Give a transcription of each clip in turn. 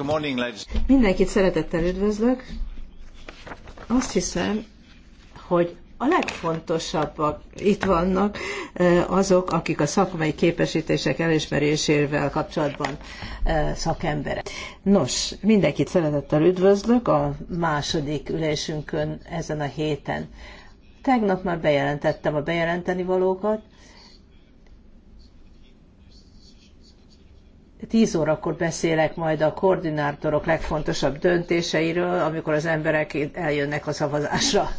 Uh, mindenkit szeretettel üdvözlök. Azt hiszem, hogy a legfontosabbak itt vannak uh, azok, akik a szakmai képesítések elismerésével kapcsolatban uh, szakemberek. Nos, mindenkit szeretettel üdvözlök a második ülésünkön ezen a héten. Tegnap már bejelentettem a bejelenteni valókat, 10 órakor beszélek majd a koordinátorok legfontosabb döntéseiről, amikor az emberek eljönnek a szavazásra.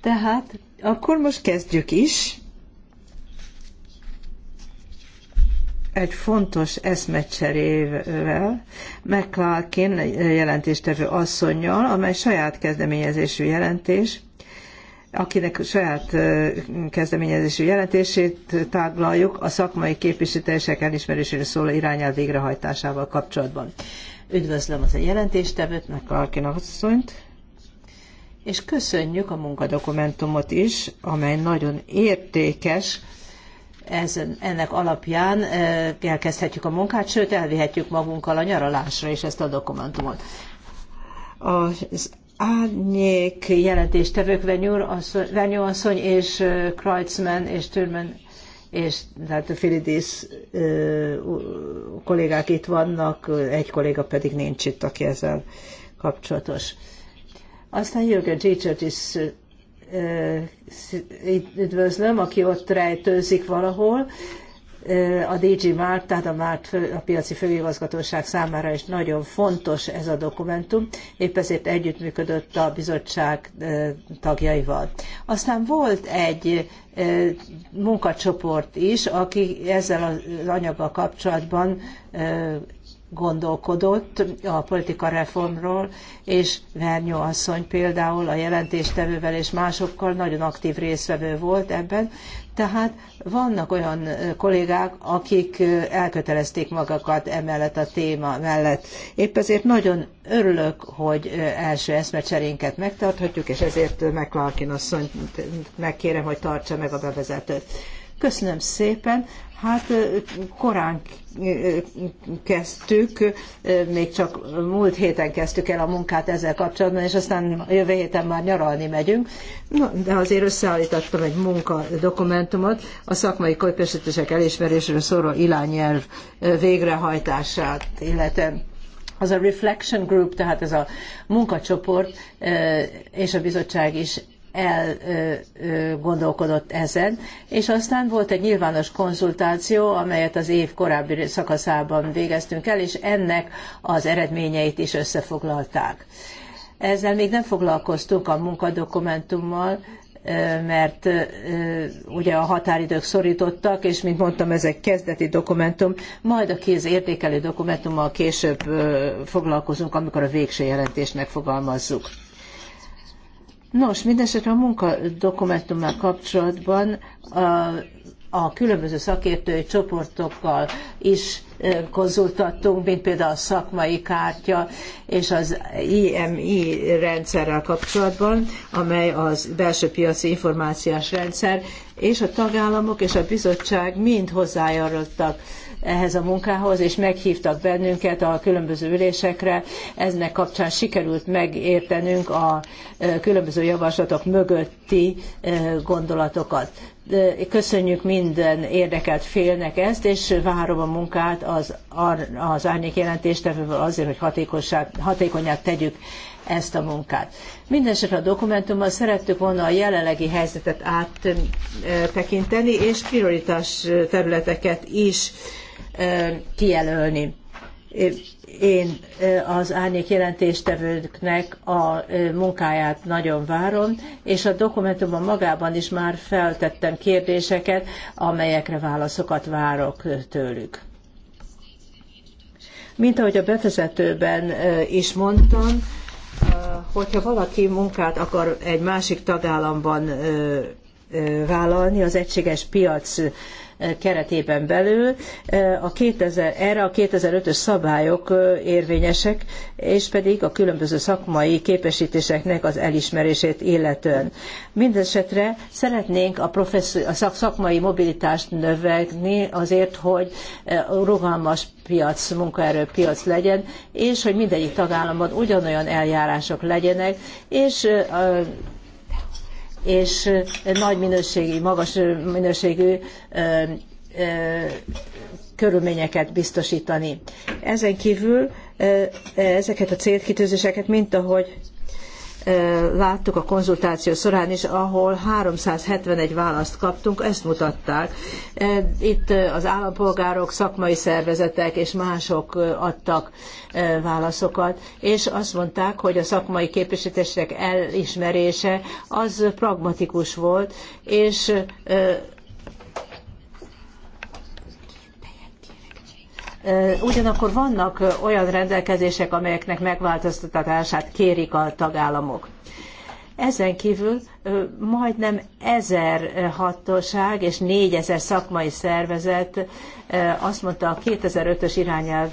Tehát akkor most kezdjük is. Egy fontos eszmecserével, McClarkin jelentéstevő asszonynal, amely saját kezdeményezésű jelentés, akinek saját kezdeményezésű jelentését tárgyaljuk a szakmai képviselések elismerésére szóló irányelv végrehajtásával kapcsolatban. Üdvözlöm az a jelentéstevőt, meg asszonyt, és köszönjük a munkadokumentumot is, amely nagyon értékes, ez, ennek alapján elkezdhetjük a munkát, sőt elvihetjük magunkkal a nyaralásra is ezt a dokumentumot. Az árnyék jelentéstevők Venyó asszony és Kreutzmann és Türmen és tehát a Filidis kollégák itt vannak, egy kolléga pedig nincs itt, aki ezzel kapcsolatos. Aztán Jürgen Zsicsert is üdvözlöm, aki ott rejtőzik valahol, a DG Mart, tehát a, Mart, a piaci főigazgatóság számára is nagyon fontos ez a dokumentum, épp ezért együttműködött a bizottság tagjaival. Aztán volt egy munkacsoport is, aki ezzel az anyaggal kapcsolatban gondolkodott a politika reformról, és Vernyó asszony például a jelentéstevővel és másokkal nagyon aktív részvevő volt ebben, tehát vannak olyan kollégák, akik elkötelezték magukat emellett a téma mellett. Épp ezért nagyon örülök, hogy első eszmecserénket megtarthatjuk, és ezért McClarkin asszonyt megkérem, hogy tartsa meg a bevezetőt. Köszönöm szépen. Hát korán kezdtük, még csak múlt héten kezdtük el a munkát ezzel kapcsolatban, és aztán jövő héten már nyaralni megyünk. No de azért összeállítottam egy munkadokumentumot, a szakmai képesítések elismeréséről szóló irányelv végrehajtását, illetve az a Reflection Group, tehát ez a munkacsoport és a bizottság is elgondolkodott ezen, és aztán volt egy nyilvános konzultáció, amelyet az év korábbi szakaszában végeztünk el, és ennek az eredményeit is összefoglalták. Ezzel még nem foglalkoztunk a munkadokumentummal, mert ugye a határidők szorítottak, és mint mondtam, ez egy kezdeti dokumentum, majd a kéz értékelő dokumentummal később foglalkozunk, amikor a végső jelentést megfogalmazzuk. Nos, mindesetre a munkadokumentummal kapcsolatban a, a különböző szakértői csoportokkal is konzultattunk, mint például a szakmai kártya és az IMI rendszerrel kapcsolatban, amely az belső piaci információs rendszer, és a tagállamok és a bizottság mind hozzájárultak ehhez a munkához, és meghívtak bennünket a különböző ülésekre. Eznek kapcsán sikerült megértenünk a különböző javaslatok mögötti gondolatokat. Köszönjük minden érdekelt félnek ezt, és várom a munkát az, az árnyék jelentéstevővel azért, hogy hatékonyát tegyük ezt a munkát. Mindenesetre a dokumentummal szerettük volna a jelenlegi helyzetet áttekinteni, és prioritás területeket is kijelölni. Én az árnyék jelentéstevőknek a munkáját nagyon várom, és a dokumentumban magában is már feltettem kérdéseket, amelyekre válaszokat várok tőlük. Mint ahogy a bevezetőben is mondtam, hogyha valaki munkát akar egy másik tagállamban vállalni az egységes piac keretében belül eh, a 2000, erre a 2005-ös szabályok eh, érvényesek, és pedig a különböző szakmai képesítéseknek az elismerését illetően. Mindenesetre szeretnénk a, professzor, a szakmai mobilitást növelni azért, hogy eh, rugalmas piac, piac legyen, és hogy mindegyik tagállamban ugyanolyan eljárások legyenek, és és nagy minőségű, magas minőségű körülményeket biztosítani. Ezen kívül ezeket a célkitűzéseket, mint ahogy láttuk a konzultáció során is, ahol 371 választ kaptunk, ezt mutatták. Itt az állampolgárok, szakmai szervezetek és mások adtak válaszokat, és azt mondták, hogy a szakmai képesítések elismerése az pragmatikus volt, és Ugyanakkor vannak olyan rendelkezések, amelyeknek megváltoztatását kérik a tagállamok. Ezen kívül majdnem ezer hatóság és négyezer szakmai szervezet azt mondta a 2005-ös irányelv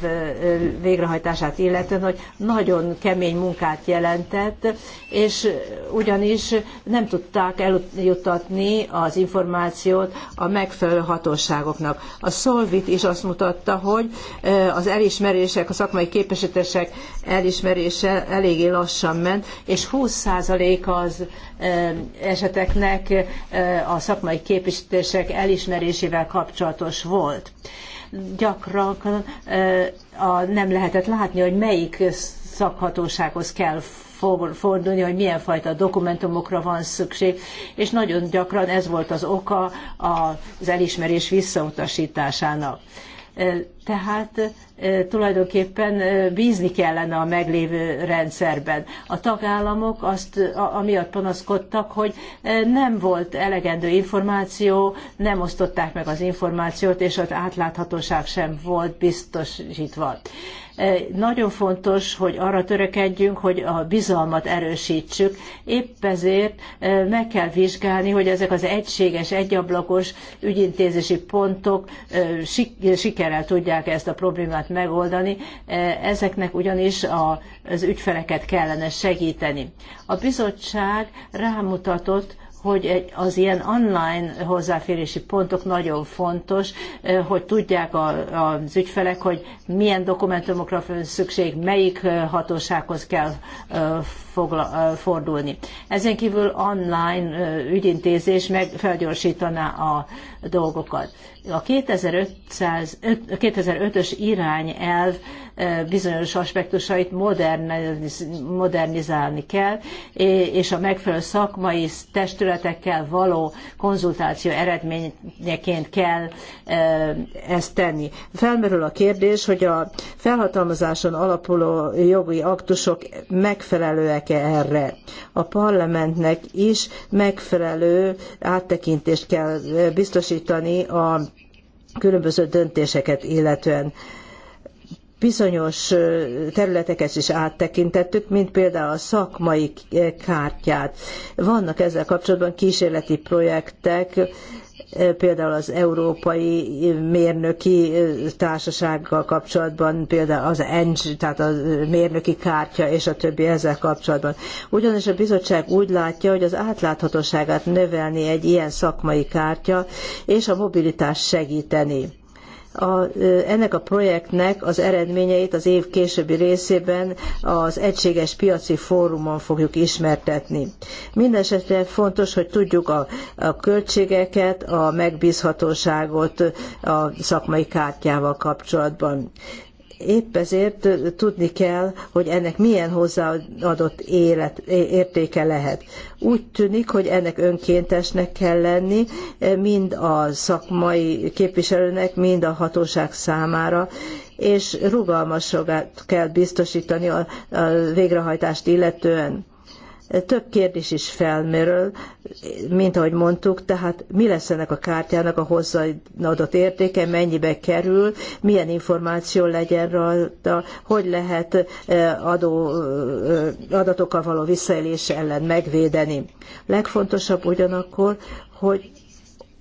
végrehajtását illetően, hogy nagyon kemény munkát jelentett, és ugyanis nem tudták eljuttatni az információt a megfelelő hatóságoknak. A Szolvit is azt mutatta, hogy az elismerések, a szakmai képesítések elismerése eléggé lassan ment, és 20% az eseteknek a szakmai képviselések elismerésével kapcsolatos volt. Gyakran a nem lehetett látni, hogy melyik szakhatósághoz kell fordulni, hogy milyen fajta dokumentumokra van szükség, és nagyon gyakran ez volt az oka az elismerés visszautasításának tehát tulajdonképpen bízni kellene a meglévő rendszerben. A tagállamok azt amiatt panaszkodtak, hogy nem volt elegendő információ, nem osztották meg az információt, és az átláthatóság sem volt biztosítva. Nagyon fontos, hogy arra törekedjünk, hogy a bizalmat erősítsük. Épp ezért e, meg kell vizsgálni, hogy ezek az egységes, egyablakos ügyintézési pontok e, sikerrel tudják ezt a problémát megoldani. E, ezeknek ugyanis az ügyfeleket kellene segíteni. A bizottság rámutatott, hogy az ilyen online hozzáférési pontok nagyon fontos, eh, hogy tudják az ügyfelek, hogy milyen dokumentumokra van szükség, melyik eh, hatósághoz kell eh, fogla, fordulni. Ezen kívül online ügyintézés meg felgyorsítaná a dolgokat. A 2005, ös irányelv bizonyos aspektusait moderniz, modernizálni kell, és a megfelelő szakmai testületekkel való konzultáció eredményeként kell ezt tenni. Felmerül a kérdés, hogy a felhatalmazáson alapuló jogi aktusok megfelelőek figyelnek-e erre. A parlamentnek is megfelelő áttekintést kell biztosítani a különböző döntéseket illetően bizonyos területeket is áttekintettük, mint például a szakmai kártyát. Vannak ezzel kapcsolatban kísérleti projektek, például az Európai Mérnöki Társasággal kapcsolatban, például az ENCS, tehát a mérnöki kártya és a többi ezzel kapcsolatban. Ugyanis a bizottság úgy látja, hogy az átláthatóságát növelni egy ilyen szakmai kártya, és a mobilitás segíteni a, ennek a projektnek az eredményeit az év későbbi részében az egységes piaci fórumon fogjuk ismertetni. Mindenesetre fontos, hogy tudjuk a, a költségeket, a megbízhatóságot a szakmai kártyával kapcsolatban. Épp ezért tudni kell, hogy ennek milyen hozzáadott élet, értéke lehet. Úgy tűnik, hogy ennek önkéntesnek kell lenni, e, mind a szakmai képviselőnek, mind a hatóság számára, és rugalmasságot kell biztosítani a, a végrehajtást illetően több kérdés is felmerül, mint ahogy mondtuk, tehát mi lesz ennek a kártyának a hozzáadott értéke, mennyibe kerül, milyen információ legyen rajta, hogy lehet eh, adó, eh, adatokkal való visszaélés ellen megvédeni. Legfontosabb ugyanakkor, hogy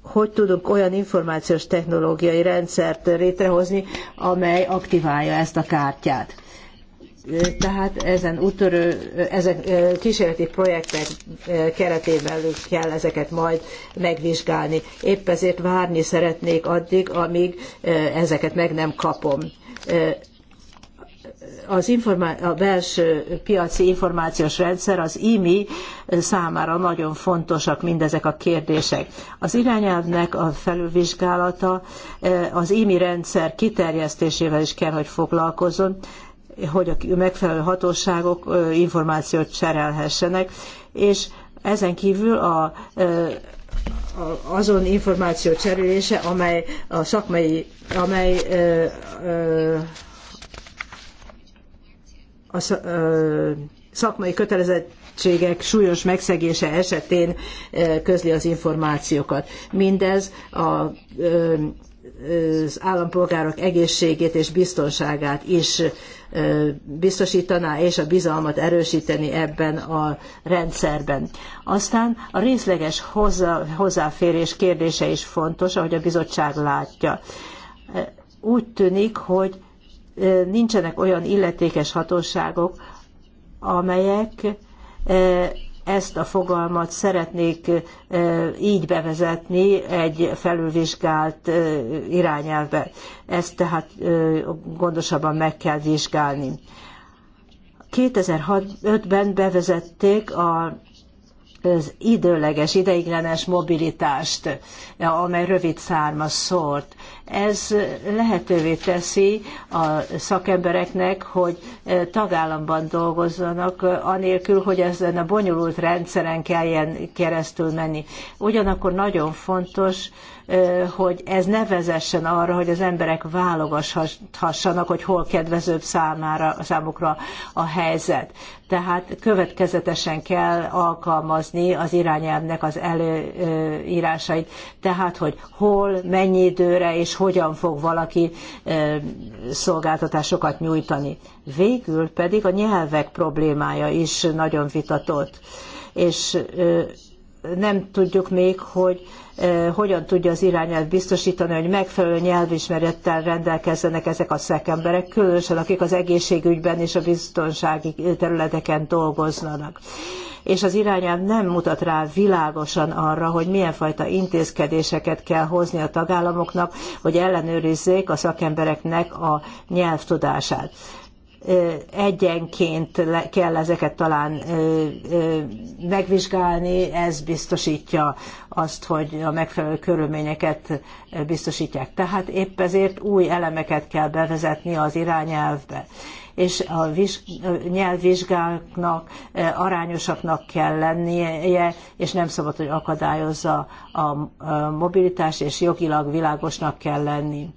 hogy tudunk olyan információs technológiai rendszert létrehozni, amely aktiválja ezt a kártyát tehát ezen úttörő, ezek kísérleti projektek keretében kell ezeket majd megvizsgálni. Épp ezért várni szeretnék addig, amíg ezeket meg nem kapom. Az informá- a belső piaci információs rendszer, az IMI számára nagyon fontosak mindezek a kérdések. Az irányelvnek a felülvizsgálata az IMI rendszer kiterjesztésével is kell, hogy foglalkozzon, hogy a megfelelő hatóságok információt cserélhessenek, és ezen kívül a, azon információ cserélése, amely a szakmai, amely a szakmai kötelezettségek súlyos megszegése esetén közli az információkat. Mindez a az állampolgárok egészségét és biztonságát is biztosítaná, és a bizalmat erősíteni ebben a rendszerben. Aztán a részleges hozzá, hozzáférés kérdése is fontos, ahogy a bizottság látja. Úgy tűnik, hogy nincsenek olyan illetékes hatóságok, amelyek ezt a fogalmat szeretnék így bevezetni egy felülvizsgált irányelvbe. Ezt tehát gondosabban meg kell vizsgálni. 2005-ben bevezették a az időleges, ideiglenes mobilitást, amely rövid szárma szólt. Ez lehetővé teszi a szakembereknek, hogy eh, tagállamban dolgozzanak, eh, anélkül, hogy ezen a bonyolult rendszeren kelljen keresztül menni. Ugyanakkor nagyon fontos, hogy ez ne vezessen arra, hogy az emberek válogathassanak, hogy hol kedvezőbb számára, számukra a helyzet. Tehát következetesen kell alkalmazni az irányelvnek az előírásait, tehát hogy hol, mennyi időre és hogyan fog valaki szolgáltatásokat nyújtani. Végül pedig a nyelvek problémája is nagyon vitatott, és nem tudjuk még, hogy hogyan tudja az irányelv biztosítani, hogy megfelelő nyelvismerettel rendelkezzenek ezek a szakemberek, különösen akik az egészségügyben és a biztonsági területeken dolgoznak. És az irányelv nem mutat rá világosan arra, hogy milyen fajta intézkedéseket kell hozni a tagállamoknak, hogy ellenőrizzék a szakembereknek a nyelvtudását egyenként kell ezeket talán megvizsgálni, ez biztosítja azt, hogy a megfelelő körülményeket biztosítják. Tehát épp ezért új elemeket kell bevezetni az irányelvbe és a nyelvvizsgáknak arányosaknak kell lennie, és nem szabad, hogy akadályozza a mobilitást, és jogilag világosnak kell lenni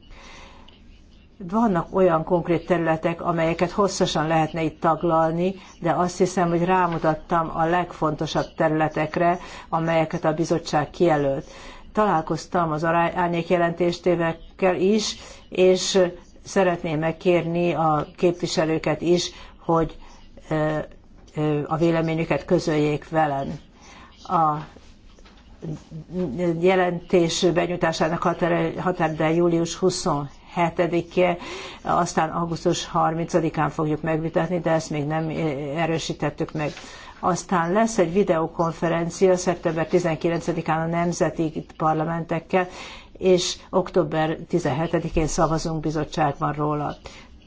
vannak olyan konkrét területek, amelyeket hosszasan lehetne itt taglalni, de azt hiszem, hogy rámutattam a legfontosabb területekre, amelyeket a bizottság kijelölt. Találkoztam az árnyék jelentéstévekkel is, és szeretném megkérni a képviselőket is, hogy a véleményüket közöljék velem. A jelentés benyújtásának határideje július 7-e, aztán augusztus 30-án fogjuk megvitatni, de ezt még nem eh, erősítettük meg. Aztán lesz egy videokonferencia szeptember 19-án a nemzeti parlamentekkel, és október 17-én szavazunk bizottságban róla.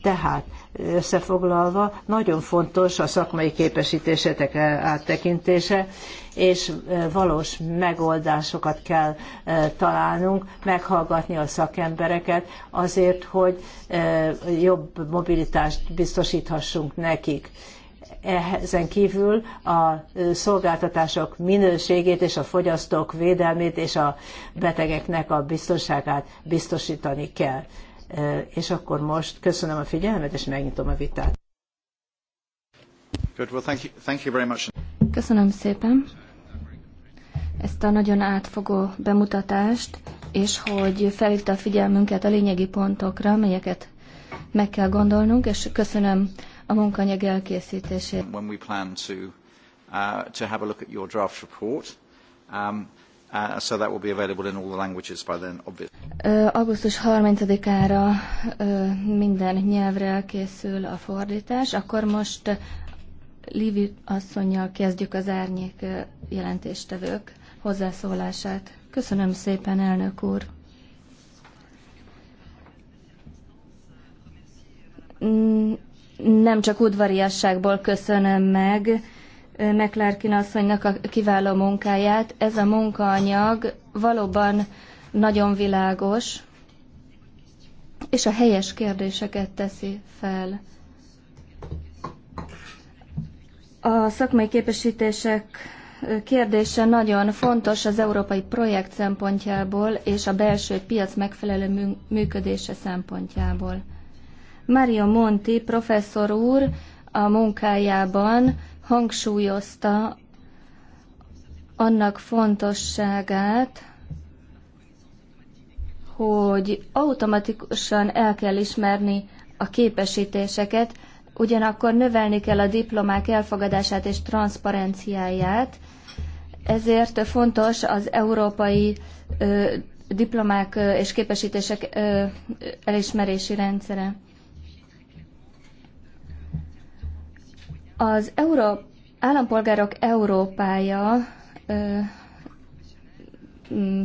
Tehát összefoglalva, nagyon fontos a szakmai képesítésetek áttekintése, és valós megoldásokat kell találnunk, meghallgatni a szakembereket azért, hogy jobb mobilitást biztosíthassunk nekik. Ezen kívül a szolgáltatások minőségét és a fogyasztók védelmét és a betegeknek a biztonságát biztosítani kell és akkor most köszönöm a figyelmet, és megnyitom a vitát. Good, well, thank you, thank you very much. Köszönöm szépen ezt a nagyon átfogó bemutatást, és hogy felhívta a figyelmünket a lényegi pontokra, melyeket meg kell gondolnunk, és köszönöm a munkanyag elkészítését. When we plan to, uh, to have a look at your draft report, um, Uh, so that will be available in all the languages by then, obviously. Uh, augusztus 30-ára uh, minden nyelvre elkészül a fordítás. Akkor most Livi asszonynal kezdjük az árnyék jelentéstevők hozzászólását. Köszönöm szépen, elnök úr! Nem csak udvariasságból köszönöm meg, McLarkin asszonynak a kiváló munkáját. Ez a munkaanyag valóban nagyon világos, és a helyes kérdéseket teszi fel. A szakmai képesítések kérdése nagyon fontos az európai projekt szempontjából és a belső piac megfelelő működése szempontjából. Mario Monti professzor úr a munkájában hangsúlyozta annak fontosságát, hogy automatikusan el kell ismerni a képesítéseket, ugyanakkor növelni kell a diplomák elfogadását és transzparenciáját, ezért fontos az európai ö, diplomák és képesítések ö, elismerési rendszere. Az Euró- állampolgárok Európája ö,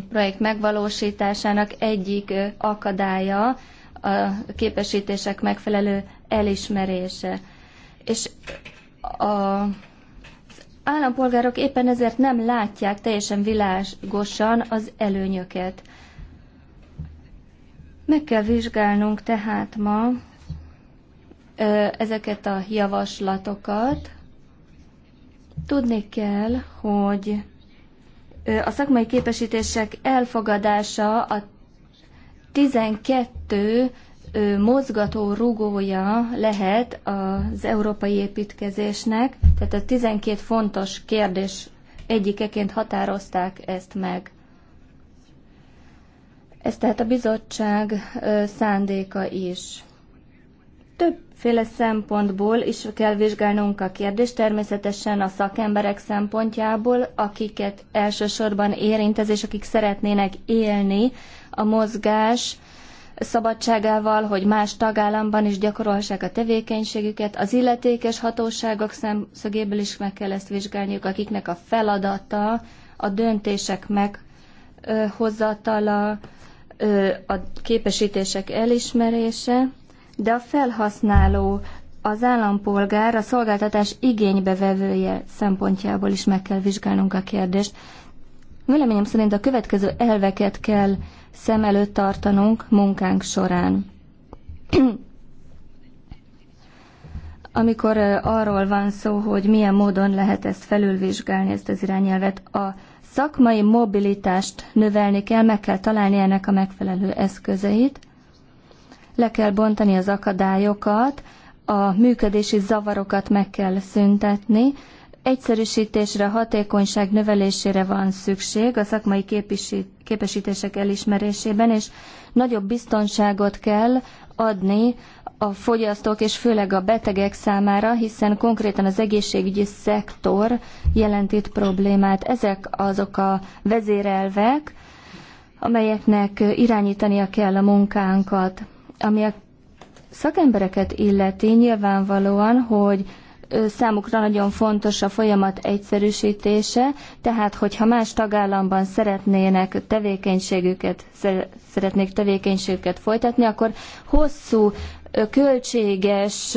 projekt megvalósításának egyik akadálya a képesítések megfelelő elismerése. És a állampolgárok éppen ezért nem látják teljesen világosan az előnyöket. Meg kell vizsgálnunk tehát ma, ezeket a javaslatokat. Tudni kell, hogy a szakmai képesítések elfogadása a 12 mozgató rugója lehet az európai építkezésnek, tehát a 12 fontos kérdés egyikeként határozták ezt meg. Ez tehát a bizottság szándéka is. Több Sokféle szempontból is kell vizsgálnunk a kérdést, természetesen a szakemberek szempontjából, akiket elsősorban érint ez, és akik szeretnének élni a mozgás szabadságával, hogy más tagállamban is gyakorolhassák a tevékenységüket. Az illetékes hatóságok szemszögéből is meg kell ezt vizsgálniuk, akiknek a feladata a döntések meghozatala, a képesítések elismerése, de a felhasználó, az állampolgár, a szolgáltatás igénybevevője szempontjából is meg kell vizsgálnunk a kérdést. Véleményem szerint a következő elveket kell szem előtt tartanunk munkánk során. Amikor arról van szó, hogy milyen módon lehet ezt felülvizsgálni, ezt az irányelvet, a szakmai mobilitást növelni kell, meg kell találni ennek a megfelelő eszközeit, le kell bontani az akadályokat, a működési zavarokat meg kell szüntetni, egyszerűsítésre, hatékonyság növelésére van szükség a szakmai képesítések elismerésében, és nagyobb biztonságot kell adni a fogyasztók és főleg a betegek számára, hiszen konkrétan az egészségügyi szektor jelent itt problémát. Ezek azok a vezérelvek, amelyeknek irányítania kell a munkánkat. Ami a szakembereket illeti, nyilvánvalóan, hogy számukra nagyon fontos a folyamat egyszerűsítése, tehát hogyha más tagállamban szeretnének tevékenységüket, szeretnék tevékenységüket folytatni, akkor hosszú, költséges,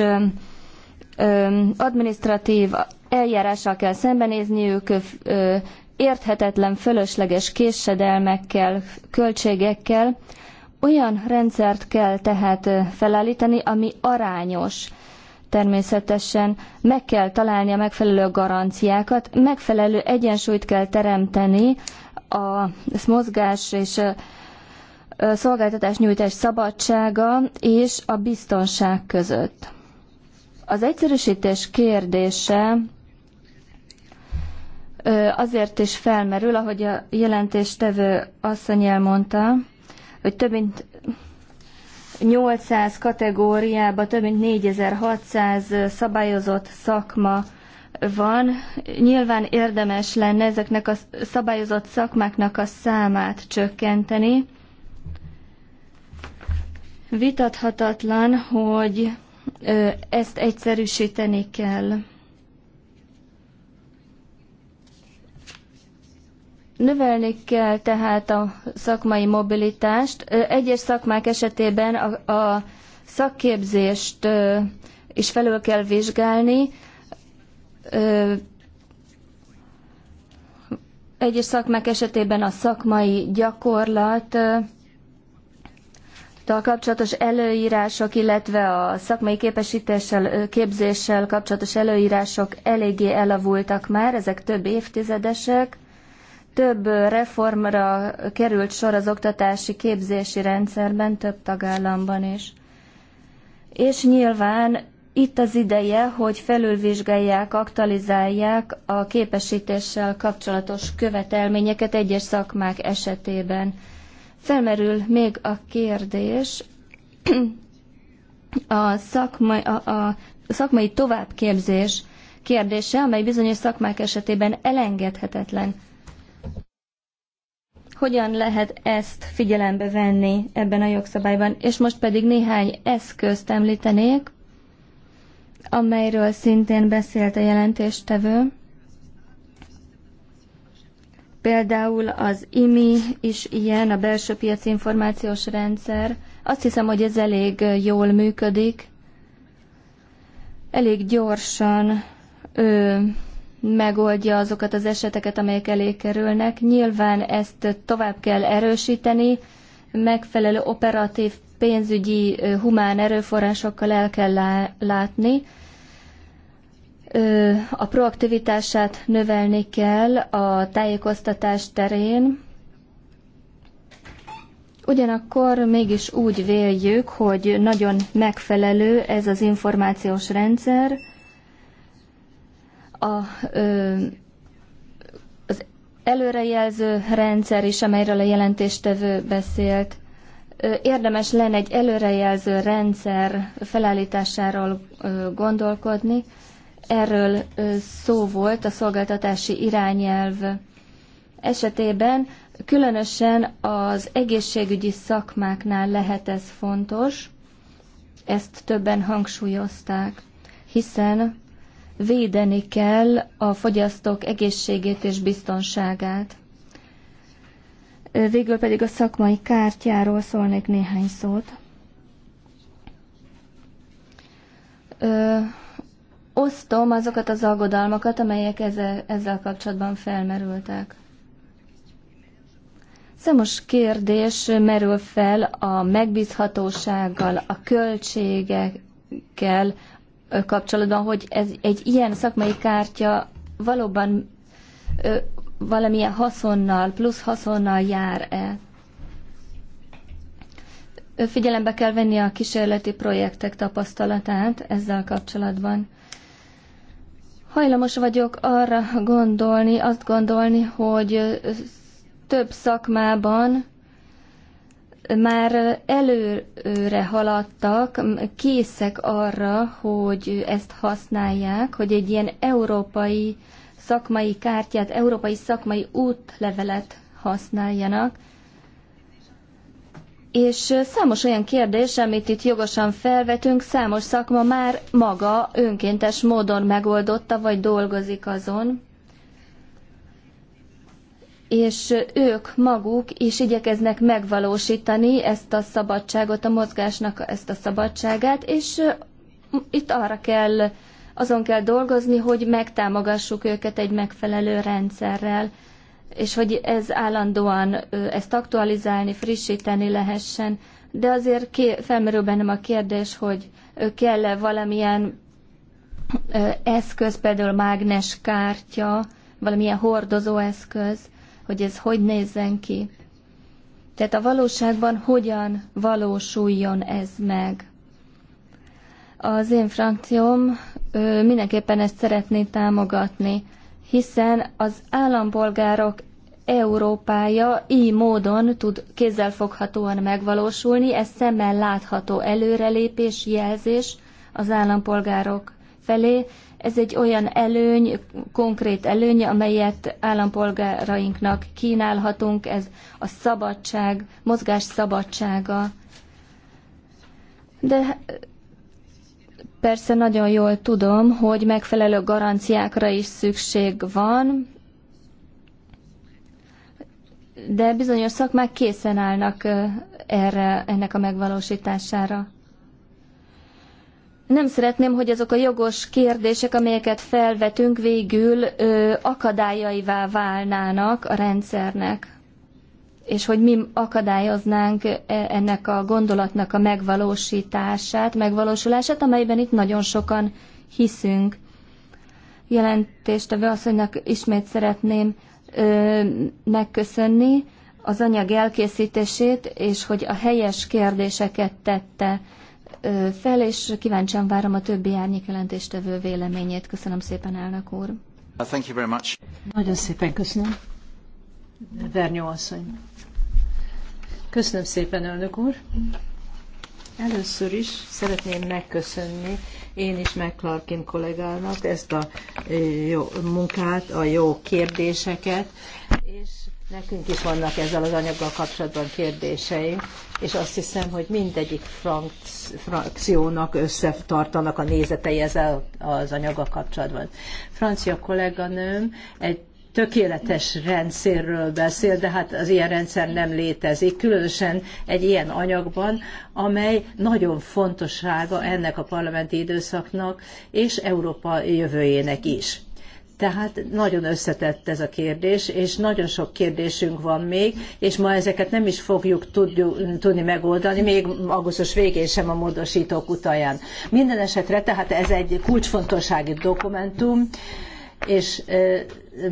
administratív eljárással kell szembenézniük, érthetetlen, fölösleges késedelmekkel, költségekkel, olyan rendszert kell tehát felállítani, ami arányos. Természetesen meg kell találni a megfelelő garanciákat, megfelelő egyensúlyt kell teremteni a mozgás és a szolgáltatás nyújtás szabadsága és a biztonság között. Az egyszerűsítés kérdése azért is felmerül, ahogy a jelentéstevő asszony elmondta, hogy több mint 800 kategóriába több mint 4600 szabályozott szakma van. Nyilván érdemes lenne ezeknek a szabályozott szakmáknak a számát csökkenteni. Vitathatatlan, hogy ezt egyszerűsíteni kell. Növelni kell tehát a szakmai mobilitást. Egyes szakmák esetében a, a szakképzést is felül kell vizsgálni. Egyes szakmák esetében a szakmai gyakorlat a kapcsolatos előírások, illetve a szakmai képesítéssel, képzéssel kapcsolatos előírások eléggé elavultak már, ezek több évtizedesek. Több reformra került sor az oktatási képzési rendszerben, több tagállamban is. És nyilván itt az ideje, hogy felülvizsgálják, aktualizálják a képesítéssel kapcsolatos követelményeket egyes szakmák esetében. Felmerül még a kérdés a, szakmai, a, a szakmai továbbképzés kérdése, amely bizonyos szakmák esetében elengedhetetlen hogyan lehet ezt figyelembe venni ebben a jogszabályban. És most pedig néhány eszközt említenék, amelyről szintén beszélt a jelentéstevő. Például az IMI is ilyen, a belső piac információs rendszer. Azt hiszem, hogy ez elég jól működik. Elég gyorsan ö, megoldja azokat az eseteket, amelyek elé kerülnek. Nyilván ezt tovább kell erősíteni, megfelelő operatív pénzügyi humán erőforrásokkal el kell látni. A proaktivitását növelni kell a tájékoztatás terén. Ugyanakkor mégis úgy véljük, hogy nagyon megfelelő ez az információs rendszer, a, az előrejelző rendszer is, amelyről a jelentéstevő beszélt, érdemes lenne egy előrejelző rendszer felállításáról gondolkodni. Erről szó volt a szolgáltatási irányelv esetében, különösen az egészségügyi szakmáknál lehet ez fontos, ezt többen hangsúlyozták, hiszen védeni kell a fogyasztók egészségét és biztonságát. Végül pedig a szakmai kártyáról szólnék néhány szót. Ö, osztom azokat az aggodalmakat, amelyek ezzel, ezzel kapcsolatban felmerültek. Számos kérdés merül fel a megbízhatósággal, a költségekkel, kapcsolatban, hogy ez egy ilyen szakmai kártya valóban ö, valamilyen haszonnal, plusz haszonnal jár-e. Figyelembe kell venni a kísérleti projektek tapasztalatát ezzel kapcsolatban. Hajlamos vagyok arra gondolni, azt gondolni, hogy több szakmában már előre haladtak, készek arra, hogy ezt használják, hogy egy ilyen európai szakmai kártyát, európai szakmai útlevelet használjanak. És számos olyan kérdés, amit itt jogosan felvetünk, számos szakma már maga önkéntes módon megoldotta, vagy dolgozik azon és ők maguk is igyekeznek megvalósítani ezt a szabadságot, a mozgásnak ezt a szabadságát, és itt arra kell, azon kell dolgozni, hogy megtámogassuk őket egy megfelelő rendszerrel, és hogy ez állandóan ezt aktualizálni, frissíteni lehessen. De azért felmerül bennem a kérdés, hogy kell-e valamilyen eszköz, például mágneskártya, valamilyen hordozóeszköz, hogy ez hogy nézzen ki. Tehát a valóságban hogyan valósuljon ez meg. Az én frakcióm mindenképpen ezt szeretné támogatni, hiszen az állampolgárok Európája így módon tud kézzelfoghatóan megvalósulni, ez szemmel látható előrelépés, jelzés az állampolgárok felé, ez egy olyan előny, konkrét előny, amelyet állampolgárainknak kínálhatunk, ez a szabadság, mozgás szabadsága. De persze nagyon jól tudom, hogy megfelelő garanciákra is szükség van, de bizonyos szakmák készen állnak erre, ennek a megvalósítására nem szeretném, hogy azok a jogos kérdések, amelyeket felvetünk, végül ö, akadályaivá válnának a rendszernek, és hogy mi akadályoznánk e, ennek a gondolatnak a megvalósítását, megvalósulását, amelyben itt nagyon sokan hiszünk. Jelentéstevő asszonynak ismét szeretném ö, megköszönni az anyag elkészítését, és hogy a helyes kérdéseket tette fel, és kíváncsian várom a többi árnyék jelentéstevő véleményét. Köszönöm szépen, elnök úr. Thank you very much. Nagyon szépen köszönöm. Vernyó asszony. Köszönöm szépen, elnök úr. Először is szeretném megköszönni én is meg Clarkin kollégának ezt a jó munkát, a jó kérdéseket, Nekünk is vannak ezzel az anyaggal kapcsolatban kérdéseink, és azt hiszem, hogy mindegyik frakciónak összetartanak a nézetei ezzel az anyaggal kapcsolatban. Francia kolléganőm egy tökéletes rendszerről beszél, de hát az ilyen rendszer nem létezik, különösen egy ilyen anyagban, amely nagyon fontossága ennek a parlamenti időszaknak és Európa jövőjének is. Tehát nagyon összetett ez a kérdés, és nagyon sok kérdésünk van még, és ma ezeket nem is fogjuk tudni megoldani, még augusztus végén sem a módosítók utaján. Minden esetre, tehát ez egy kulcsfontossági dokumentum, és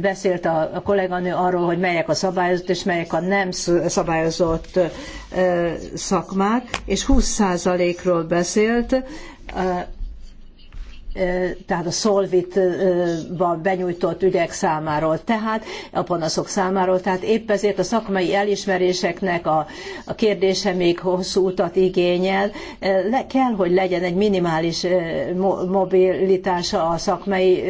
beszélt a, a kolléganő arról, hogy melyek a szabályozott és melyek a nem szabályozott szakmák, és 20%-ról beszélt, tehát a Solvit-ban benyújtott ügyek számáról, tehát a panaszok számáról, tehát épp ezért a szakmai elismeréseknek a, a kérdése még hosszú utat igényel. Le kell, hogy legyen egy minimális mobilitása a szakmai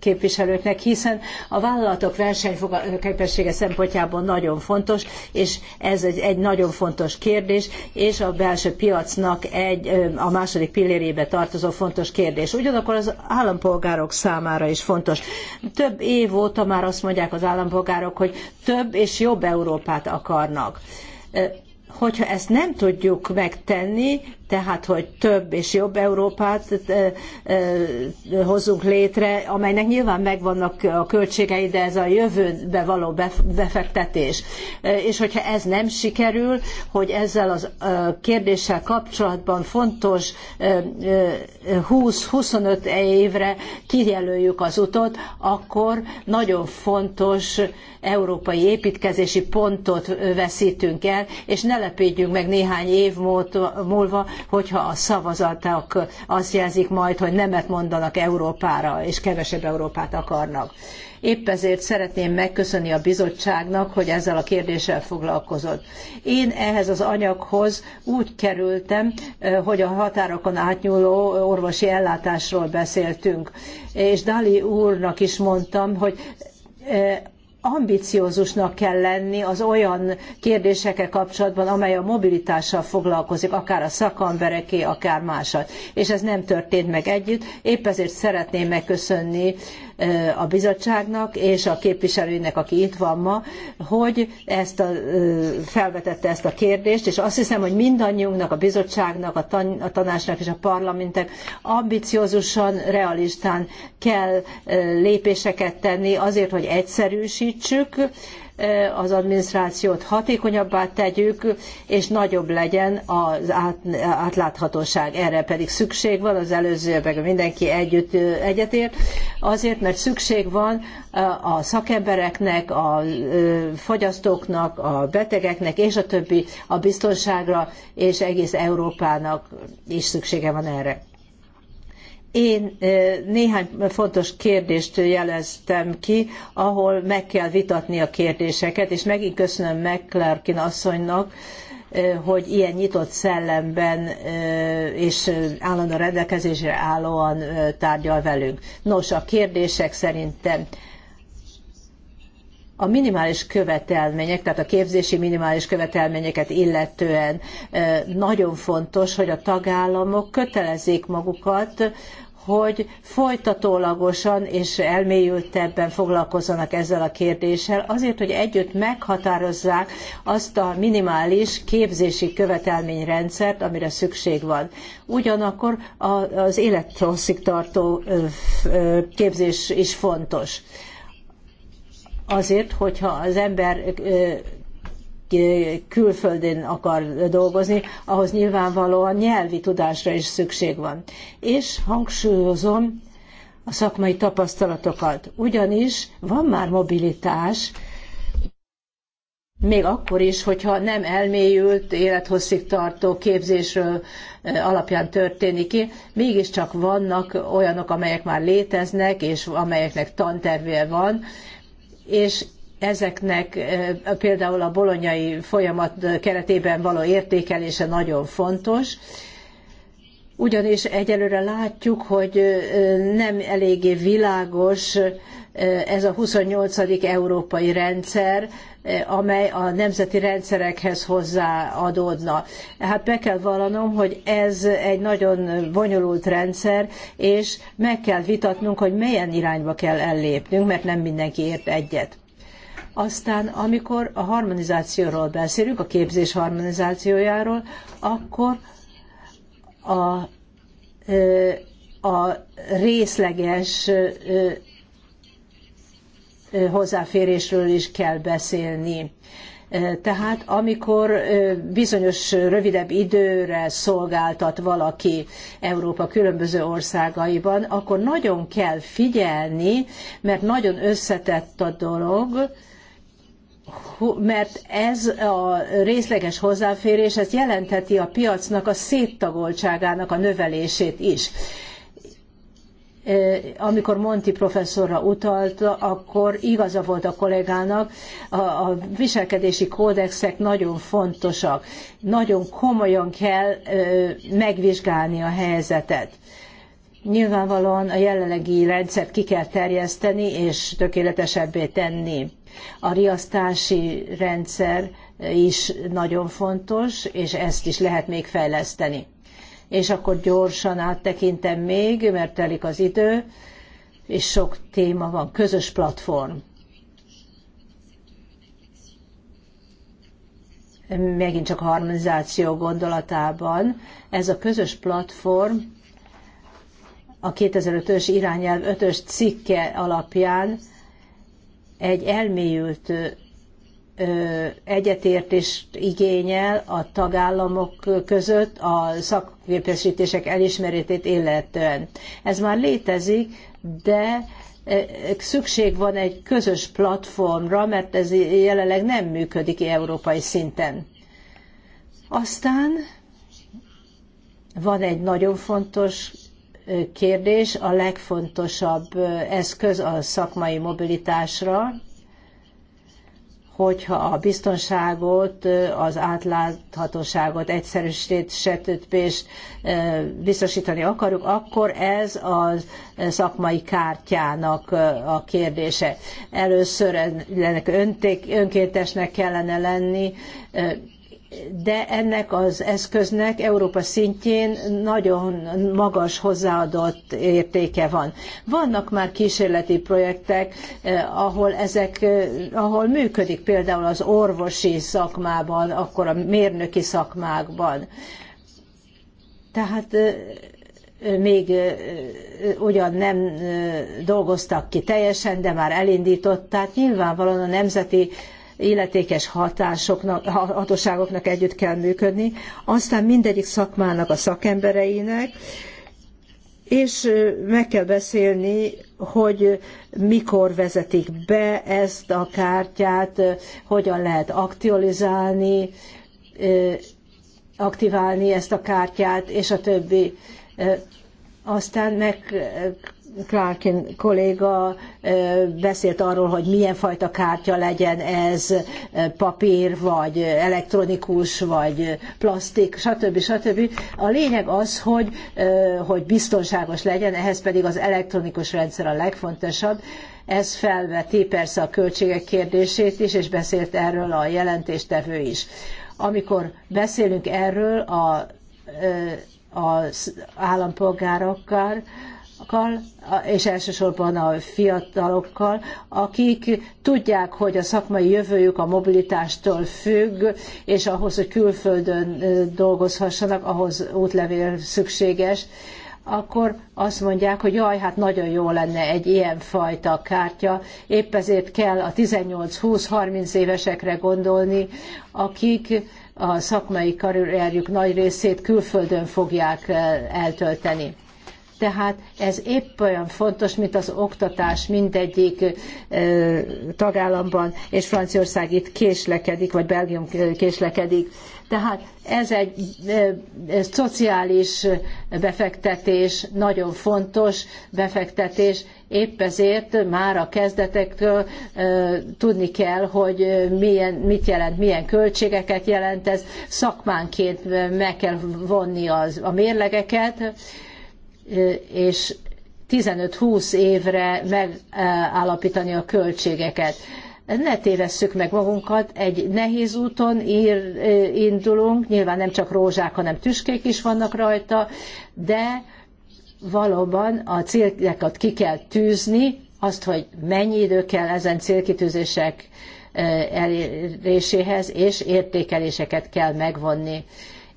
képviselőknek, hiszen a vállalatok versenyképessége szempontjából nagyon fontos, és ez egy, egy nagyon fontos kérdés, és a belső piacnak egy a második pillérébe tartozó fontos kérdés és ugyanakkor az állampolgárok számára is fontos. Több év óta már azt mondják az állampolgárok, hogy több és jobb Európát akarnak Hogyha ezt nem tudjuk megtenni, tehát hogy több és jobb Európát eh, eh, hozzunk létre, amelynek nyilván megvannak a költségei, de ez a jövőbe való befektetés. Eh, és hogyha ez nem sikerül, hogy ezzel a kérdéssel kapcsolatban fontos 20-25 évre kijelöljük az utat, akkor nagyon fontos európai építkezési pontot veszítünk el, és ne lepődjünk meg néhány év múlva, hogyha a szavazatok azt jelzik majd, hogy nemet mondanak Európára, és kevesebb Európát akarnak. Épp ezért szeretném megköszönni a bizottságnak, hogy ezzel a kérdéssel foglalkozott. Én ehhez az anyaghoz úgy kerültem, eh, hogy a határokon átnyúló orvosi ellátásról beszéltünk. És Dali úrnak is mondtam, hogy eh, ambiciózusnak kell lenni az olyan kérdésekkel kapcsolatban, amely a mobilitással foglalkozik, akár a szakembereké, akár másat. És ez nem történt meg együtt. Épp ezért szeretném megköszönni a bizottságnak és a képviselőnek, aki itt van ma, hogy ezt a, felvetette ezt a kérdést, és azt hiszem, hogy mindannyiunknak, a bizottságnak, a, tan- a tanácsnak és a parlamentnek ambiciózusan, realistán kell lépéseket tenni azért, hogy egyszerűsítsük, az adminisztrációt hatékonyabbá tegyük, és nagyobb legyen az át, átláthatóság. Erre pedig szükség van, az előzőben mindenki együtt egyetért, azért, mert szükség van a szakembereknek, a fogyasztóknak, a betegeknek és a többi a biztonságra, és egész Európának is szüksége van erre. Én néhány fontos kérdést jeleztem ki, ahol meg kell vitatni a kérdéseket, és megint köszönöm McClarkin asszonynak, hogy ilyen nyitott szellemben és állandó rendelkezésre állóan tárgyal velünk. Nos, a kérdések szerintem a minimális követelmények, tehát a képzési minimális követelményeket illetően nagyon fontos, hogy a tagállamok kötelezzék magukat hogy folytatólagosan és elmélyültebben foglalkozzanak ezzel a kérdéssel, azért, hogy együtt meghatározzák azt a minimális képzési követelményrendszert, amire szükség van. Ugyanakkor az tartó képzés is fontos. Azért, hogyha az ember külföldön akar dolgozni, ahhoz nyilvánvalóan nyelvi tudásra is szükség van. És hangsúlyozom a szakmai tapasztalatokat, ugyanis van már mobilitás, még akkor is, hogyha nem elmélyült, élethosszig tartó képzésről alapján történik ki, mégiscsak vannak olyanok, amelyek már léteznek, és amelyeknek tantervje van, és ezeknek például a bolonyai folyamat keretében való értékelése nagyon fontos, ugyanis egyelőre látjuk, hogy nem eléggé világos ez a 28. európai rendszer, amely a nemzeti rendszerekhez hozzáadódna. Hát be kell vallanom, hogy ez egy nagyon bonyolult rendszer, és meg kell vitatnunk, hogy melyen irányba kell ellépnünk, mert nem mindenki ért egyet. Aztán, amikor a harmonizációról beszélünk, a képzés harmonizációjáról, akkor a, a részleges hozzáférésről is kell beszélni. Tehát amikor bizonyos rövidebb időre szolgáltat valaki Európa különböző országaiban, akkor nagyon kell figyelni, mert nagyon összetett a dolog, mert ez a részleges hozzáférés, ez jelentheti a piacnak a széttagoltságának a növelését is amikor Monti professzorra utalta, akkor igaza volt a kollégának, a, viselkedési kódexek nagyon fontosak. Nagyon komolyan kell megvizsgálni a helyzetet. Nyilvánvalóan a jelenlegi rendszert ki kell terjeszteni és tökéletesebbé tenni a riasztási rendszer is nagyon fontos, és ezt is lehet még fejleszteni. És akkor gyorsan áttekintem még, mert telik az idő, és sok téma van. Közös platform. Megint csak harmonizáció gondolatában. Ez a közös platform a 2005-ös irányelv 5-ös cikke alapján egy elmélyült egyetértést igényel a tagállamok között a szakképesítések elismeretét illetően. Ez már létezik, de szükség van egy közös platformra, mert ez jelenleg nem működik európai szinten. Aztán van egy nagyon fontos kérdés a legfontosabb eszköz a szakmai mobilitásra, hogyha a biztonságot, az átláthatóságot, egyszerűsítést biztosítani akarjuk, akkor ez a szakmai kártyának a kérdése. Először ennek önkéntesnek kellene lenni, de ennek az eszköznek Európa szintjén nagyon magas hozzáadott értéke van. Vannak már kísérleti projektek, eh, ahol ezek, eh, ahol működik például az orvosi szakmában, akkor a mérnöki szakmákban. Tehát eh, még ugyan nem dolgoztak ki teljesen, de már elindították. Nyilvánvalóan a nemzeti illetékes hatásoknak, hatóságoknak együtt kell működni, aztán mindegyik szakmának a szakembereinek, és meg kell beszélni, hogy mikor vezetik be ezt a kártyát, hogyan lehet aktualizálni, aktiválni ezt a kártyát, és a többi. Aztán meg Clarkin kolléga beszélt arról, hogy milyen fajta kártya legyen ez, papír, vagy elektronikus, vagy plastik, stb. stb. A lényeg az, hogy, hogy biztonságos legyen, ehhez pedig az elektronikus rendszer a legfontosabb. Ez felveti persze a költségek kérdését is, és beszélt erről a jelentéstevő is. Amikor beszélünk erről a az állampolgárokkal, és elsősorban a fiatalokkal, akik tudják, hogy a szakmai jövőjük a mobilitástól függ, és ahhoz, hogy külföldön dolgozhassanak, ahhoz útlevél szükséges, akkor azt mondják, hogy jaj, hát nagyon jó lenne egy ilyen fajta kártya, épp ezért kell a 18-20-30 évesekre gondolni, akik a szakmai karrierjük nagy részét külföldön fogják eltölteni. Tehát ez épp olyan fontos, mint az oktatás mindegyik tagállamban, és Franciaország itt késlekedik, vagy Belgium késlekedik. Tehát ez egy szociális befektetés, nagyon fontos befektetés, épp ezért már a kezdetektől tudni kell, hogy milyen, mit jelent, milyen költségeket jelent ez, szakmánként meg kell vonni az, a mérlegeket, és 15-20 évre megállapítani a költségeket. Ne tévesszük meg magunkat, egy nehéz úton ír, indulunk, nyilván nem csak rózsák, hanem tüskék is vannak rajta, de valóban a célokat ki kell tűzni, azt, hogy mennyi idő kell ezen célkitűzések eléréséhez, és értékeléseket kell megvonni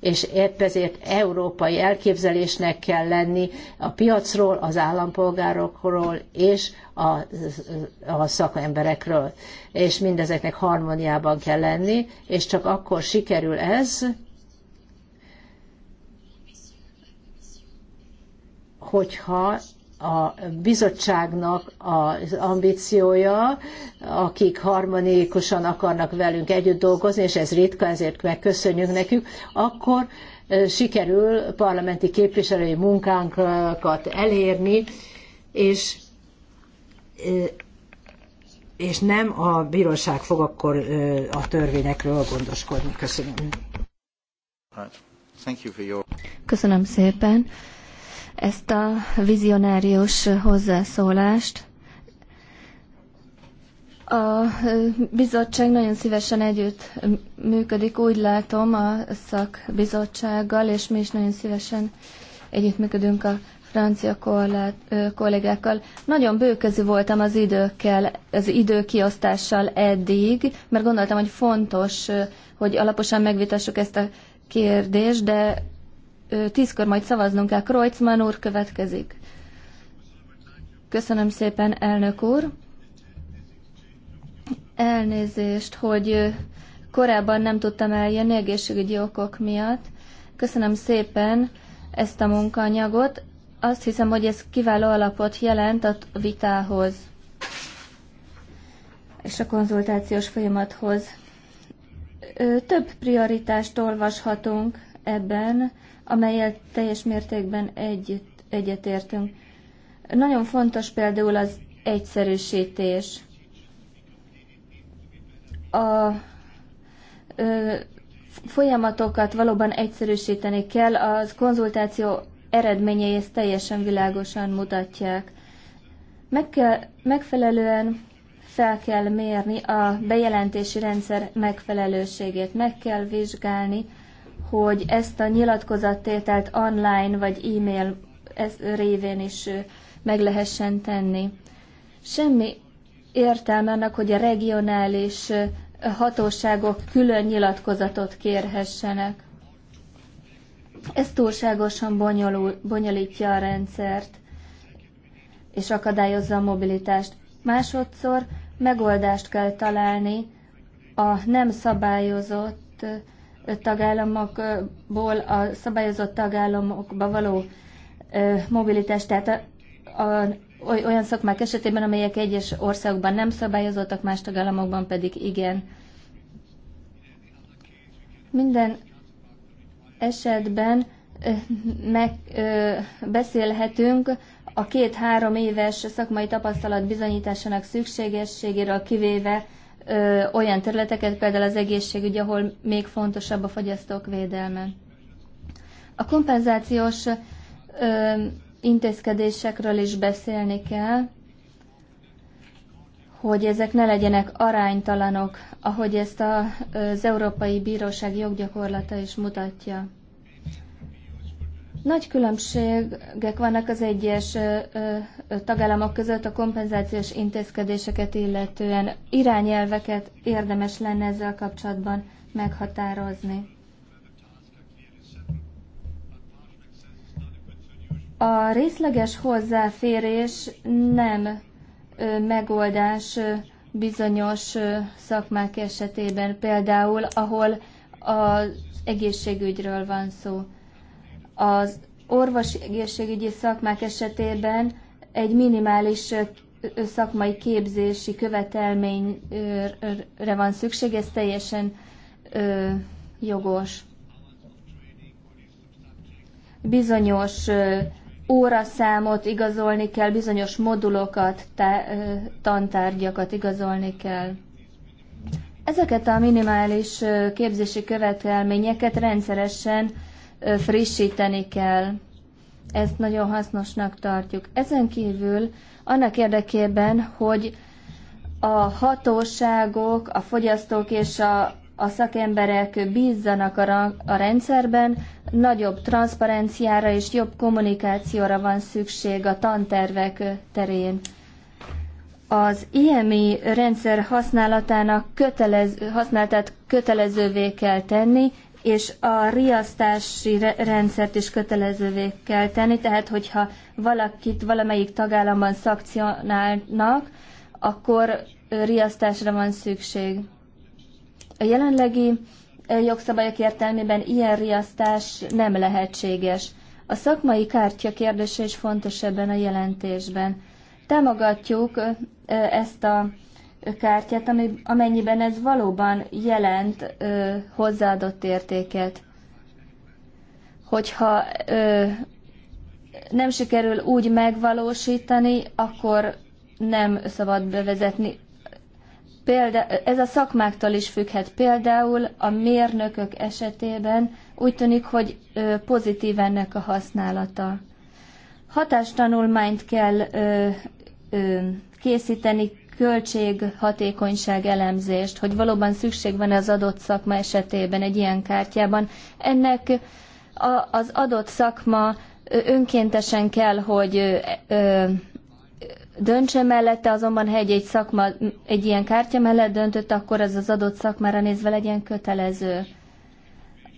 és épp ezért európai elképzelésnek kell lenni a piacról, az állampolgárokról és a, a szakemberekről. És mindezeknek harmóniában kell lenni, és csak akkor sikerül ez, hogyha a bizottságnak az ambíciója, akik harmonikusan akarnak velünk együtt dolgozni, és ez ritka, ezért megköszönjük nekük, akkor sikerül parlamenti képviselői munkánkat elérni, és és nem a bíróság fog akkor a törvényekről gondoskodni. Köszönöm. Köszönöm szépen ezt a vizionárius hozzászólást. A bizottság nagyon szívesen együtt működik, úgy látom, a szakbizottsággal, és mi is nagyon szívesen együttműködünk a francia kollégákkal. Nagyon bőkezű voltam az időkkel, az időkiosztással eddig, mert gondoltam, hogy fontos, hogy alaposan megvitassuk ezt a kérdést, de tízkor majd szavaznunk kell. Kreutzmann úr következik. Köszönöm szépen, elnök úr. Elnézést, hogy korábban nem tudtam eljönni egészségügyi okok miatt. Köszönöm szépen ezt a munkaanyagot. Azt hiszem, hogy ez kiváló alapot jelent a vitához és a konzultációs folyamathoz. Több prioritást olvashatunk ebben, amelyel teljes mértékben egyet egyetértünk. Nagyon fontos például az egyszerűsítés. A ö, folyamatokat valóban egyszerűsíteni kell, az konzultáció eredményei ezt teljesen világosan mutatják. Meg kell, megfelelően fel kell mérni a bejelentési rendszer megfelelőségét, meg kell vizsgálni hogy ezt a nyilatkozattételt online vagy e-mail révén is meg lehessen tenni. Semmi értelme annak, hogy a regionális hatóságok külön nyilatkozatot kérhessenek. Ez túlságosan bonyolul, bonyolítja a rendszert, és akadályozza a mobilitást. Másodszor megoldást kell találni a nem szabályozott tagállamokból a szabályozott tagállamokba való mobilitás, tehát a, a, olyan szakmák esetében, amelyek egyes országokban nem szabályozottak, más tagállamokban pedig igen. Minden esetben meg beszélhetünk a két-három éves szakmai tapasztalat bizonyításának szükségességéről, kivéve ö, olyan területeket, például az egészségügy, ahol még fontosabb a fogyasztók védelme. A kompenzációs ö, intézkedésekről is beszélni kell, hogy ezek ne legyenek aránytalanok, ahogy ezt a, az Európai Bíróság joggyakorlata is mutatja. Nagy különbségek vannak az egyes tagállamok között a kompenzációs intézkedéseket illetően. Irányelveket érdemes lenne ezzel kapcsolatban meghatározni. A részleges hozzáférés nem megoldás bizonyos szakmák esetében, például ahol az egészségügyről van szó. Az orvosi egészségügyi szakmák esetében egy minimális szakmai képzési követelményre van szükség, ez teljesen jogos. Bizonyos óraszámot igazolni kell, bizonyos modulokat, tantárgyakat igazolni kell. Ezeket a minimális képzési követelményeket rendszeresen frissíteni kell. Ezt nagyon hasznosnak tartjuk. Ezen kívül annak érdekében, hogy a hatóságok, a fogyasztók és a, a szakemberek bízzanak a, a rendszerben, nagyobb transzparenciára és jobb kommunikációra van szükség a tantervek terén. Az IMI rendszer használatának kötelez, használatát kötelezővé kell tenni, és a riasztási rendszert is kötelezővé kell tenni, tehát hogyha valakit valamelyik tagállamban szakcionálnak, akkor riasztásra van szükség. A jelenlegi jogszabályok értelmében ilyen riasztás nem lehetséges. A szakmai kártya kérdése is fontos ebben a jelentésben. Támogatjuk ezt a kártyát, amennyiben ez valóban jelent ö, hozzáadott értéket. Hogyha ö, nem sikerül úgy megvalósítani, akkor nem szabad bevezetni. Példa, ez a szakmáktól is függhet. Például a mérnökök esetében úgy tűnik, hogy ö, pozitív ennek a használata. Hatástanulmányt kell ö, ö, készíteni költséghatékonyság elemzést, hogy valóban szükség van az adott szakma esetében egy ilyen kártyában. Ennek a, az adott szakma önkéntesen kell, hogy ö, ö, döntse mellette, azonban ha egy-egy szakma egy ilyen kártya mellett döntött, akkor az az adott szakmára nézve legyen kötelező.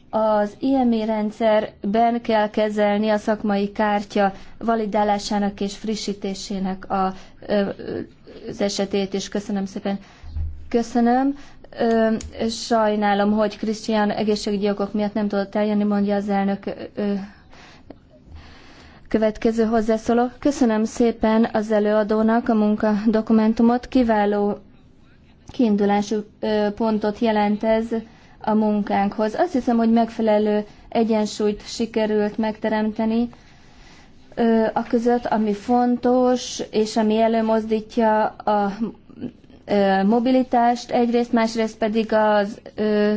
Az IMI rendszerben kell kezelni a szakmai kártya validálásának és frissítésének a ö, ö, az esetét is. Köszönöm szépen. Köszönöm. Ö, sajnálom, hogy Krisztián egészségügyi okok miatt nem tudott eljönni, mondja az elnök. Ö, Következő hozzászóló. Köszönöm szépen az előadónak a munka dokumentumot. Kiváló kiindulási pontot jelent ez a munkánkhoz. Azt hiszem, hogy megfelelő egyensúlyt sikerült megteremteni a között, ami fontos, és ami előmozdítja a mobilitást egyrészt, másrészt pedig az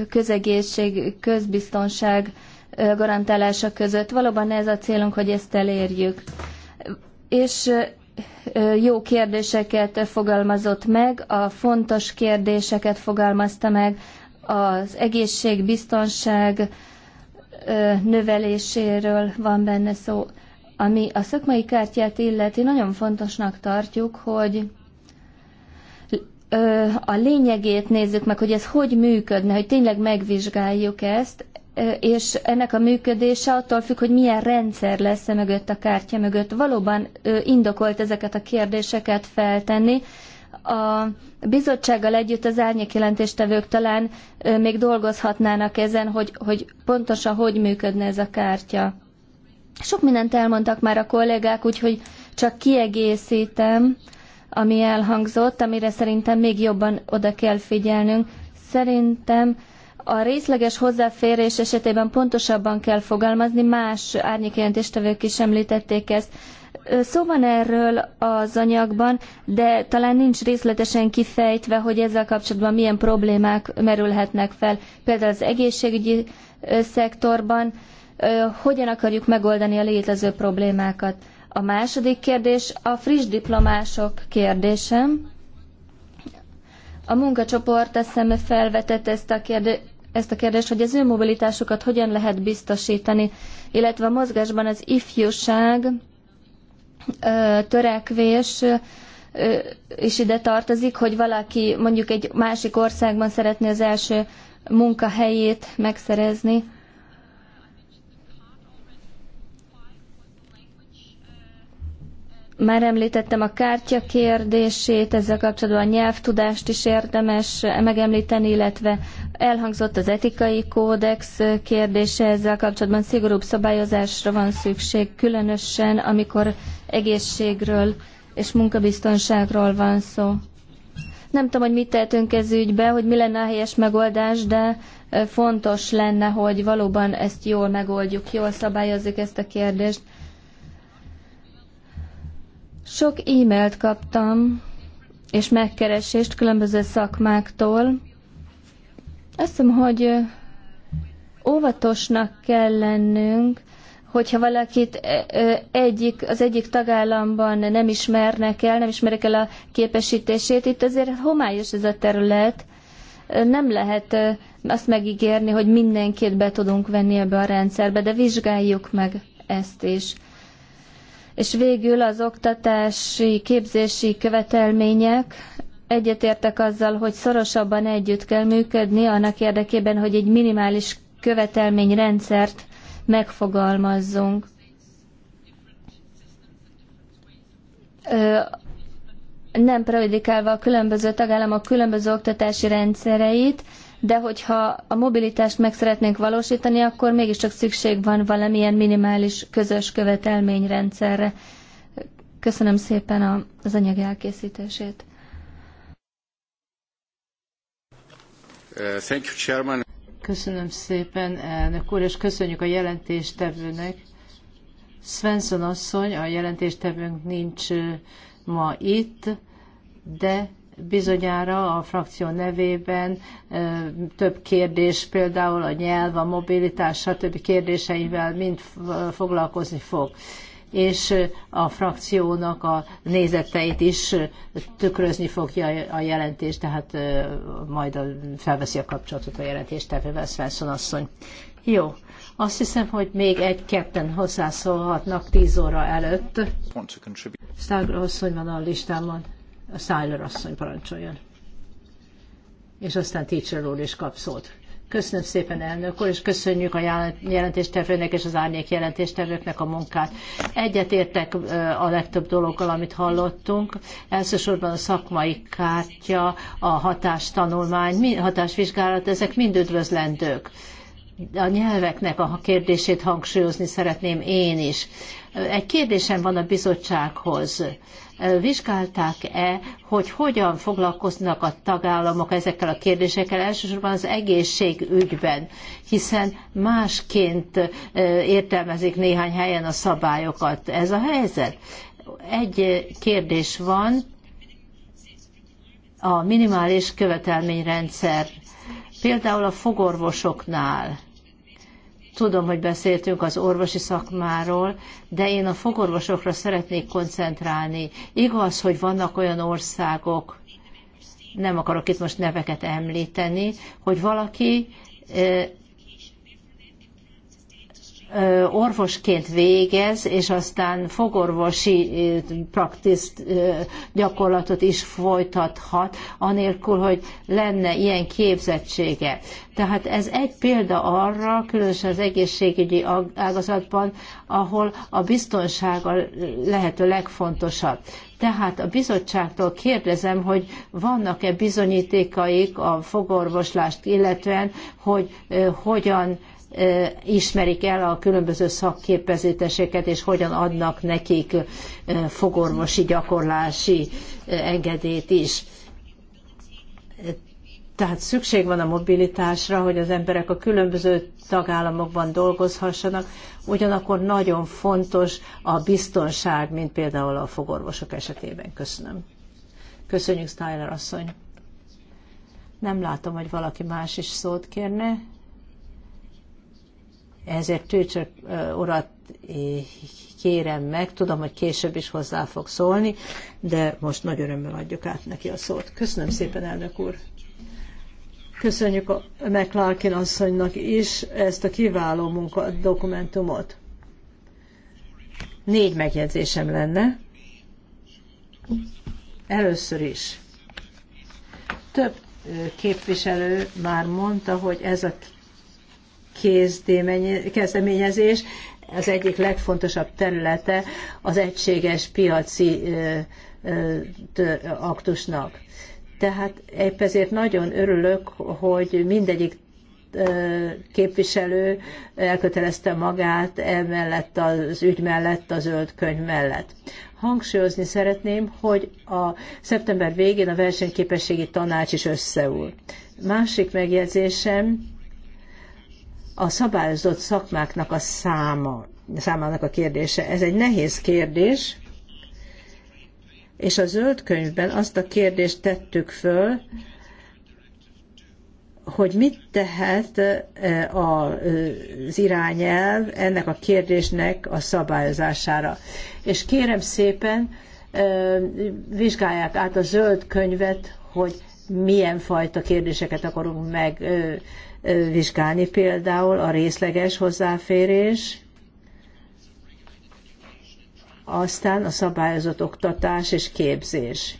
közegészség, közbiztonság garantálása között. Valóban ez a célunk, hogy ezt elérjük. És jó kérdéseket fogalmazott meg, a fontos kérdéseket fogalmazta meg, az egészségbiztonság növeléséről van benne szó. Ami a szakmai kártyát illeti, nagyon fontosnak tartjuk, hogy a lényegét nézzük meg, hogy ez hogy működne, hogy tényleg megvizsgáljuk ezt, és ennek a működése attól függ, hogy milyen rendszer lesz -e mögött a kártya mögött. Valóban indokolt ezeket a kérdéseket feltenni. A bizottsággal együtt az árnyékjelentéstevők talán még dolgozhatnának ezen, hogy, hogy pontosan hogy működne ez a kártya. Sok mindent elmondtak már a kollégák, úgyhogy csak kiegészítem, ami elhangzott, amire szerintem még jobban oda kell figyelnünk. Szerintem a részleges hozzáférés esetében pontosabban kell fogalmazni, más árnyékjelentéstevők is említették ezt. Szó van erről az anyagban, de talán nincs részletesen kifejtve, hogy ezzel kapcsolatban milyen problémák merülhetnek fel. Például az egészségügyi szektorban, hogyan akarjuk megoldani a létező problémákat. A második kérdés a friss diplomások kérdése. A munkacsoport eszembe felvetett ezt a, ezt a kérdést, hogy az ő mobilitásukat hogyan lehet biztosítani, illetve a mozgásban az ifjúság törekvés is ide tartozik, hogy valaki mondjuk egy másik országban szeretné az első munkahelyét megszerezni. Már említettem a kártya kérdését, ezzel kapcsolatban a nyelvtudást is érdemes megemlíteni, illetve elhangzott az etikai kódex kérdése, ezzel kapcsolatban szigorúbb szabályozásra van szükség, különösen amikor egészségről és munkabiztonságról van szó. Nem tudom, hogy mit tehetünk ez ügybe, hogy mi lenne a helyes megoldás, de fontos lenne, hogy valóban ezt jól megoldjuk, jól szabályozzuk ezt a kérdést sok e-mailt kaptam, és megkeresést különböző szakmáktól. Azt hiszem, hogy óvatosnak kell lennünk, hogyha valakit egyik, az egyik tagállamban nem ismernek el, nem ismerik el a képesítését, itt azért homályos ez a terület, nem lehet azt megígérni, hogy mindenkit be tudunk venni ebbe a rendszerbe, de vizsgáljuk meg ezt is és végül az oktatási, képzési követelmények egyetértek azzal, hogy szorosabban együtt kell működni annak érdekében, hogy egy minimális követelményrendszert megfogalmazzunk. Nem prejudikálva a különböző tagállamok különböző oktatási rendszereit, de hogyha a mobilitást meg szeretnénk valósítani, akkor mégiscsak szükség van valamilyen minimális közös követelményrendszerre. Köszönöm szépen az anyag elkészítését. Uh, thank you, Chairman. Köszönöm szépen, elnök úr, és köszönjük a jelentéstevőnek. Svensson asszony, a jelentéstevőnk nincs uh, ma itt, de bizonyára a frakció nevében több kérdés, például a nyelv, a mobilitás, stb. kérdéseivel mind foglalkozni fog és a frakciónak a nézeteit is tükrözni fogja a jelentés, tehát majd felveszi a kapcsolatot a jelentéstevővel Svensson asszony. Jó. Azt hiszem, hogy még egy-ketten hozzászólhatnak 10 óra előtt. Stagra asszony van a listámon. A Szájler asszony parancsoljon. És aztán Teacher úr is kap szót. Köszönöm szépen, elnök úr, és köszönjük a jelentéstevőnek és az árnyék jelentéstevőknek a munkát. Egyetértek a legtöbb dologgal, amit hallottunk. Elsősorban a szakmai kártya, a hatástanulmány, hatásvizsgálat, ezek mind üdvözlendők. A nyelveknek a kérdését hangsúlyozni szeretném én is. Egy kérdésem van a bizottsághoz Vizsgálták-e, hogy hogyan foglalkoznak a tagállamok ezekkel a kérdésekkel, elsősorban az egészségügyben, hiszen másként értelmezik néhány helyen a szabályokat. Ez a helyzet. Egy kérdés van, a minimális követelményrendszer, például a fogorvosoknál Tudom, hogy beszéltünk az orvosi szakmáról, de én a fogorvosokra szeretnék koncentrálni. Igaz, hogy vannak olyan országok, nem akarok itt most neveket említeni, hogy valaki eh, orvosként végez, és aztán fogorvosi praktiszt gyakorlatot is folytathat, anélkül, hogy lenne ilyen képzettsége. Tehát ez egy példa arra, különösen az egészségügyi ágazatban, ahol a biztonság a lehető legfontosabb. Tehát a bizottságtól kérdezem, hogy vannak-e bizonyítékaik a fogorvoslást illetően, hogy hogyan ismerik el a különböző szakképezőteseket, és hogyan adnak nekik fogorvosi gyakorlási engedélyt is. Tehát szükség van a mobilitásra, hogy az emberek a különböző tagállamokban dolgozhassanak, ugyanakkor nagyon fontos a biztonság, mint például a fogorvosok esetében. Köszönöm. Köszönjük, Tyler asszony. Nem látom, hogy valaki más is szót kérne. Ezért Tűcsök urat kérem meg, tudom, hogy később is hozzá fog szólni, de most nagy örömmel adjuk át neki a szót. Köszönöm szépen, elnök úr! Köszönjük a McLarkin asszonynak is ezt a kiváló munka dokumentumot. Négy megjegyzésem lenne. Először is. Több képviselő már mondta, hogy ez a kezdeményezés az egyik legfontosabb területe az egységes piaci aktusnak. Tehát épp ezért nagyon örülök, hogy mindegyik képviselő elkötelezte magát emellett az ügy mellett, a zöld könyv mellett. Hangsúlyozni szeretném, hogy a szeptember végén a versenyképességi tanács is összeúl. Másik megjegyzésem, a szabályozott szakmáknak a száma, számának a kérdése. Ez egy nehéz kérdés, és a zöld könyvben azt a kérdést tettük föl, hogy mit tehet e, e, az irányelv ennek a kérdésnek a szabályozására. És kérem szépen, e, vizsgálják át a zöld könyvet, hogy milyen fajta kérdéseket akarunk meg vizsgálni, például a részleges hozzáférés, aztán a szabályozott oktatás és képzés.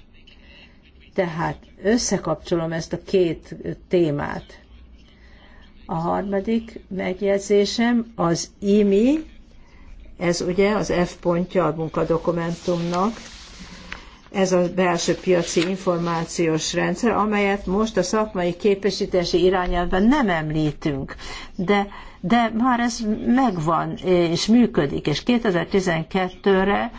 Tehát összekapcsolom ezt a két témát. A harmadik megjegyzésem az IMI, ez ugye az F pontja a munkadokumentumnak, ez a belső piaci információs rendszer, amelyet most a szakmai képesítési irányelvben nem említünk, de, de már ez megvan eh, és működik, és 2012-re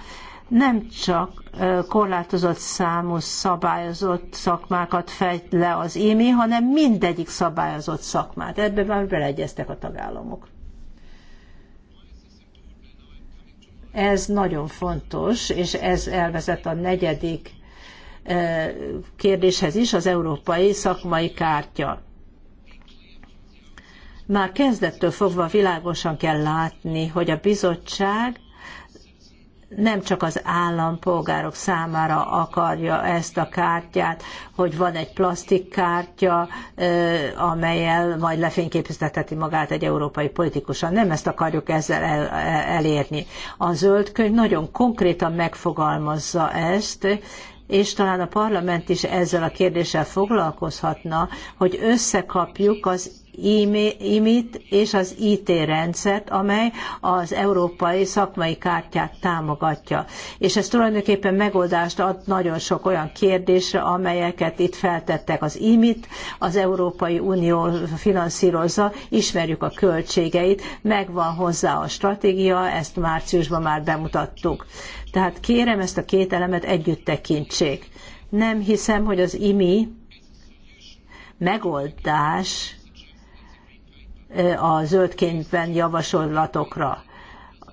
nem csak eh, korlátozott számú szabályozott szakmákat fejt le az IMI, hanem mindegyik szabályozott szakmát. Ebben már beleegyeztek a tagállamok. Ez nagyon fontos, és ez elvezet a negyedik e, kérdéshez is, az európai szakmai kártya. Már kezdettől fogva világosan kell látni, hogy a bizottság nem csak az állampolgárok számára akarja ezt a kártyát, hogy van egy plastikkártya, amelyel majd lefényképezteteti magát egy európai politikusan. Nem ezt akarjuk ezzel el, e, elérni. A zöld könyv nagyon konkrétan megfogalmazza ezt, és talán a parlament is ezzel a kérdéssel foglalkozhatna, hogy összekapjuk az IMIT és az IT rendszert, amely az európai szakmai kártyát támogatja. És ez tulajdonképpen megoldást ad nagyon sok olyan kérdésre, amelyeket itt feltettek. Az IMIT az Európai Unió finanszírozza, ismerjük a költségeit, megvan hozzá a stratégia, ezt márciusban már bemutattuk. Tehát kérem ezt a két elemet együtt tekintsék. Nem hiszem, hogy az IMI megoldás a zöld könyvben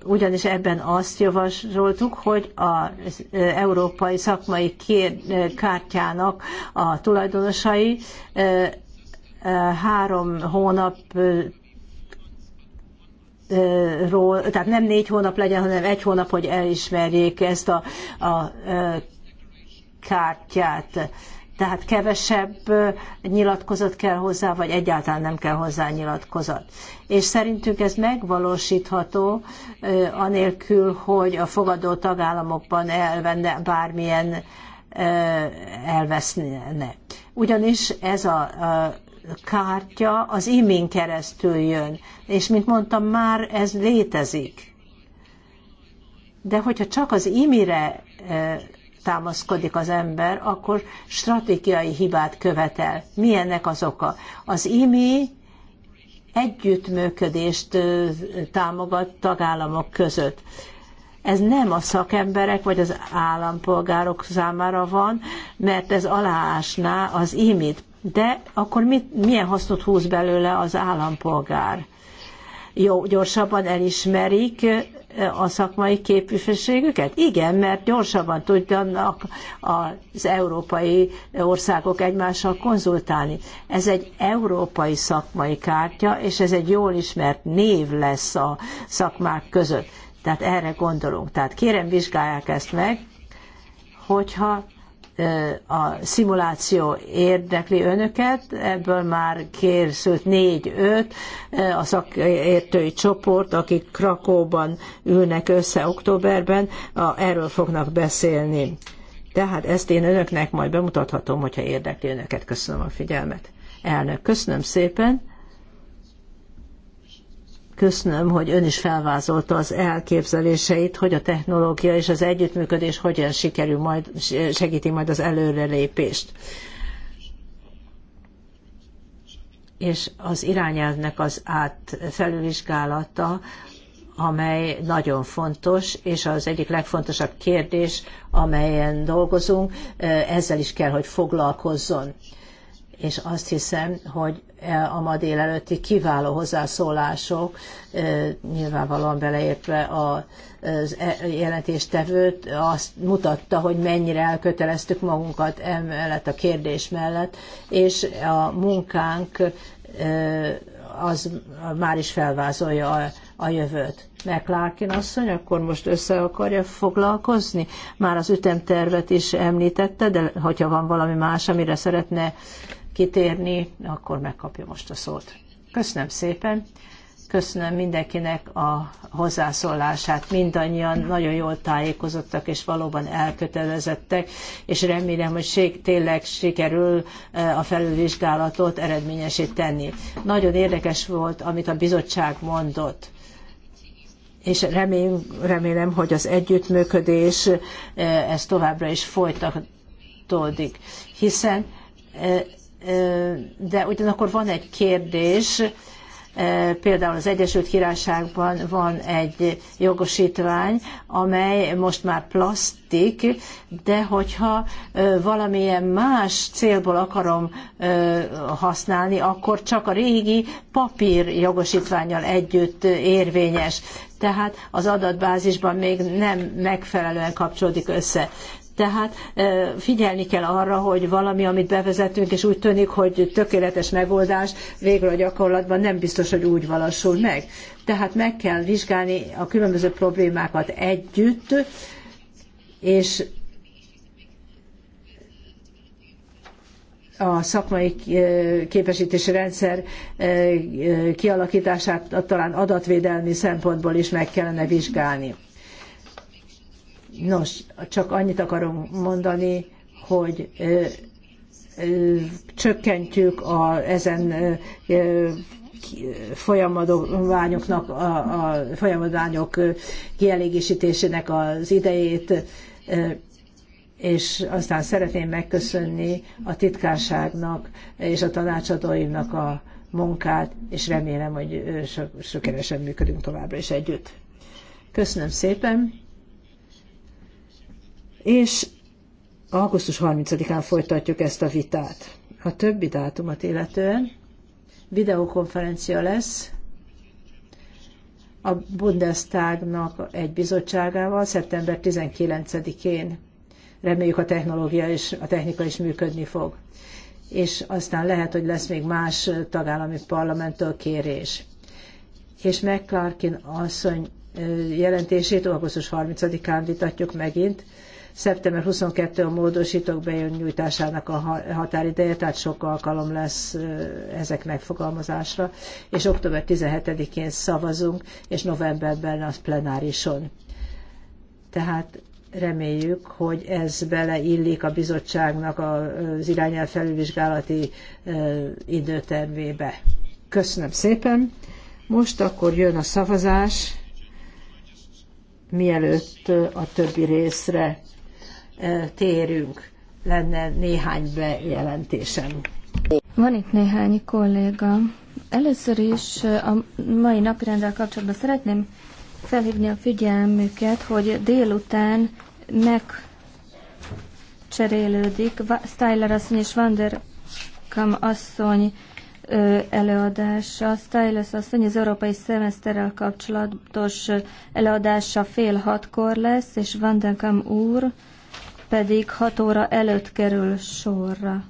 Ugyanis ebben azt javasoltuk, hogy az európai szakmai kártyának a tulajdonosai három hónap ról, tehát nem négy hónap legyen, hanem egy hónap, hogy elismerjék ezt a, a, a kártyát tehát kevesebb nyilatkozat kell hozzá, vagy egyáltalán nem kell hozzá nyilatkozat. És szerintünk ez megvalósítható, anélkül, hogy a fogadó tagállamokban elvenne bármilyen elveszne. Ugyanis ez a kártya az imén keresztül jön, és mint mondtam már, ez létezik. De hogyha csak az imire támaszkodik az ember, akkor stratégiai hibát követel. Milyennek az oka? Az IMI együttműködést támogat tagállamok között. Ez nem a szakemberek vagy az állampolgárok számára van, mert ez aláásná az imit. De akkor mit, milyen hasznot húz belőle az állampolgár? jó, gyorsabban elismerik eh, a szakmai képviselségüket? Igen, mert gyorsabban tudjanak az európai országok egymással konzultálni. Ez egy európai szakmai kártya, és ez egy jól ismert név lesz a szakmák között. Tehát erre gondolunk. Tehát kérem, vizsgálják ezt meg, hogyha a szimuláció érdekli önöket, ebből már készült négy-öt a szakértői csoport, akik Krakóban ülnek össze októberben, erről fognak beszélni. Tehát ezt én önöknek majd bemutathatom, hogyha érdekli önöket. Köszönöm a figyelmet. Elnök, köszönöm szépen köszönöm, hogy ön is felvázolta az elképzeléseit, hogy a technológia és az együttműködés hogyan sikerül majd, segíti majd az előrelépést. És az irányelvnek az átfelülvizsgálata, amely nagyon fontos, és az egyik legfontosabb kérdés, amelyen dolgozunk, ezzel is kell, hogy foglalkozzon. És azt hiszem, hogy a ma délelőtti kiváló hozzászólások, nyilvánvalóan beleértve a az e, jelentéstevőt, azt mutatta, hogy mennyire elköteleztük magunkat emellett a kérdés mellett, és a munkánk az már is felvázolja a, a jövőt. McLarkin asszony, akkor most össze akarja foglalkozni? Már az ütemtervet is említette, de hogyha van valami más, amire szeretne kitérni, akkor megkapja most a szót. Köszönöm szépen, köszönöm mindenkinek a hozzászólását, mindannyian nagyon jól tájékozottak és valóban elkötelezettek, és remélem, hogy tényleg sikerül e, a felülvizsgálatot eredményesé tenni. Nagyon érdekes volt, amit a bizottság mondott és remélem, remélem, hogy az együttműködés e, ez továbbra is folytatódik, hiszen e, de ugyanakkor van egy kérdés, például az Egyesült Királyságban van egy jogosítvány, amely most már plastik, de hogyha valamilyen más célból akarom használni, akkor csak a régi papír jogosítványjal együtt érvényes. Tehát az adatbázisban még nem megfelelően kapcsolódik össze. Tehát figyelni kell arra, hogy valami, amit bevezetünk, és úgy tűnik, hogy tökéletes megoldás, végre a gyakorlatban nem biztos, hogy úgy valósul meg. Tehát meg kell vizsgálni a különböző problémákat együtt, és a szakmai képesítési rendszer kialakítását talán adatvédelmi szempontból is meg kellene vizsgálni. Nos, csak annyit akarom mondani, hogy csökkentjük a, ezen folyamadványoknak, a, a folyamadványok kielégítésének az idejét, és aztán szeretném megköszönni a titkárságnak és a tanácsadóimnak a munkát, és remélem, hogy sikeresen működünk továbbra is együtt. Köszönöm szépen! és augusztus 30-án folytatjuk ezt a vitát. A többi dátumot illetően videokonferencia lesz a Bundestagnak egy bizottságával szeptember 19-én. Reméljük a technológia és a technika is működni fog. És aztán lehet, hogy lesz még más tagállami parlamenttől kérés. És McClarkin asszony jelentését augusztus 30-án vitatjuk megint, Szeptember 22 a módosítók benyújtásának a határideje, tehát sok alkalom lesz ezek megfogalmazásra, és október 17-én szavazunk, és novemberben az plenárison. Tehát reméljük, hogy ez beleillik a bizottságnak az irányel felülvizsgálati időtervébe. Köszönöm szépen. Most akkor jön a szavazás, mielőtt a többi részre térünk. Lenne néhány bejelentésem. Van itt néhány kolléga. Először is eh, a mai napirendel kapcsolatban szeretném felhívni a figyelmüket, hogy délután megcserélődik Styler asszony és Vanderkam asszony eh, előadása. Styler asszony az európai szemeszterrel kapcsolatos eh, előadása fél hatkor lesz, és Vanderkam úr pedig 6 óra előtt kerül sorra.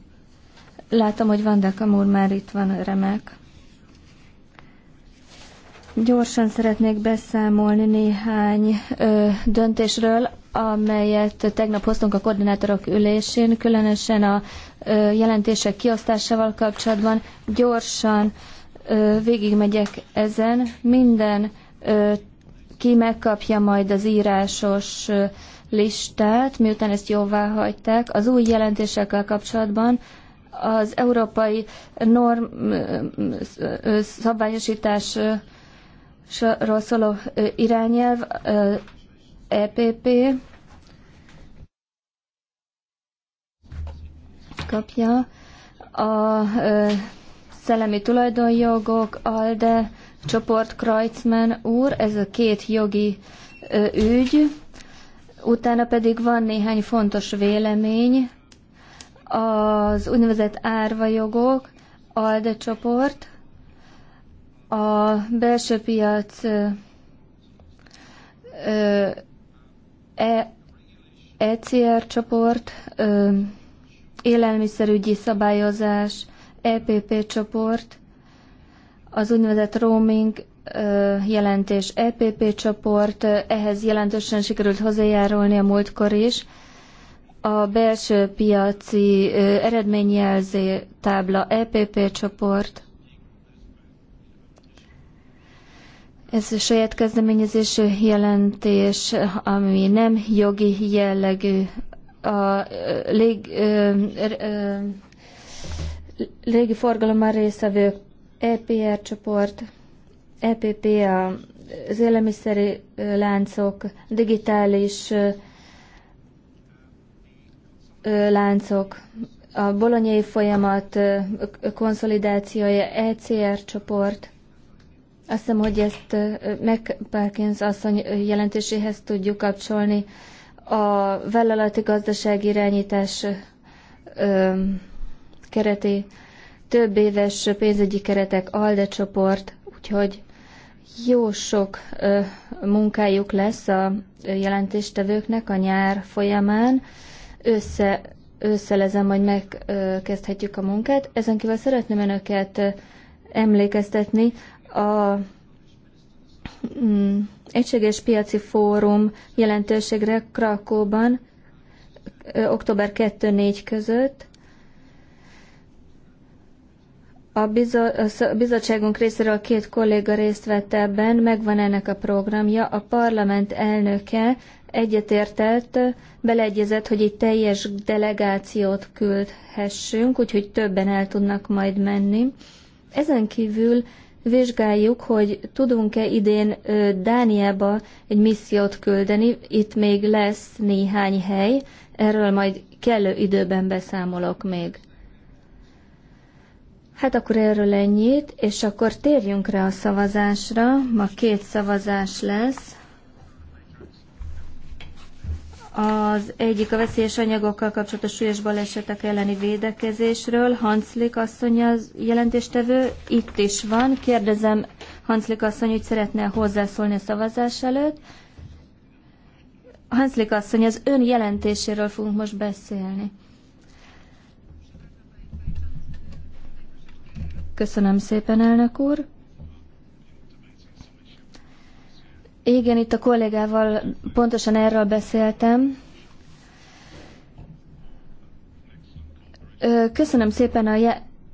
Látom, hogy Vandekam úr már itt van, remek. Gyorsan szeretnék beszámolni néhány ö, döntésről, amelyet tegnap hoztunk a koordinátorok ülésén, különösen a ö, jelentések kiosztásával kapcsolatban. Gyorsan ö, végigmegyek ezen. Minden ö, ki megkapja majd az írásos ö, listát, miután ezt jóvá hagyták, az új jelentésekkel kapcsolatban az európai norm szabályosításról szóló irányelv, EPP kapja a szellemi tulajdonjogok, ALDE, csoport Kreutzmann úr, ez a két jogi ügy, Utána pedig van néhány fontos vélemény, az úgynevezett árvajogok, ALDE csoport, a belső piac ECR e csoport, élelmiszerügyi szabályozás, EPP csoport, az úgynevezett roaming jelentés EPP csoport, ehhez jelentősen sikerült hozzájárulni a múltkor is. A belső piaci eredményjelző tábla EPP csoport, Ez a saját kezdeményezésű jelentés, ami nem jogi jellegű, a lég, ö, ö, légi forgalommal részvevők EPR csoport, EPP, az élelmiszeri láncok, digitális láncok, a bolonyai folyamat konszolidációja, ECR csoport. Azt hiszem, hogy ezt meg Parkins asszony jelentéséhez tudjuk kapcsolni. A vállalati gazdaság irányítás kereté, több éves pénzügyi keretek ALDE csoport, úgyhogy jó sok ö, munkájuk lesz a jelentéstevőknek a nyár folyamán. Össze, összelezem, hogy megkezdhetjük a munkát. Ezen kívül szeretném önöket emlékeztetni a mm, Egységes Piaci Fórum jelentőségre Krakóban ö, október 2-4 között a, bizottságunk részéről két kolléga részt vett ebben, megvan ennek a programja. A parlament elnöke egyetértett, beleegyezett, hogy egy teljes delegációt küldhessünk, úgyhogy többen el tudnak majd menni. Ezen kívül vizsgáljuk, hogy tudunk-e idén Dániába egy missziót küldeni. Itt még lesz néhány hely, erről majd kellő időben beszámolok még. Hát akkor erről ennyit, és akkor térjünk rá a szavazásra. Ma két szavazás lesz. Az egyik a veszélyes anyagokkal kapcsolatos súlyos balesetek elleni védekezésről. Hanslik asszony az jelentéstevő. Itt is van. Kérdezem Hanslik asszony, hogy szeretne hozzászólni a szavazás előtt. Hanslik asszony, az ön jelentéséről fogunk most beszélni. Köszönöm szépen, elnök úr. Igen, itt a kollégával pontosan erről beszéltem. Köszönöm szépen a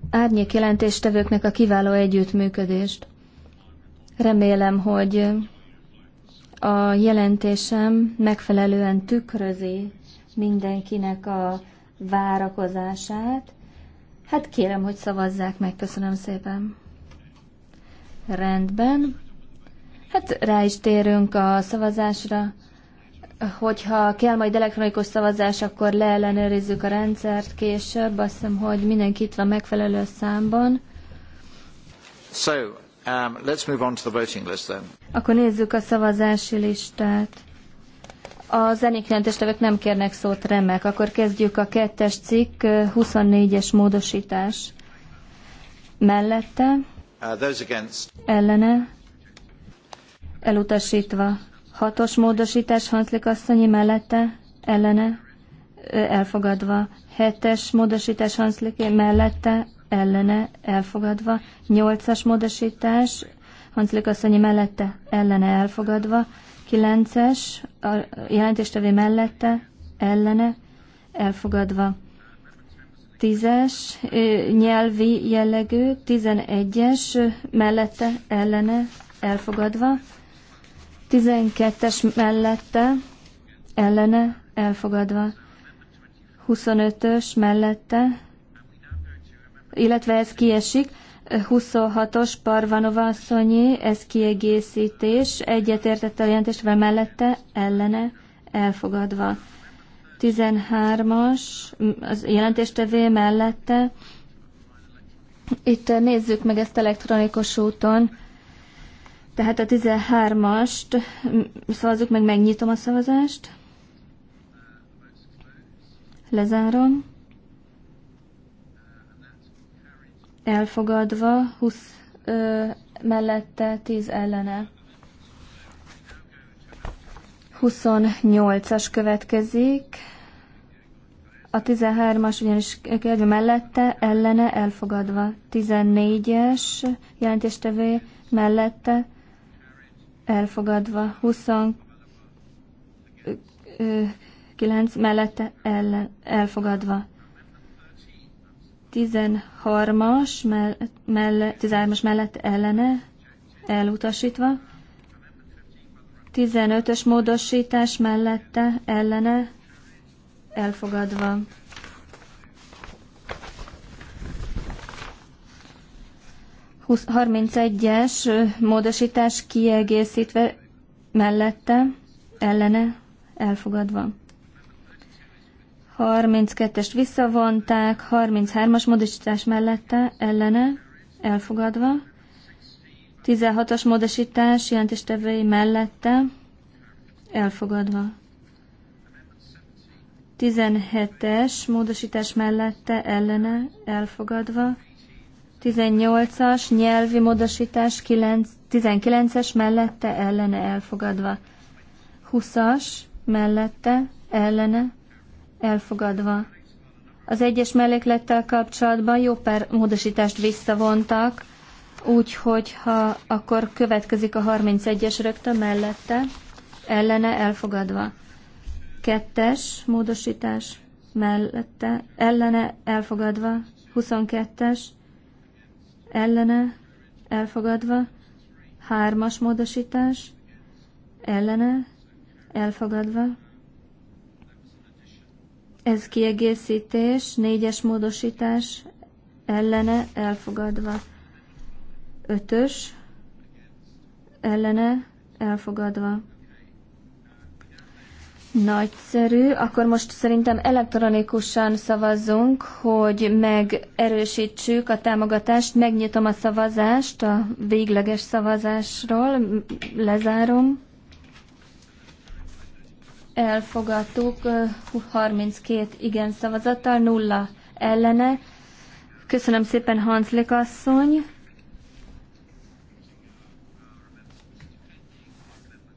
árnyék jelentéstevőknek a kiváló együttműködést. Remélem, hogy a jelentésem megfelelően tükrözi mindenkinek a várakozását, Hát kérem, hogy szavazzák meg, köszönöm szépen. Rendben. Hát rá is térünk a szavazásra. Hogyha kell majd elektronikus szavazás, akkor leellenőrizzük a rendszert később. Azt hiszem, hogy mindenki itt van megfelelő számban. So, um, let's move on to the voting list then. Akkor nézzük a szavazási listát. A jelentéstevők nem kérnek szót, remek. Akkor kezdjük a kettes cikk, 24-es módosítás. Mellette, uh, ellene, elutasítva. Hatos módosítás, Hanslik asszonyi mellette, ellene, elfogadva. Hetes módosítás, Hanslik mellette, ellene, elfogadva. Nyolcas módosítás, Hanslik asszonyi mellette, ellene, elfogadva. 9-es a jelentéstevé mellette, ellene, elfogadva. 10-es nyelvi jellegű, 11-es mellette, ellene, elfogadva. 12-es mellette, ellene, elfogadva. 25-ös mellette, illetve ez kiesik. 26-os Parvanova asszonyi, ez kiegészítés, egyetértett a jelentéstvel mellette, ellene, elfogadva. 13-as, az jelentéstevé mellette, itt nézzük meg ezt elektronikus úton, tehát a 13-ast szavazzuk meg, megnyitom a szavazást, lezárom, elfogadva, 20 ö, mellette, 10 ellene. 28-as következik. A 13-as ugyanis kérdő mellette, ellene elfogadva. 14-es jelentéstevő mellette elfogadva. 29 mellette ellen, elfogadva. 13-as mell mell 13 mellett ellene elutasítva, 15-ös módosítás mellette ellene elfogadva. Husz, 31-es módosítás kiegészítve mellette ellene elfogadva. 32-est visszavonták, 33-as módosítás mellette, ellene, elfogadva. 16-as módosítás jelentéstevői mellette, elfogadva. 17-es módosítás mellette, ellene, elfogadva. 18-as nyelvi módosítás 9, 19-es mellette, ellene, elfogadva. 20-as mellette, ellene, elfogadva. Az egyes melléklettel kapcsolatban jó pár módosítást visszavontak, úgyhogy ha akkor következik a 31-es rögtön mellette, ellene elfogadva. Kettes módosítás mellette, ellene elfogadva, 22-es, ellene elfogadva, hármas módosítás, ellene elfogadva, ez kiegészítés, négyes módosítás ellene elfogadva. Ötös ellene elfogadva. Nagyszerű. Akkor most szerintem elektronikusan szavazzunk, hogy megerősítsük a támogatást. Megnyitom a szavazást, a végleges szavazásról. Lezárom elfogadtuk 32 igen szavazattal, nulla ellene. Köszönöm szépen Hanslik asszony.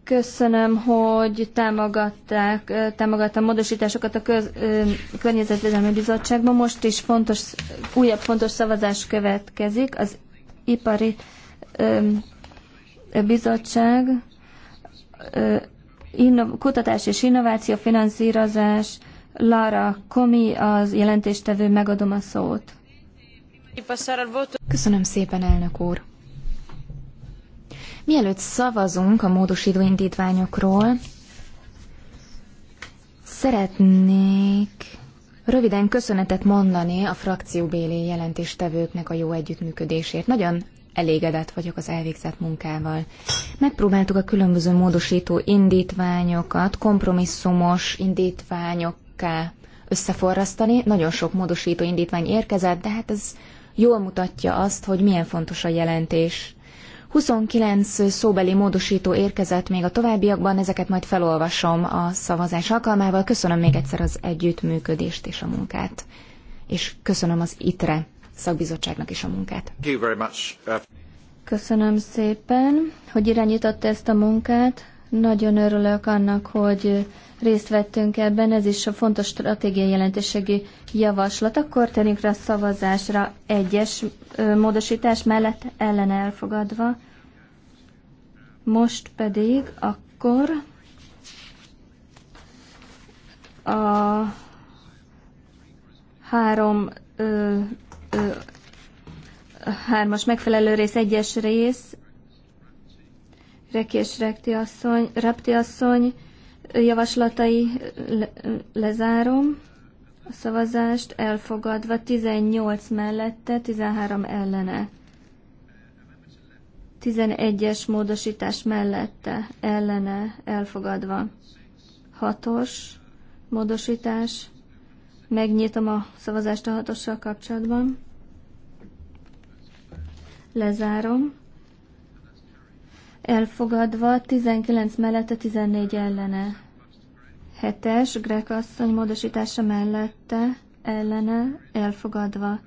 Köszönöm, hogy támogatták, támogatta a módosításokat a köz, Környezetvédelmi Bizottságban. Most is fontos, újabb fontos szavazás következik. Az Ipari ö, Bizottság ö, Inno- kutatás és innováció finanszírozás. Lara Komi az jelentéstevő, megadom a szót. Köszönöm szépen, elnök úr. Mielőtt szavazunk a módosító indítványokról, szeretnék röviden köszönetet mondani a frakcióbéli jelentéstevőknek a jó együttműködésért. Nagyon elégedett vagyok az elvégzett munkával. Megpróbáltuk a különböző módosító indítványokat kompromisszumos indítványokká összeforrasztani. Nagyon sok módosító indítvány érkezett, de hát ez jól mutatja azt, hogy milyen fontos a jelentés. 29 szóbeli módosító érkezett még a továbbiakban, ezeket majd felolvasom a szavazás alkalmával. Köszönöm még egyszer az együttműködést és a munkát, és köszönöm az ITRE szakbizottságnak is a munkát. Uh, Köszönöm szépen, hogy irányította ezt a munkát. Nagyon örülök annak, hogy részt vettünk ebben. Ez is a fontos stratégiai jelentőségi javaslat. Akkor térjünk rá a szavazásra egyes módosítás mellett ellen elfogadva. Most pedig akkor a három hármas megfelelő rész, egyes rész, Reki és Rekti asszony, Repti asszony javaslatai le, lezárom a szavazást, elfogadva 18 mellette, 13 ellene. 11-es módosítás mellette, ellene, elfogadva. 6-os módosítás Megnyitom a szavazást a hatossal kapcsolatban. Lezárom. Elfogadva 19 mellette 14 ellene. Hetes Grek asszony módosítása mellette ellene elfogadva.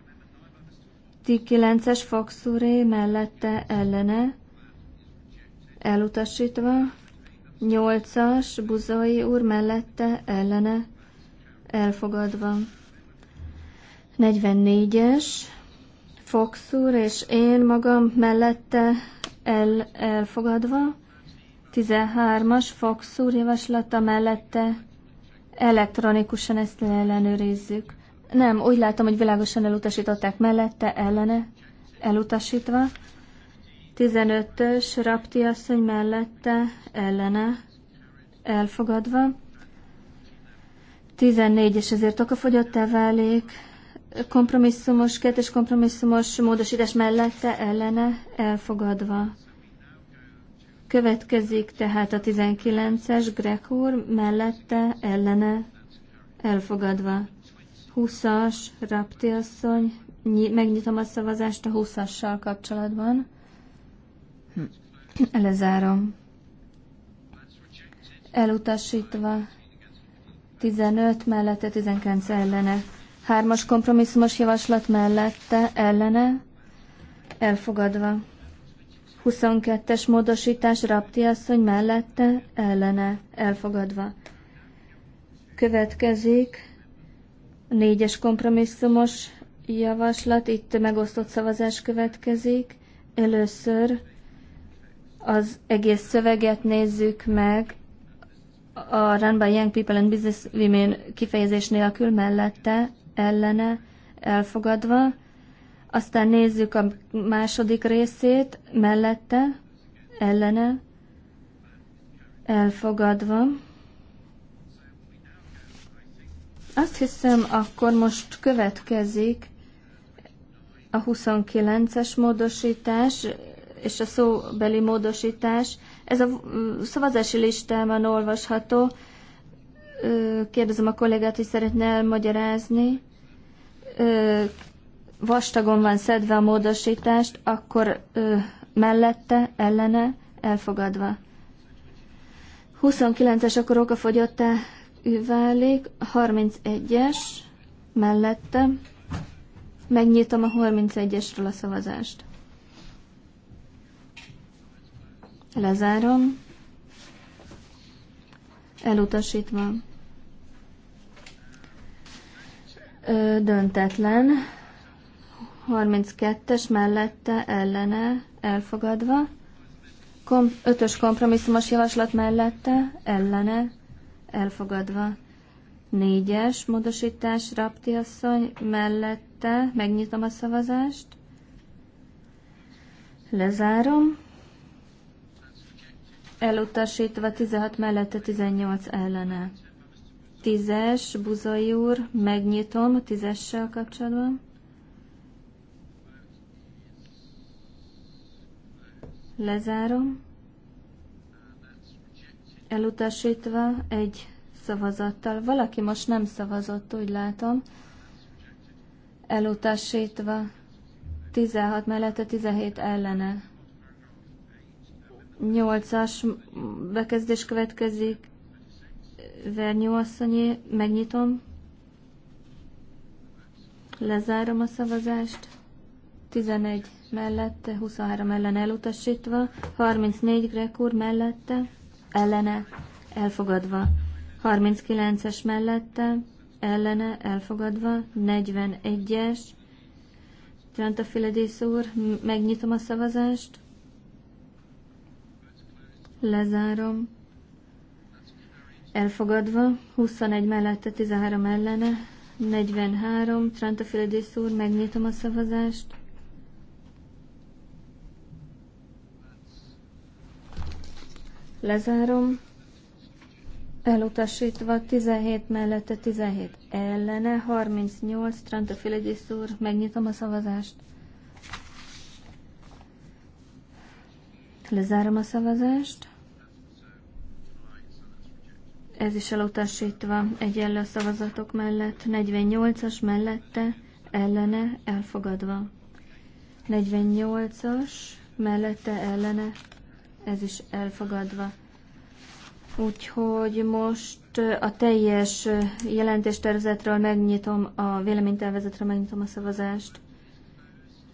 9-es Foxuré mellette ellene elutasítva. 8-as Buzói úr mellette ellene elfogadva. 44-es, Fox úr és én magam mellette el, elfogadva. 13-as, Fox úr javaslata mellette elektronikusan ezt ellenőrizzük. Nem, úgy látom, hogy világosan elutasították mellette, ellene, elutasítva. 15-ös, Rapti asszony mellette, ellene, elfogadva. 14 és ezért okafogyottá válik, kompromisszumos, kettes kompromisszumos módosítás mellette ellene elfogadva. Következik tehát a 19-es Greg úr, mellette ellene elfogadva. 20-as Rapti asszony, megnyitom a szavazást a 20-assal kapcsolatban. Lezárom. Elutasítva 15 mellette, 19 ellene. Hármas kompromisszumos javaslat mellette, ellene, elfogadva. 22-es módosítás Rapti asszony mellette, ellene, elfogadva. Következik négyes kompromisszumos javaslat, itt megosztott szavazás következik. Először az egész szöveget nézzük meg a Run by Young People and Business Women kifejezés nélkül mellette, ellene, elfogadva. Aztán nézzük a második részét, mellette, ellene, elfogadva. Azt hiszem, akkor most következik a 29-es módosítás és a szóbeli módosítás ez a szavazási listában olvasható. Kérdezem a kollégát, hogy szeretne elmagyarázni. Vastagon van szedve a módosítást, akkor mellette, ellene, elfogadva. 29-es akkor okafogyottá válik, 31-es mellette. Megnyitom a 31-esről a szavazást. Lezárom. Elutasítva. Ö, döntetlen. 32-es mellette ellene elfogadva. Kom- ötös kompromisszumos javaslat mellette ellene elfogadva. Négyes módosítás Rapti asszony mellette megnyitom a szavazást. Lezárom elutasítva 16 mellette 18 ellene. Tízes, Buzai úr, megnyitom a tízessel kapcsolatban. Lezárom. Elutasítva egy szavazattal. Valaki most nem szavazott, úgy látom. Elutasítva 16 mellette 17 ellene. Nyolcas bekezdés következik. Vernyó asszonyé, megnyitom. Lezárom a szavazást. 11 mellette, 23 ellen elutasítva, 34 Grek úr mellette, ellene, elfogadva. 39-es mellette, ellene, elfogadva. 41-es, Tranta úr, megnyitom a szavazást. Lezárom. Elfogadva. 21 mellette, 13 ellene. 43. Tranta Trantafilidis úr, megnyitom a szavazást. Lezárom. Elutasítva 17 mellette 17 ellene, 38 Tranta Trantafilidis úr, megnyitom a szavazást. Lezárom a szavazást ez is elutasítva egyenlő a szavazatok mellett, 48-as mellette, ellene, elfogadva. 48-as mellette, ellene, ez is elfogadva. Úgyhogy most a teljes jelentéstervezetről megnyitom, a véleménytervezetről megnyitom a szavazást.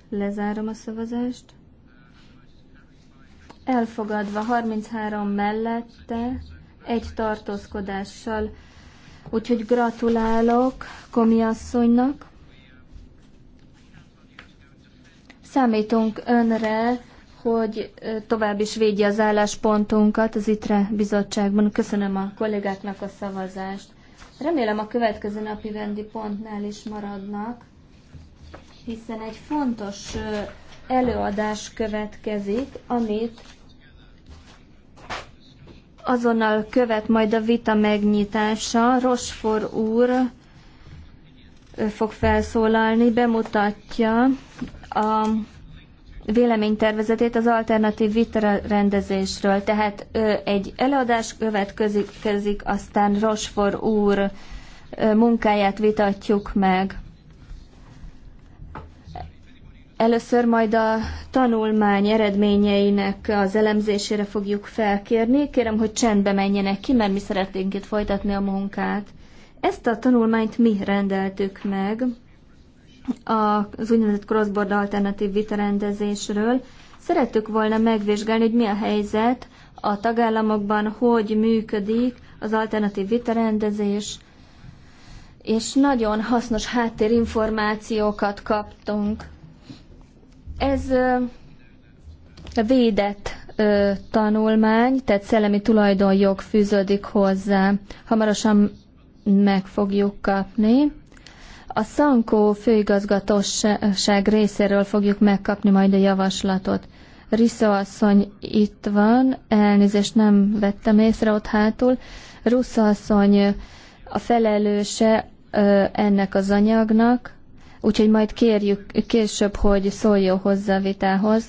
Lezárom a szavazást. Elfogadva 33 mellette, egy tartózkodással. Úgyhogy gratulálok Komi asszonynak. Számítunk önre, hogy tovább is védje az álláspontunkat az ITRE bizottságban. Köszönöm a kollégáknak a szavazást. Remélem a következő napi vendi pontnál is maradnak, hiszen egy fontos előadás következik, amit azonnal követ majd a vita megnyitása. Rosfor úr fog felszólalni, bemutatja a véleménytervezetét az alternatív vita rendezésről. Tehát egy előadás következik, aztán Rosfor úr munkáját vitatjuk meg. Először majd a tanulmány eredményeinek az elemzésére fogjuk felkérni. Kérem, hogy csendbe menjenek ki, mert mi szeretnénk itt folytatni a munkát. Ezt a tanulmányt mi rendeltük meg az úgynevezett crossborder alternatív vitarendezésről. Szerettük volna megvizsgálni, hogy mi a helyzet a tagállamokban, hogy működik az alternatív vitarendezés, és nagyon hasznos háttérinformációkat kaptunk ez védett tanulmány, tehát szellemi tulajdonjog fűződik hozzá. Hamarosan meg fogjuk kapni. A Szankó főigazgatóság részéről fogjuk megkapni majd a javaslatot. Risza asszony itt van, elnézést nem vettem észre ott hátul. Rusza asszony a felelőse ennek az anyagnak, úgyhogy majd kérjük később, hogy szóljon hozzá a vitához.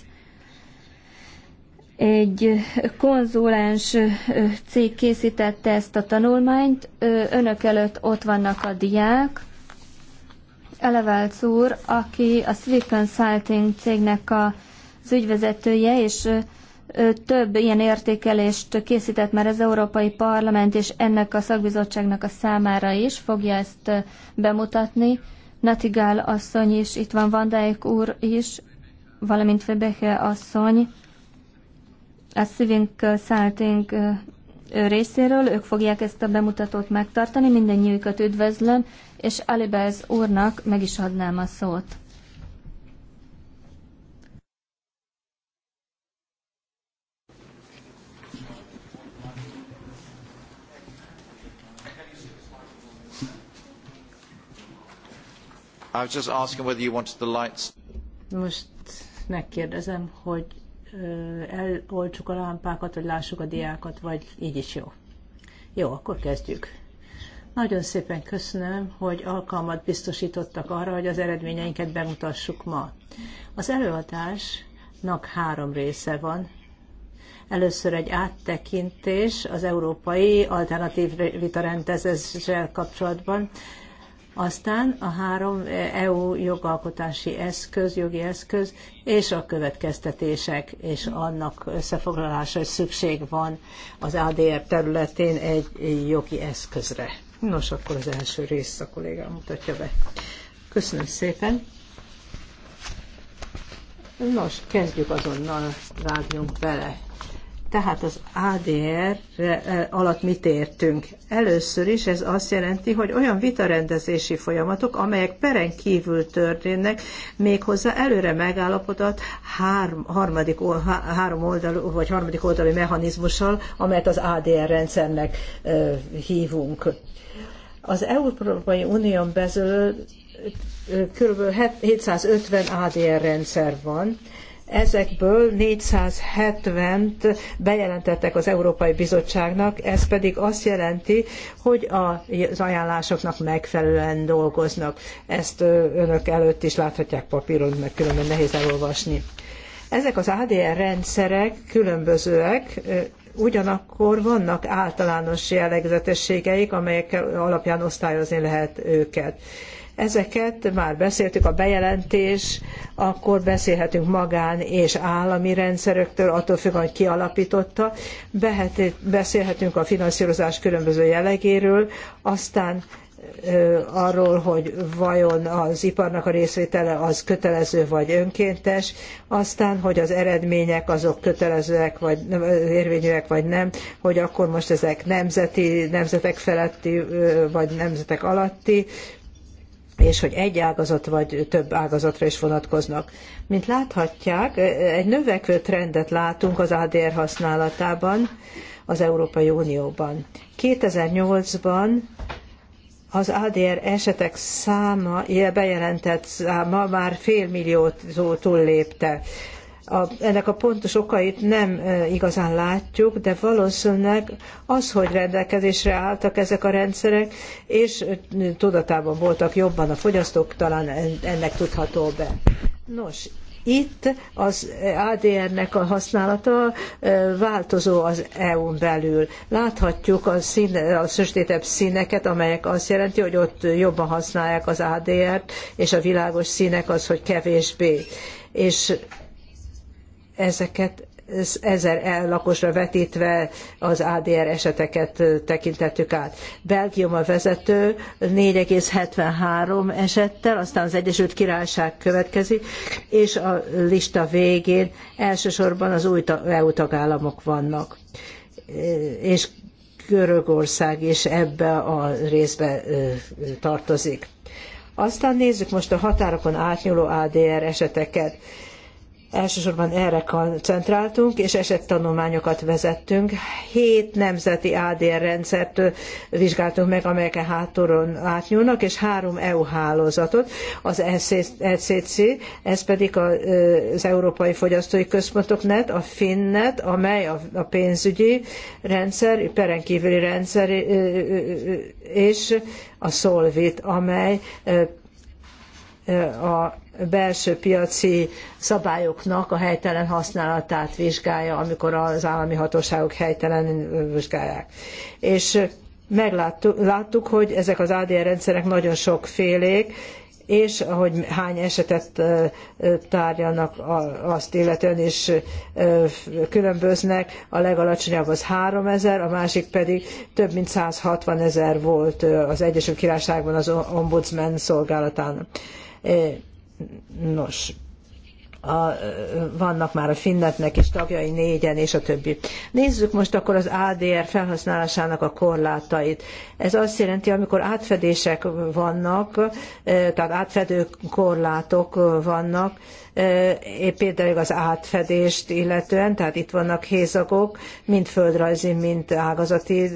Egy konzulens cég készítette ezt a tanulmányt, önök előtt ott vannak a diák, Elevelc úr, aki a Swift Consulting cégnek a, az ügyvezetője, és több ilyen értékelést készített már az Európai Parlament és ennek a szakbizottságnak a számára is, fogja ezt bemutatni. Natigál asszony is, itt van Van úr is, valamint Febehe asszony, a szívünk Száltink részéről, ők fogják ezt a bemutatót megtartani, mindennyiüket üdvözlöm, és Alibez úrnak meg is adnám a szót. I was just asking whether you wanted the lights. Most megkérdezem, hogy eloltsuk a lámpákat, hogy lássuk a diákat, vagy így is jó. Jó, akkor kezdjük. Nagyon szépen köszönöm, hogy alkalmat biztosítottak arra, hogy az eredményeinket bemutassuk ma. Az előadásnak három része van. Először egy áttekintés az európai alternatív vitarendezéssel kapcsolatban, aztán a három EU eh, e jogalkotási eszköz, jogi eszköz és a következtetések és annak összefoglalása, hogy szükség van az ADR területén egy jogi eszközre. Nos, akkor az első rész a kollégám mutatja be. Köszönöm szépen. Nos, kezdjük azonnal, vágjunk bele. Tehát az ADR alatt mit értünk? Először is ez azt jelenti, hogy olyan vitarendezési folyamatok, amelyek peren kívül történnek, méghozzá előre megállapodott három, harmadik, három oldalú, vagy harmadik oldali mechanizmussal, amelyet az ADR rendszernek hívunk. Az Európai Unión belül kb. 750 ADR rendszer van, Ezekből 470-t bejelentettek az Európai Bizottságnak, ez pedig azt jelenti, hogy az ajánlásoknak megfelelően dolgoznak. Ezt önök előtt is láthatják papíron, mert különben nehéz elolvasni. Ezek az ADR rendszerek különbözőek, ugyanakkor vannak általános jellegzetességeik, amelyek alapján osztályozni lehet őket. Ezeket már beszéltük, a bejelentés, akkor beszélhetünk magán és állami rendszerektől, attól függ, hogy ki beszélhetünk a finanszírozás különböző jellegéről, aztán arról, hogy vajon az iparnak a részvétele az kötelező vagy önkéntes, aztán, hogy az eredmények azok kötelezőek vagy érvényűek vagy nem, hogy akkor most ezek nemzeti, nemzetek feletti vagy nemzetek alatti és hogy egy ágazat vagy több ágazatra is vonatkoznak. Mint láthatják, egy növekvő trendet látunk az ADR használatában az Európai Unióban. 2008-ban az ADR esetek száma, bejelentett száma már fél milliót túllépte a, ennek a pontos okait nem e, igazán látjuk, de valószínűleg az, hogy rendelkezésre álltak ezek a rendszerek, és e, tudatában voltak jobban a fogyasztók, talán ennek tudható be. Nos, itt az ADR-nek a használata e, változó az EU-n belül. Láthatjuk a, szín, a sötétebb színeket, amelyek azt jelenti, hogy ott jobban használják az ADR-t, és a világos színek az, hogy kevésbé. És ezeket ezer lakosra vetítve az ADR eseteket tekintettük át. Belgium a vezető 4,73 esettel, aztán az Egyesült Királyság következik, és a lista végén elsősorban az új EU tagállamok vannak. És Görögország is ebbe a részbe tartozik. Aztán nézzük most a határokon átnyúló ADR eseteket. Elsősorban erre koncentráltunk, és esettanulmányokat vezettünk. Hét nemzeti ADR rendszert vizsgáltunk meg, amelyek hátulról átnyúlnak, és három EU hálózatot, az ECC, ez pedig az Európai Fogyasztói Központok net, a Finnet, amely a pénzügyi rendszer, perenkívüli rendszer, és a Solvit, amely a belső piaci szabályoknak a helytelen használatát vizsgálja, amikor az állami hatóságok helytelen vizsgálják. És megláttuk, hogy ezek az ADR rendszerek nagyon sokfélék, és hogy hány esetet tárgyalnak azt illetően is különböznek, a legalacsonyabb az ezer, a másik pedig több mint 160 ezer volt az Egyesült Királyságban az ombudsman szolgálatán. Nos, a, vannak már a Finnetnek is tagjai négyen, és a többi. Nézzük most akkor az ADR felhasználásának a korlátait. Ez azt jelenti, amikor átfedések vannak, e, tehát átfedő korlátok vannak, e, e, például az átfedést illetően, tehát itt vannak hézagok, mind földrajzi, mind ágazati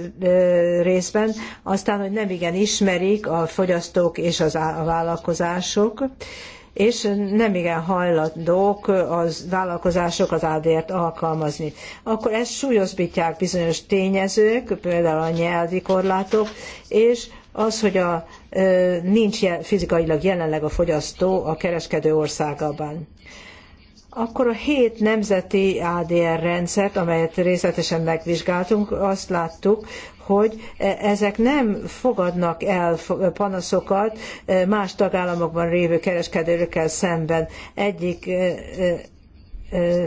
részben, aztán, hogy nem igen ismerik a fogyasztók és az a vállalkozások, és nem igen hajlandók az vállalkozások az ADR-t alkalmazni. Akkor ezt súlyosbítják bizonyos tényezők, például a nyelvi korlátok, és az, hogy a, nincs fizikailag jelenleg a fogyasztó a kereskedő országában akkor a hét nemzeti ADR rendszert, amelyet részletesen megvizsgáltunk, azt láttuk, hogy e, ezek nem fogadnak el panaszokat e, más tagállamokban lévő kereskedőkkel szemben. Egyik e,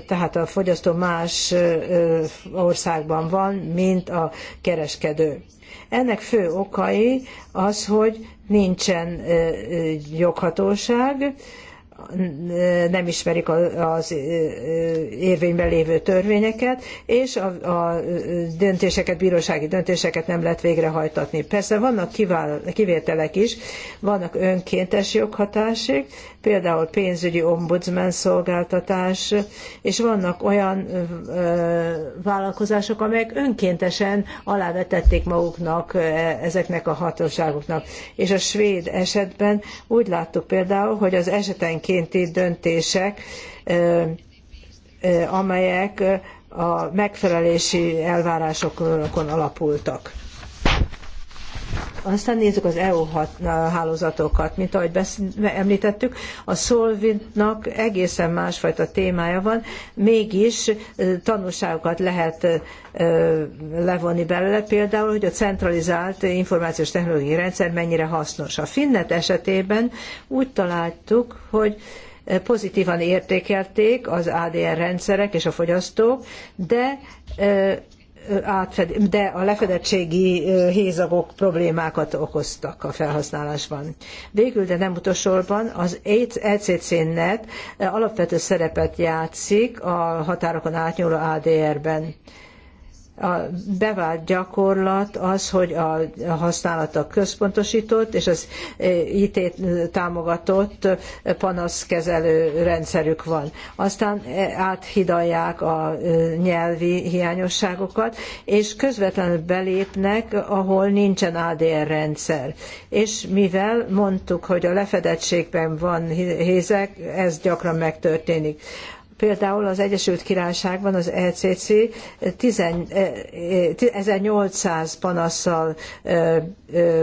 tehát a fogyasztó más országban van, mint a kereskedő. Ennek fő okai az, hogy nincsen joghatóság, nem ismerik az érvényben lévő törvényeket, és a, döntéseket, bírósági döntéseket nem lehet végrehajtatni. Persze vannak kivételek is, vannak önkéntes joghatások, például pénzügyi ombudsman szolgáltatás, és vannak olyan vállalkozások, amelyek önkéntesen alávetették maguknak ezeknek a hatóságoknak. És a svéd esetben úgy láttuk például, hogy az esetenkénti döntések, amelyek a megfelelési elvárásokon alapultak. Aztán nézzük az EU hálózatokat. Mint ahogy említettük, a Solvitnak egészen másfajta témája van, mégis tanulságokat lehet levonni belőle, például, hogy a centralizált információs technológiai rendszer mennyire hasznos. A Finnet esetében úgy találtuk, hogy pozitívan értékelték az ADR rendszerek és a fogyasztók, de átfed, de a lefedettségi hézagok problémákat okoztak a felhasználásban. Végül, de nem utolsóban, az ECC-net alapvető szerepet játszik a határokon átnyúló ADR-ben a bevált gyakorlat az, hogy a használata központosított és az e, IT támogatott panaszkezelő rendszerük van. Aztán e, áthidalják a e, nyelvi hiányosságokat, és közvetlenül belépnek, ahol nincsen ADR rendszer. És mivel mondtuk, hogy a lefedettségben van hézek, ez gyakran megtörténik. Például az Egyesült Királyságban az ECC 1800 panaszsal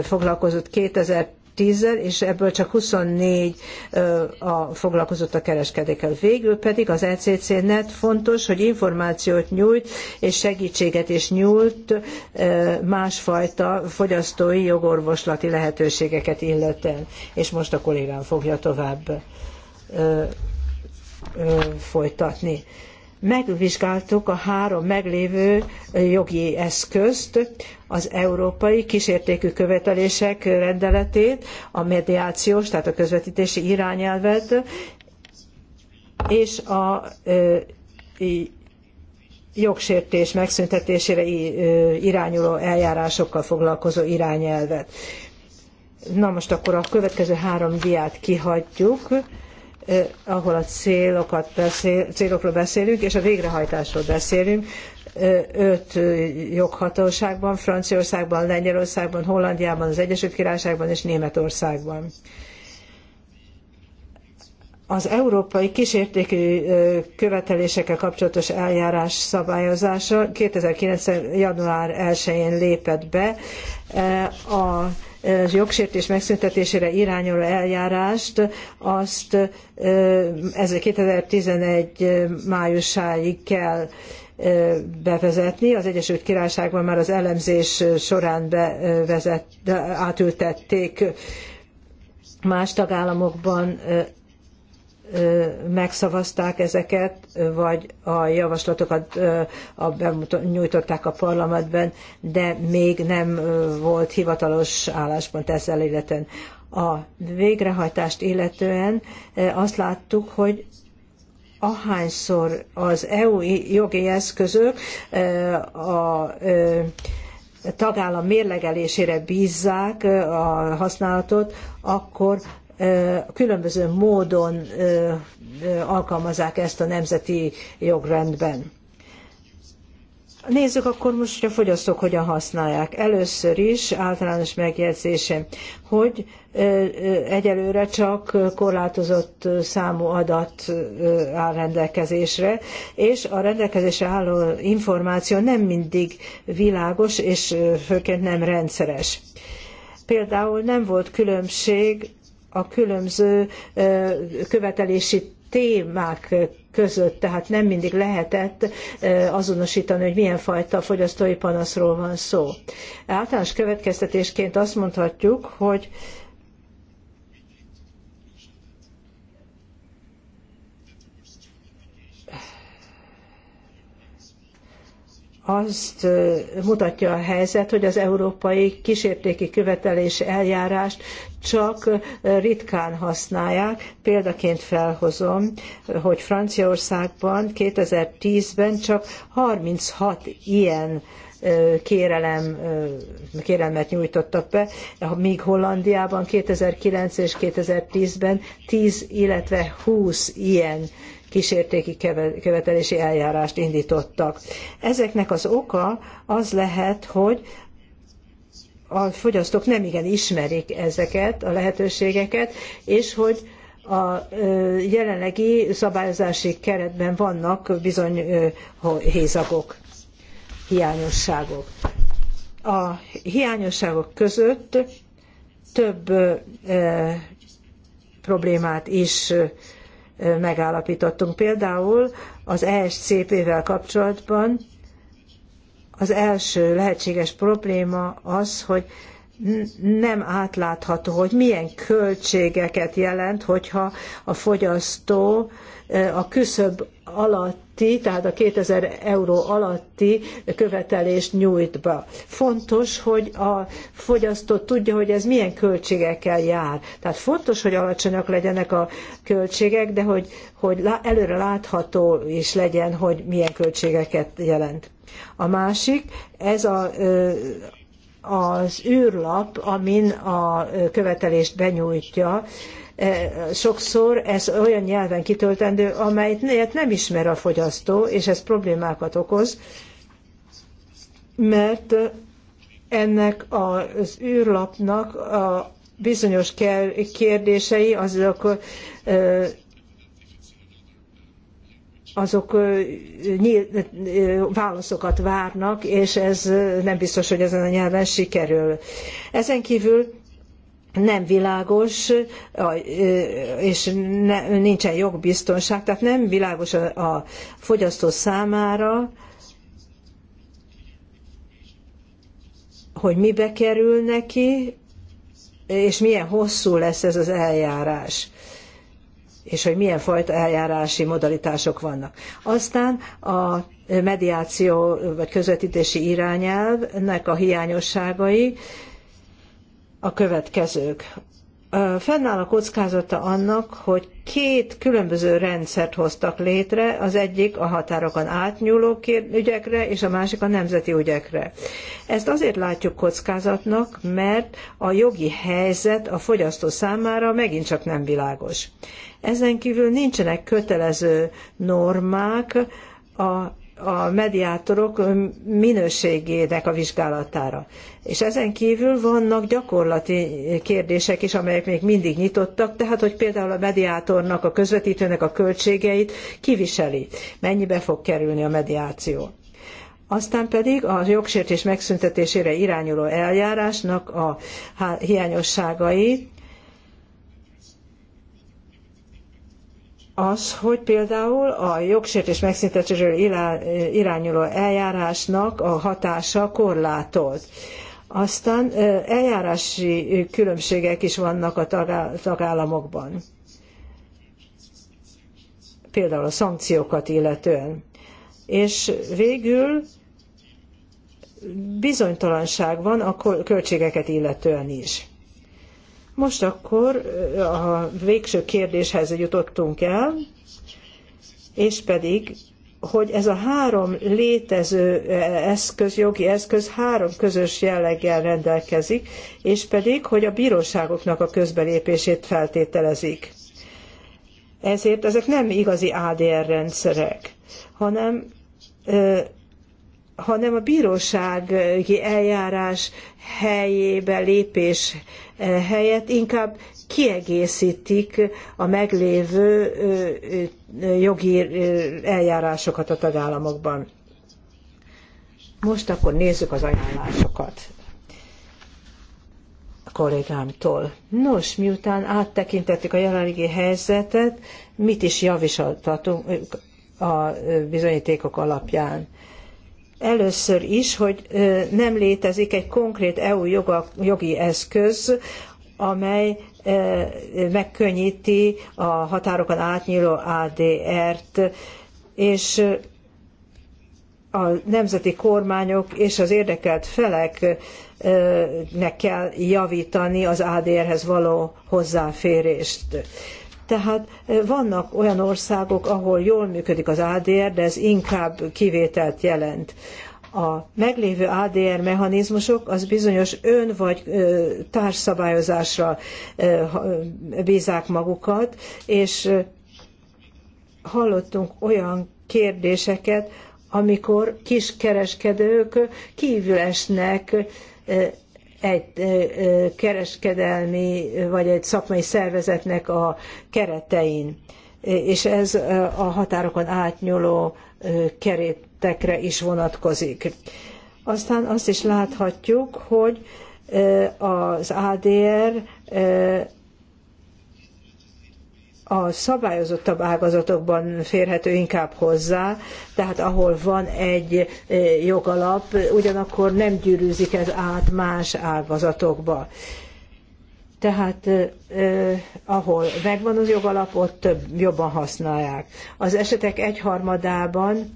foglalkozott 2000 10 és ebből csak 24 eh, a foglalkozott a kereskedékkel. Végül pedig az ECC-net fontos, hogy információt nyújt, és segítséget is nyújt eh, másfajta fogyasztói jogorvoslati lehetőségeket illetően. És most a kollégám fogja tovább eh, folytatni. Megvizsgáltuk a három meglévő jogi eszközt, az európai kísértékű követelések rendeletét, a mediációs, tehát a közvetítési irányelvet, és a jogsértés megszüntetésére irányuló eljárásokkal foglalkozó irányelvet. Na most akkor a következő három diát kihagyjuk, Eh, ahol a célokat beszél, célokról beszélünk, és a végrehajtásról beszélünk, eh, öt eh, joghatóságban, Franciaországban, Lengyelországban, Hollandiában, az Egyesült Királyságban és Németországban. Az európai kisértékű követelésekkel kapcsolatos eljárás szabályozása 2009. január 1-én lépett be. A Eh, jogsértés megszüntetésére irányuló eljárást, azt eh, ez 2011 eh, májusáig kell bevezetni. Az Egyesült Királyságban már az elemzés során bevezet, átültették más tagállamokban megszavazták ezeket, vagy a javaslatokat a, nyújtották a parlamentben, de még nem volt hivatalos álláspont ezzel illetően. A végrehajtást illetően azt láttuk, hogy ahányszor az EU jogi eszközök a tagállam mérlegelésére bízzák a használatot, akkor különböző módon alkalmazzák ezt a nemzeti jogrendben. Nézzük akkor most, hogy a fogyasztók hogyan használják. Először is általános megjegyzésem, hogy egyelőre csak korlátozott számú adat áll rendelkezésre, és a rendelkezésre álló információ nem mindig világos, és főként nem rendszeres. Például nem volt különbség a különböző követelési témák között, tehát nem mindig lehetett azonosítani, hogy milyen fajta fogyasztói panaszról van szó. Általános következtetésként azt mondhatjuk, hogy azt mutatja a helyzet, hogy az európai kísértéki követelés eljárást csak ritkán használják. Példaként felhozom, hogy Franciaországban 2010-ben csak 36 ilyen kérelem, kérelmet nyújtottak be, míg Hollandiában 2009 és 2010-ben 10, illetve 20 ilyen kísértéki követelési eljárást indítottak. Ezeknek az oka az lehet, hogy a fogyasztók nem igen ismerik ezeket a lehetőségeket, és hogy a jelenlegi szabályozási keretben vannak bizony hézagok, hiányosságok. A hiányosságok között több problémát is megállapítottunk. Például az ESCP-vel kapcsolatban az első lehetséges probléma az, hogy nem átlátható, hogy milyen költségeket jelent, hogyha a fogyasztó a küszöb alatt alatti, tehát a 2000 euró alatti követelést nyújt be. Fontos, hogy a fogyasztó tudja, hogy ez milyen költségekkel jár. Tehát fontos, hogy alacsonyak legyenek a költségek, de hogy, hogy előre látható is legyen, hogy milyen költségeket jelent. A másik, ez a az űrlap, amin a követelést benyújtja, Eh, sokszor ez olyan nyelven kitöltendő, amelyet nem ismer a fogyasztó, és ez problémákat okoz, mert ennek az űrlapnak a bizonyos kérdései azok eh, azok eh, válaszokat várnak, és ez nem biztos, hogy ezen a nyelven sikerül. Ezen kívül nem világos, és nincsen jogbiztonság, tehát nem világos a fogyasztó számára, hogy mibe kerül neki, és milyen hosszú lesz ez az eljárás, és hogy milyen fajta eljárási modalitások vannak. Aztán a mediáció vagy közvetítési irányelvnek a hiányosságai, a következők. Fennáll a kockázata annak, hogy két különböző rendszert hoztak létre, az egyik a határokon átnyúló ügyekre, és a másik a nemzeti ügyekre. Ezt azért látjuk kockázatnak, mert a jogi helyzet a fogyasztó számára megint csak nem világos. Ezen kívül nincsenek kötelező normák a a mediátorok minőségének a vizsgálatára. És ezen kívül vannak gyakorlati kérdések is, amelyek még mindig nyitottak, tehát hogy például a mediátornak, a közvetítőnek a költségeit kiviseli, mennyibe fog kerülni a mediáció. Aztán pedig a jogsértés megszüntetésére irányuló eljárásnak a hiányosságai az, hogy például a jogsértés megszüntetésről irányuló eljárásnak a hatása korlátolt. Aztán eljárási különbségek is vannak a tagállamokban. Például a szankciókat illetően. És végül bizonytalanság van a költségeket illetően is. Most akkor a végső kérdéshez jutottunk el, és pedig, hogy ez a három létező eszköz, jogi eszköz három közös jelleggel rendelkezik, és pedig, hogy a bíróságoknak a közbelépését feltételezik. Ezért ezek nem igazi ADR rendszerek, hanem hanem a bírósági eljárás helyébe lépés E, helyett inkább kiegészítik a meglévő jogi eljárásokat a tagállamokban. Most akkor nézzük az ajánlásokat a kollégámtól. Nos, miután áttekintettük a jelenlegi helyzetet, mit is javítatunk a bizonyítékok alapján? először is, hogy nem létezik egy konkrét EU joga, jogi eszköz, amely megkönnyíti a határokon átnyíló ADR-t, és a nemzeti kormányok és az érdekelt feleknek kell javítani az ADR-hez való hozzáférést. Tehát eh, vannak olyan országok, ahol jól működik az ADR, de ez inkább kivételt jelent. A meglévő ADR mechanizmusok az bizonyos ön vagy eh, társszabályozásra eh, bízák magukat, és hallottunk olyan kérdéseket, amikor kiskereskedők kívül esnek egy kereskedelmi vagy egy szakmai szervezetnek a keretein. És ez a határokon átnyúló keretekre is vonatkozik. Aztán azt is láthatjuk, hogy az ADR a szabályozottabb ágazatokban férhető inkább hozzá, tehát ahol van egy eh, jogalap, ugyanakkor nem gyűrűzik ez át más ágazatokba. Tehát eh, eh, ahol megvan az jogalap, ott több, jobban használják. Az esetek egyharmadában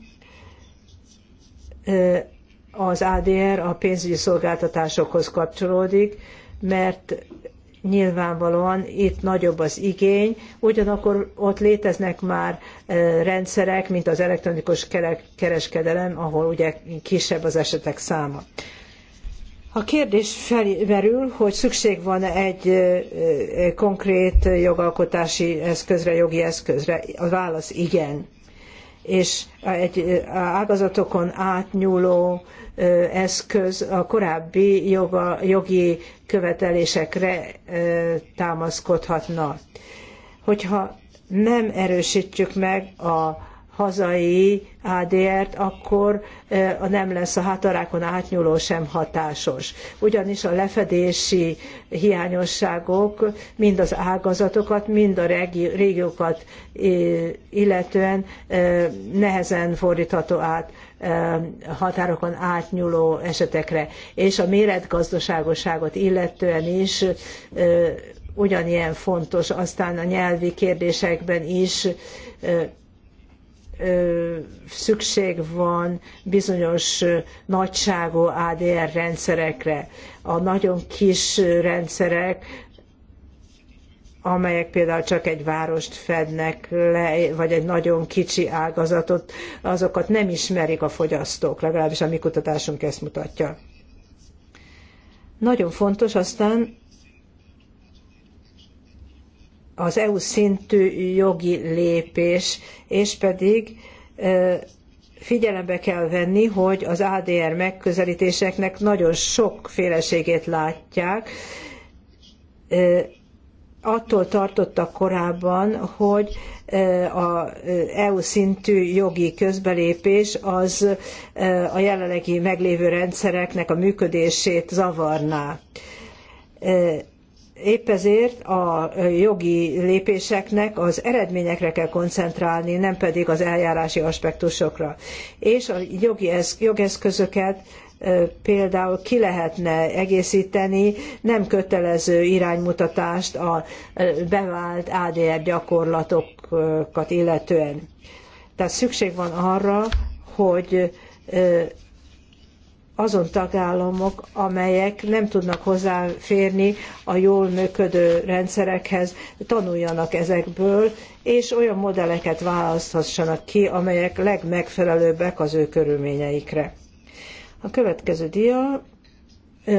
eh, az ADR a pénzügyi szolgáltatásokhoz kapcsolódik, mert nyilvánvalóan itt nagyobb az igény, ugyanakkor ott léteznek már rendszerek, mint az elektronikus kereskedelem, ahol ugye kisebb az esetek száma. A kérdés felmerül, hogy szükség van egy konkrét jogalkotási eszközre, jogi eszközre. A válasz igen és egy ágazatokon átnyúló eszköz a korábbi joga, jogi követelésekre támaszkodhatna. Hogyha nem erősítjük meg a hazai ADR-t, akkor nem lesz a határokon átnyúló sem hatásos. Ugyanis a lefedési hiányosságok mind az ágazatokat, mind a régiókat illetően nehezen fordítható át határokon átnyúló esetekre, és a méretgazdaságosságot illetően is ugyanilyen fontos, aztán a nyelvi kérdésekben is szükség van bizonyos nagyságú ADR rendszerekre. A nagyon kis rendszerek, amelyek például csak egy várost fednek le, vagy egy nagyon kicsi ágazatot, azokat nem ismerik a fogyasztók, legalábbis a mi kutatásunk ezt mutatja. Nagyon fontos aztán az EU szintű jogi lépés, és pedig figyelembe kell venni, hogy az ADR megközelítéseknek nagyon sok féleségét látják. Attól tartottak korábban, hogy a EU szintű jogi közbelépés az a jelenlegi meglévő rendszereknek a működését zavarná Épp ezért a jogi lépéseknek az eredményekre kell koncentrálni, nem pedig az eljárási aspektusokra. És a jogi jogeszközöket például ki lehetne egészíteni nem kötelező iránymutatást a bevált ADR gyakorlatokat illetően. Tehát szükség van arra, hogy azon tagállamok, amelyek nem tudnak hozzáférni a jól működő rendszerekhez, tanuljanak ezekből, és olyan modelleket választhassanak ki, amelyek legmegfelelőbbek az ő körülményeikre. A következő dia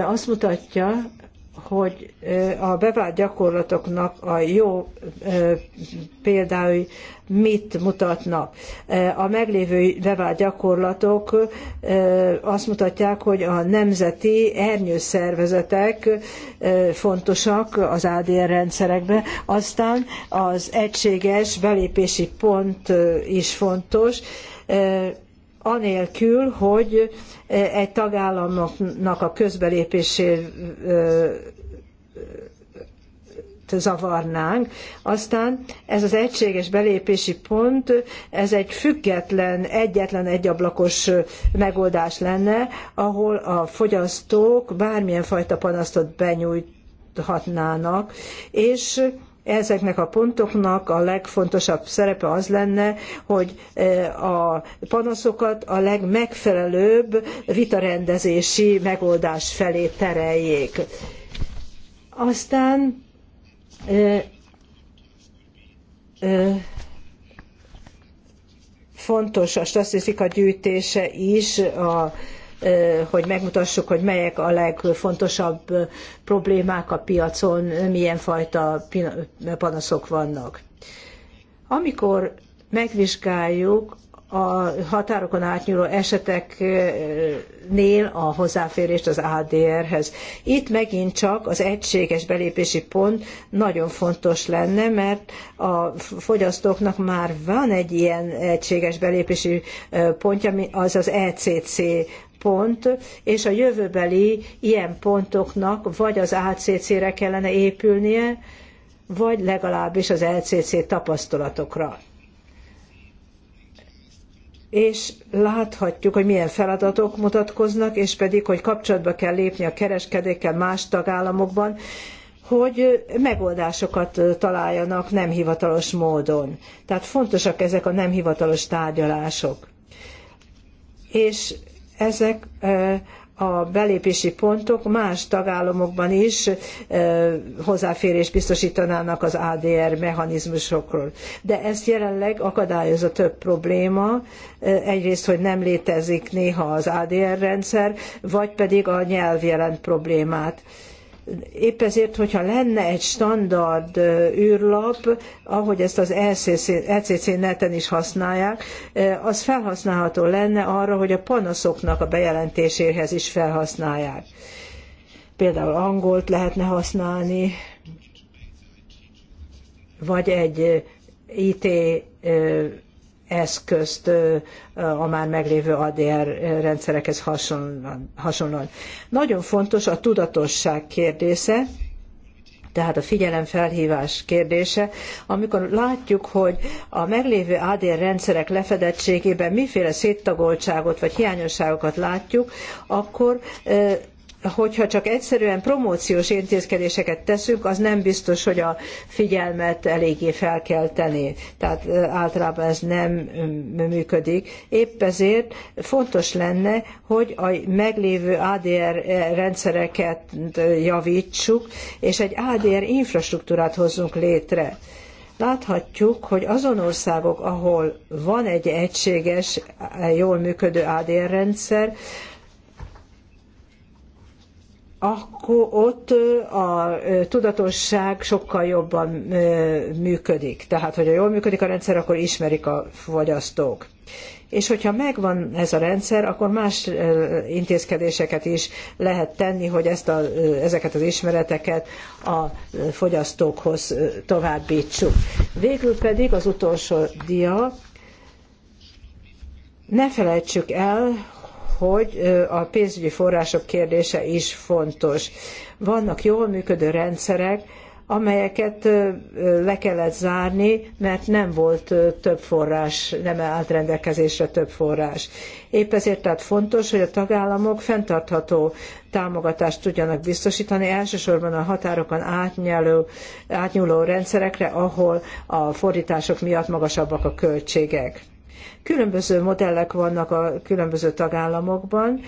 azt mutatja, hogy a bevált gyakorlatoknak a jó példái mit mutatnak. A meglévő bevált gyakorlatok azt mutatják, hogy a nemzeti ernyőszervezetek fontosak az ADR rendszerekben, aztán az egységes belépési pont is fontos, anélkül, hogy eh, egy tagállamnak a közbelépését eh, zavarnánk. Aztán ez az egységes belépési pont, ez egy független, egyetlen egyablakos eh, megoldás lenne, ahol a fogyasztók bármilyen fajta panasztot benyújthatnának, és Ezeknek a pontoknak a legfontosabb szerepe az lenne, hogy e, a panaszokat a legmegfelelőbb vitarendezési megoldás felé tereljék. Aztán e, e, fontos a statisztika gyűjtése is a hogy megmutassuk, hogy melyek a legfontosabb problémák a piacon, milyen fajta panaszok vannak. Amikor megvizsgáljuk a határokon átnyúló eseteknél a hozzáférést az ADR-hez. Itt megint csak az egységes belépési pont nagyon fontos lenne, mert a fogyasztóknak már van egy ilyen egységes belépési pontja, az az ECC pont, és a jövőbeli ilyen pontoknak vagy az ACC-re kellene épülnie, vagy legalábbis az LCC tapasztalatokra. És láthatjuk, hogy milyen feladatok mutatkoznak, és pedig, hogy kapcsolatba kell lépni a kereskedékkel más tagállamokban, hogy megoldásokat találjanak nem hivatalos módon. Tehát fontosak ezek a nem hivatalos tárgyalások. És ezek a belépési pontok más tagállamokban is hozzáférést biztosítanának az ADR mechanizmusokról. De ezt jelenleg akadályozza több probléma, egyrészt, hogy nem létezik néha az ADR rendszer, vagy pedig a nyelv jelent problémát Épp ezért, hogyha lenne egy standard űrlap, ahogy ezt az ECC e neten is használják, az felhasználható lenne arra, hogy a panaszoknak a bejelentéséhez is felhasználják. Például angolt lehetne használni, vagy egy IT eszközt a már meglévő ADR rendszerekhez hasonlóan. Nagyon fontos a tudatosság kérdése, tehát a figyelemfelhívás kérdése, amikor látjuk, hogy a meglévő ADR rendszerek lefedettségében miféle széttagoltságot vagy hiányosságokat látjuk, akkor hogyha csak egyszerűen promóciós intézkedéseket teszünk, az nem biztos, hogy a figyelmet eléggé fel kell tenni. Tehát általában ez nem működik. Épp ezért fontos lenne, hogy a meglévő ADR rendszereket javítsuk, és egy ADR infrastruktúrát hozzunk létre láthatjuk, hogy azon országok, ahol van egy egységes, jól működő ADR rendszer, akkor ott a tudatosság sokkal jobban működik. Tehát, hogyha jól működik a rendszer, akkor ismerik a fogyasztók. És hogyha megvan ez a rendszer, akkor más intézkedéseket is lehet tenni, hogy ezt a, ezeket az ismereteket a fogyasztókhoz továbbítsuk. Végül pedig az utolsó dia, ne felejtsük el, hogy a pénzügyi források kérdése is fontos. Vannak jól működő rendszerek, amelyeket le kellett zárni, mert nem volt több forrás, nem állt rendelkezésre több forrás. Épp ezért tehát fontos, hogy a tagállamok fenntartható támogatást tudjanak biztosítani, elsősorban a határokon átnyelő, átnyúló rendszerekre, ahol a fordítások miatt magasabbak a költségek Különböző modellek vannak a különböző tagállamokban,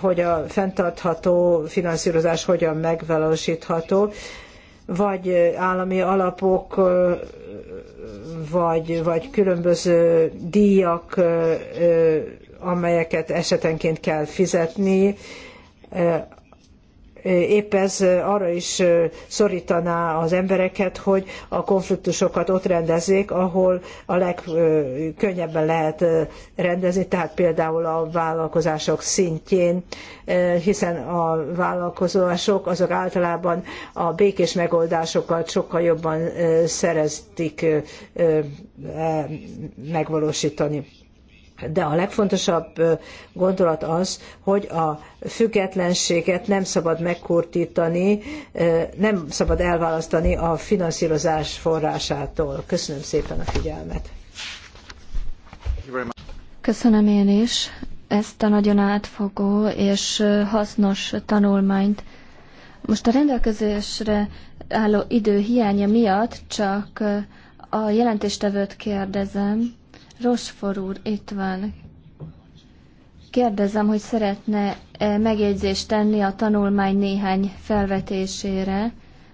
hogy a fenntartható finanszírozás hogyan megvalósítható, vagy állami alapok, vagy, vagy különböző díjak, amelyeket esetenként kell fizetni, épp ez arra is szorítaná az embereket, hogy a konfliktusokat ott rendezzék, ahol a legkönnyebben lehet rendezni, tehát például a vállalkozások szintjén, hiszen a vállalkozások azok általában a békés megoldásokat sokkal jobban szereztik e, megvalósítani. De a legfontosabb gondolat az, hogy a függetlenséget nem szabad megkurtítani, nem szabad elválasztani a finanszírozás forrásától. Köszönöm szépen a figyelmet. Köszönöm én is ezt a nagyon átfogó és hasznos tanulmányt. Most a rendelkezésre álló idő hiánya miatt csak a jelentéstevőt kérdezem, Rosfor úr itt van. Kérdezem, hogy szeretne -e megjegyzést tenni a tanulmány néhány felvetésére,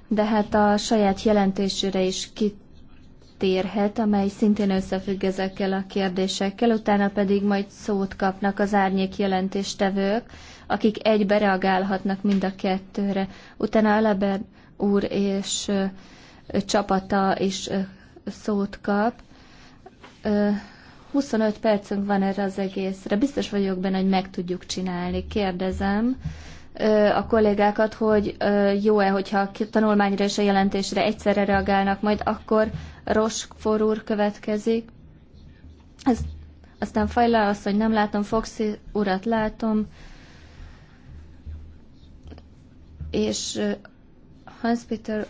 de hát a saját jelentésére is kitérhet, amely szintén összefügg ezekkel a kérdésekkel, utána pedig majd szót kapnak az árnyék jelentéstevők, akik egybe reagálhatnak mind a kettőre. Utána Eleber úr és ö, csapata is ö, szót kap. Ö, 25 percünk van erre az egészre. Biztos vagyok benne, hogy meg tudjuk csinálni. Kérdezem a kollégákat, hogy jó-e, hogyha a tanulmányra és a jelentésre egyszerre reagálnak, majd akkor Roskfor úr következik. Ez, aztán Fajla azt, hogy nem látom, Foxi urat látom, és Hans Peter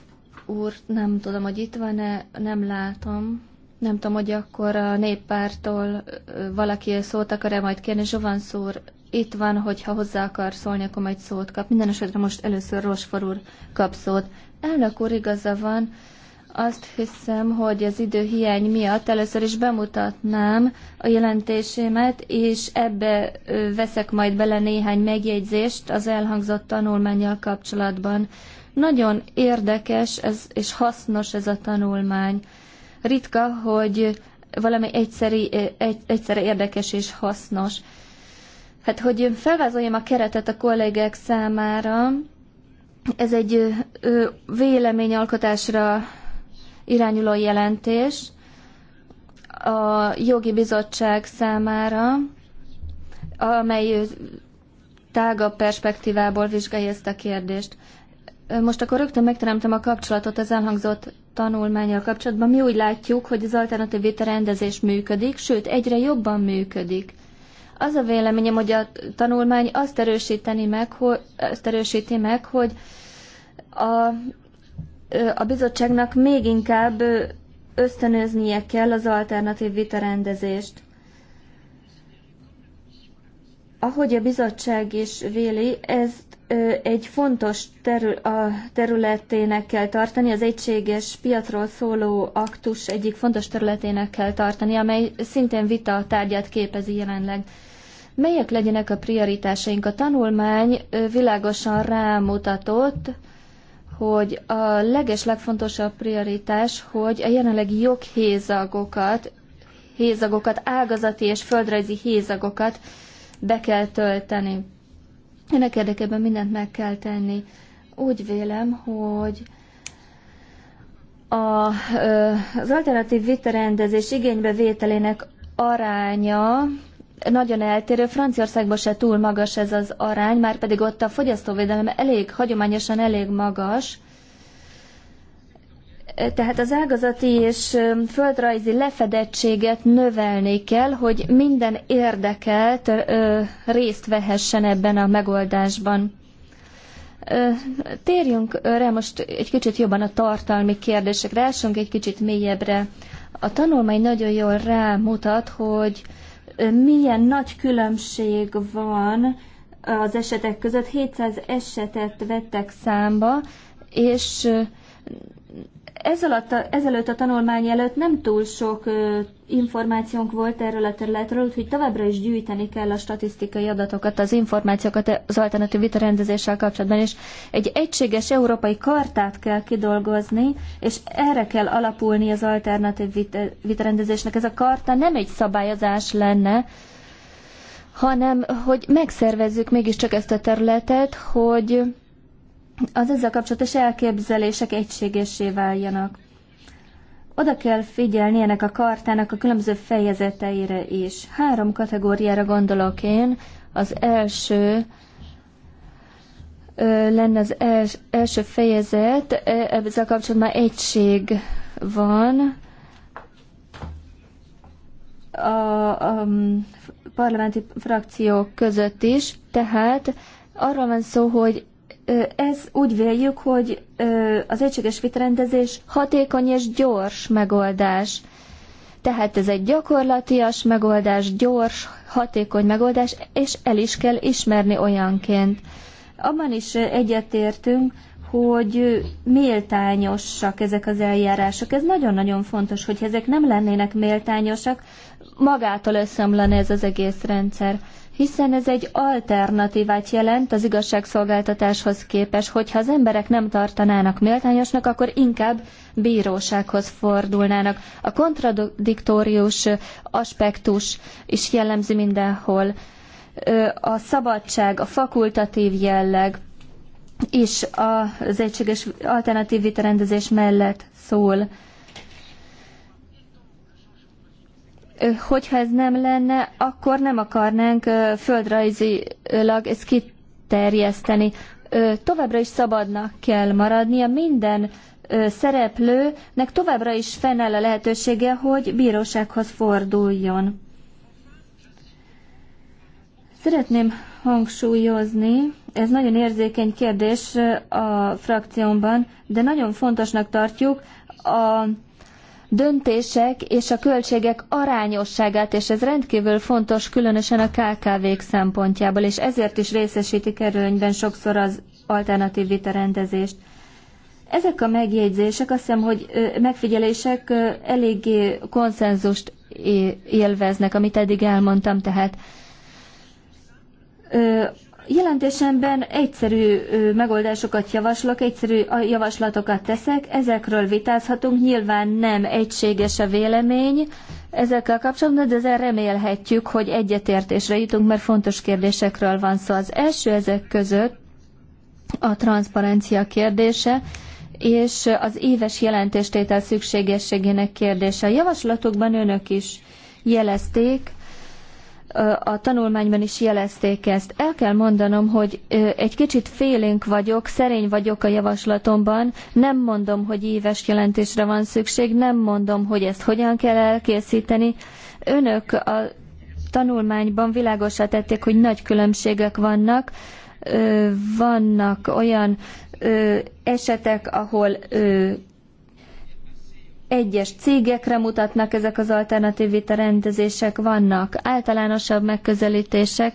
úr, nem tudom, hogy itt van-e, nem látom. Nem tudom, hogy akkor a néppártól valaki szót akar-e majd kérni. Zsovan úr, itt van, hogyha hozzá akar szólni, akkor majd szót kap. Minden esetre most először Rosfor úr kap szót. Elnök úr igaza van, azt hiszem, hogy az idő hiány miatt először is bemutatnám a jelentésémet, és ebbe veszek majd bele néhány megjegyzést az elhangzott tanulmányjal kapcsolatban. Nagyon érdekes ez, és hasznos ez a tanulmány ritka, hogy valami egyszeri, egy, egyszerre érdekes és hasznos. Hát, hogy felvázoljam a keretet a kollégák számára, ez egy ö, véleményalkotásra irányuló jelentés a jogi bizottság számára, amely tágabb perspektívából vizsgálja ezt a kérdést. Most akkor rögtön megteremtem a kapcsolatot az elhangzott tanulmányal kapcsolatban mi úgy látjuk, hogy az alternatív vitarendezés működik, sőt, egyre jobban működik. Az a véleményem, hogy a tanulmány azt, erősíteni meg, hogy, azt erősíti meg, hogy a, a bizottságnak még inkább ösztönöznie kell az alternatív vitarendezést. Ahogy a bizottság is véli, ez egy fontos terü- a területének kell tartani, az egységes piacról szóló aktus egyik fontos területének kell tartani, amely szintén vita tárgyát képezi jelenleg. Melyek legyenek a prioritásaink? A tanulmány világosan rámutatott, hogy a leges legfontosabb prioritás, hogy a jelenlegi joghézagokat, hézagokat, ágazati és földrajzi hézagokat be kell tölteni ennek érdekében mindent meg kell tenni. Úgy vélem, hogy a, az alternatív vitarendezés igénybevételének aránya nagyon eltérő. Franciaországban se túl magas ez az arány, már pedig ott a fogyasztóvédelem elég hagyományosan elég magas, tehát az ágazati és földrajzi lefedettséget növelni kell, hogy minden érdekelt részt vehessen ebben a megoldásban. Térjünk rá most egy kicsit jobban a tartalmi kérdésekre, elsünk egy kicsit mélyebbre. A tanulmány nagyon jól rámutat, hogy milyen nagy különbség van az esetek között. 700 esetet vettek számba, és ez alatt, ezelőtt a tanulmány előtt nem túl sok ö, információnk volt erről a területről, úgyhogy továbbra is gyűjteni kell a statisztikai adatokat, az információkat az alternatív vitarendezéssel kapcsolatban, és egy egységes európai kartát kell kidolgozni, és erre kell alapulni az alternatív vitarendezésnek. Ez a karta nem egy szabályozás lenne, hanem hogy megszervezzük mégiscsak ezt a területet, hogy az ezzel kapcsolatos elképzelések egységessé váljanak. Oda kell figyelni ennek a kartának a különböző fejezeteire is. Három kategóriára gondolok én. Az első ö, lenne az els, első fejezet, ezzel kapcsolatban egység van. A, a parlamenti frakciók között is, tehát arról van szó, hogy ez úgy véljük, hogy az egységes vitarendezés hatékony és gyors megoldás. Tehát ez egy gyakorlatias megoldás, gyors, hatékony megoldás, és el is kell ismerni olyanként. Abban is egyetértünk, hogy méltányosak ezek az eljárások. Ez nagyon-nagyon fontos, hogy ezek nem lennének méltányosak, magától összeomlana ez az egész rendszer hiszen ez egy alternatívát jelent az igazságszolgáltatáshoz képes, hogyha az emberek nem tartanának méltányosnak, akkor inkább bírósághoz fordulnának. A kontradiktórius aspektus is jellemzi mindenhol. A szabadság, a fakultatív jelleg is az egységes alternatív vitarendezés mellett szól. Hogyha ez nem lenne, akkor nem akarnánk földrajzilag ezt kiterjeszteni. Továbbra is szabadnak kell maradnia minden szereplőnek továbbra is fennáll a lehetősége, hogy bírósághoz forduljon. Szeretném hangsúlyozni, ez nagyon érzékeny kérdés a frakciómban, de nagyon fontosnak tartjuk a döntések és a költségek arányosságát, és ez rendkívül fontos, különösen a KKV-k szempontjából, és ezért is részesítik erőnyben sokszor az alternatív rendezést. Ezek a megjegyzések, azt hiszem, hogy megfigyelések eléggé konszenzust élveznek, amit eddig elmondtam, tehát Jelentésemben egyszerű megoldásokat javaslok, egyszerű javaslatokat teszek, ezekről vitázhatunk, nyilván nem egységes a vélemény ezekkel kapcsolatban, de ezzel remélhetjük, hogy egyetértésre jutunk, mert fontos kérdésekről van szó. Az első ezek között a transzparencia kérdése, és az éves jelentéstétel szükségességének kérdése. A javaslatokban önök is jelezték, a tanulmányban is jelezték ezt. El kell mondanom, hogy egy kicsit félénk vagyok, szerény vagyok a javaslatomban, nem mondom, hogy éves jelentésre van szükség, nem mondom, hogy ezt hogyan kell elkészíteni. Önök a tanulmányban világosá tették, hogy nagy különbségek vannak, vannak olyan esetek, ahol egyes cégekre mutatnak ezek az alternatív vita rendezések, vannak általánosabb megközelítések.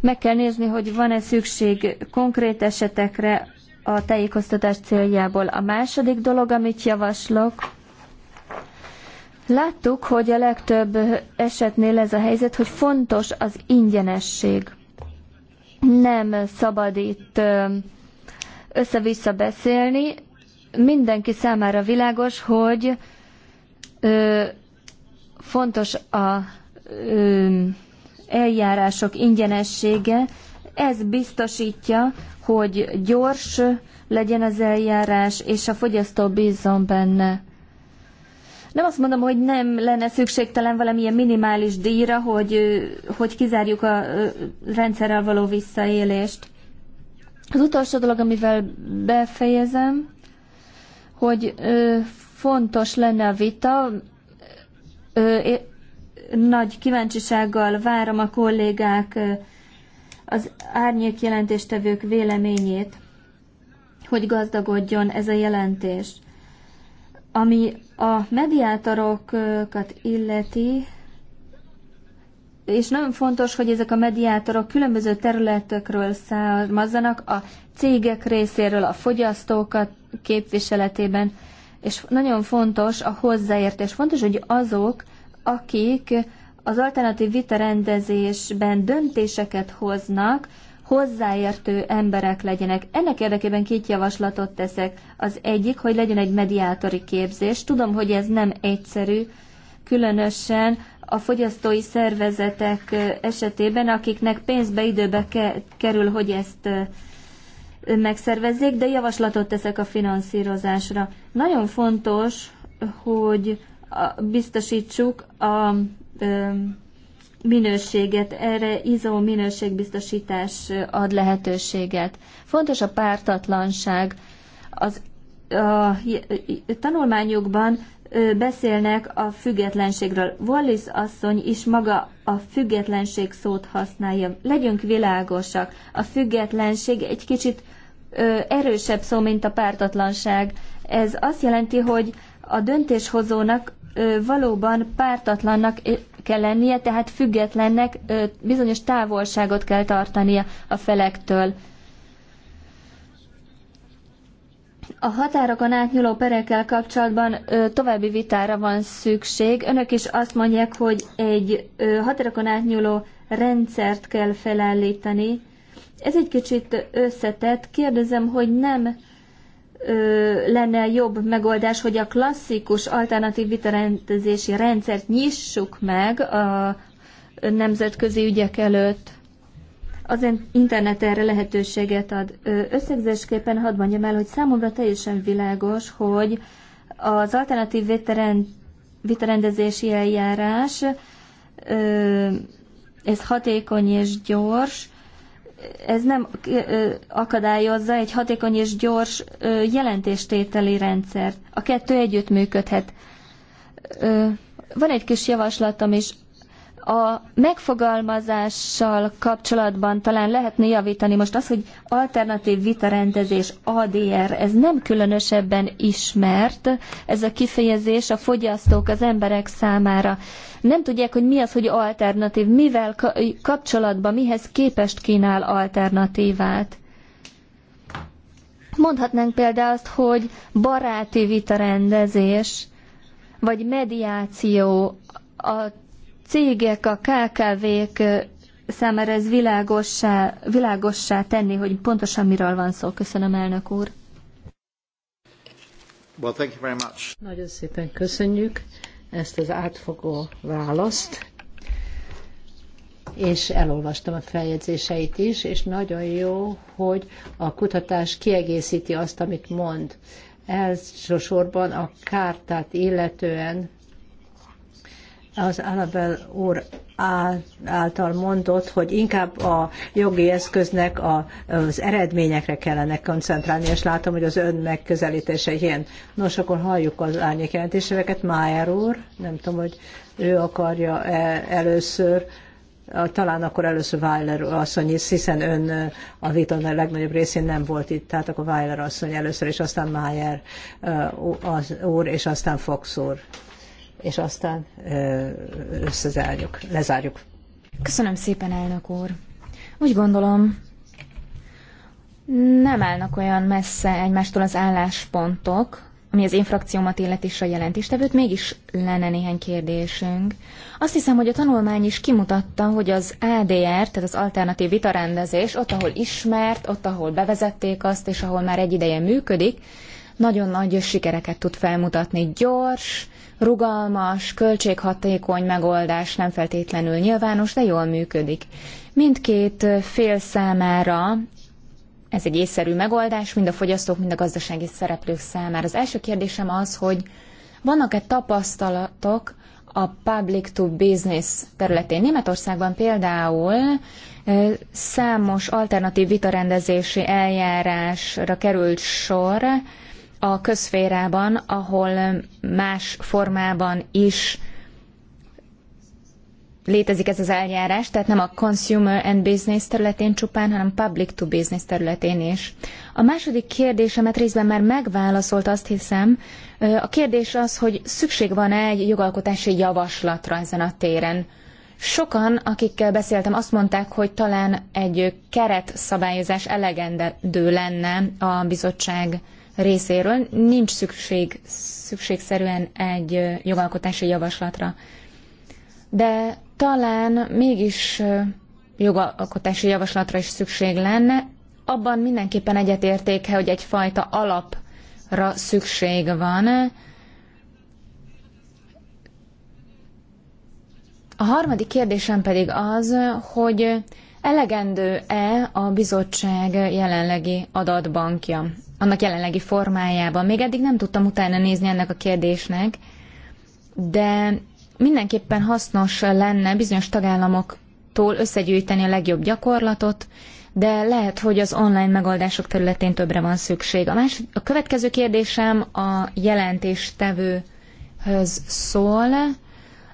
Meg kell nézni, hogy van-e szükség konkrét esetekre a tájékoztatás céljából. A második dolog, amit javaslok, láttuk, hogy a legtöbb esetnél ez a helyzet, hogy fontos az ingyenesség. Nem szabad itt össze-vissza beszélni, mindenki számára világos, hogy ö, fontos a ö, eljárások ingyenessége. Ez biztosítja, hogy gyors legyen az eljárás, és a fogyasztó bízzon benne. Nem azt mondom, hogy nem lenne szükségtelen valamilyen minimális díjra, hogy, hogy kizárjuk a rendszerrel való visszaélést. Az utolsó dolog, amivel befejezem, hogy fontos lenne a vita. Nagy kíváncsisággal várom a kollégák az árnyék jelentéstevők véleményét, hogy gazdagodjon ez a jelentés. Ami a mediátorokat illeti, és nagyon fontos, hogy ezek a mediátorok különböző területekről származzanak, a cégek részéről, a fogyasztókat képviseletében, és nagyon fontos a hozzáértés. Fontos, hogy azok, akik az alternatív vitarendezésben döntéseket hoznak, hozzáértő emberek legyenek. Ennek érdekében két javaslatot teszek. Az egyik, hogy legyen egy mediátori képzés. Tudom, hogy ez nem egyszerű, különösen a fogyasztói szervezetek esetében, akiknek pénzbe, időbe kerül, hogy ezt megszervezzék, de javaslatot teszek a finanszírozásra. Nagyon fontos, hogy biztosítsuk a minőséget, erre izó minőségbiztosítás ad lehetőséget. Fontos a pártatlanság. Az a tanulmányokban beszélnek a függetlenségről. Wallis asszony is maga a függetlenség szót használja. Legyünk világosak, a függetlenség egy kicsit erősebb szó, mint a pártatlanság. Ez azt jelenti, hogy a döntéshozónak valóban pártatlannak kell lennie, tehát függetlennek bizonyos távolságot kell tartania a felektől. A határokon átnyúló perekkel kapcsolatban ö, további vitára van szükség. Önök is azt mondják, hogy egy ö, határokon átnyúló rendszert kell felállítani. Ez egy kicsit összetett. Kérdezem, hogy nem ö, lenne jobb megoldás, hogy a klasszikus alternatív vitarendezési rendszert nyissuk meg a nemzetközi ügyek előtt. Az internet erre lehetőséget ad. Összegzésképpen hadd mondjam el, hogy számomra teljesen világos, hogy az alternatív vitarendezési eljárás ez hatékony és gyors, ez nem akadályozza egy hatékony és gyors jelentéstételi rendszert. A kettő együtt működhet. Van egy kis javaslatom is a megfogalmazással kapcsolatban talán lehetne javítani most az, hogy alternatív vitarendezés, ADR, ez nem különösebben ismert, ez a kifejezés a fogyasztók, az emberek számára. Nem tudják, hogy mi az, hogy alternatív, mivel kapcsolatban, mihez képest kínál alternatívát. Mondhatnánk például azt, hogy baráti vitarendezés, vagy mediáció, a cégek, a KKV-k számára ez világossá, világossá tenni, hogy pontosan miről van szó. Köszönöm, elnök úr. Well, thank you very much. Nagyon szépen köszönjük ezt az átfogó választ, és elolvastam a feljegyzéseit is, és nagyon jó, hogy a kutatás kiegészíti azt, amit mond. Elsősorban a kártát illetően az Annabel úr által mondott, hogy inkább a jogi eszköznek a, az eredményekre kellene koncentrálni, és látom, hogy az ön megközelítése ilyen. Nos, akkor halljuk az árnyék jelentéseveket. Májer úr, nem tudom, hogy ő akarja -e először, talán akkor először Weiler asszony is, hiszen ön e, a a legnagyobb részén nem volt itt, tehát akkor Weiler asszony először, és aztán Májer e, az úr, és aztán Fox úr és aztán összezárjuk, lezárjuk. Köszönöm szépen, elnök úr. Úgy gondolom, nem állnak olyan messze egymástól az álláspontok, ami az én frakciómat illeti is a jelentéstevőt, mégis lenne néhány kérdésünk. Azt hiszem, hogy a tanulmány is kimutatta, hogy az ADR, tehát az alternatív vitarendezés, ott, ahol ismert, ott, ahol bevezették azt, és ahol már egy ideje működik, nagyon nagy sikereket tud felmutatni. Gyors, rugalmas, költséghatékony megoldás nem feltétlenül nyilvános, de jól működik. Mindkét fél számára ez egy észszerű megoldás, mind a fogyasztók, mind a gazdasági szereplők számára. Az első kérdésem az, hogy vannak-e tapasztalatok a public to business területén? Németországban például számos alternatív vitarendezési eljárásra került sor, a közférában, ahol más formában is létezik ez az eljárás, tehát nem a consumer and business területén csupán, hanem public to business területén is. A második kérdésemet részben már megválaszolt, azt hiszem. A kérdés az, hogy szükség van-e egy jogalkotási javaslatra ezen a téren. Sokan, akikkel beszéltem, azt mondták, hogy talán egy keret szabályozás elegendő lenne a bizottság részéről. Nincs szükség szükségszerűen egy jogalkotási javaslatra. De talán mégis jogalkotási javaslatra is szükség lenne. Abban mindenképpen egyetértéke, hogy egyfajta alapra szükség van. A harmadik kérdésem pedig az, hogy elegendő-e a bizottság jelenlegi adatbankja? annak jelenlegi formájában. Még eddig nem tudtam utána nézni ennek a kérdésnek, de mindenképpen hasznos lenne bizonyos tagállamoktól összegyűjteni a legjobb gyakorlatot, de lehet, hogy az online megoldások területén többre van szükség. A, más, a következő kérdésem a jelentéstevőhöz szól.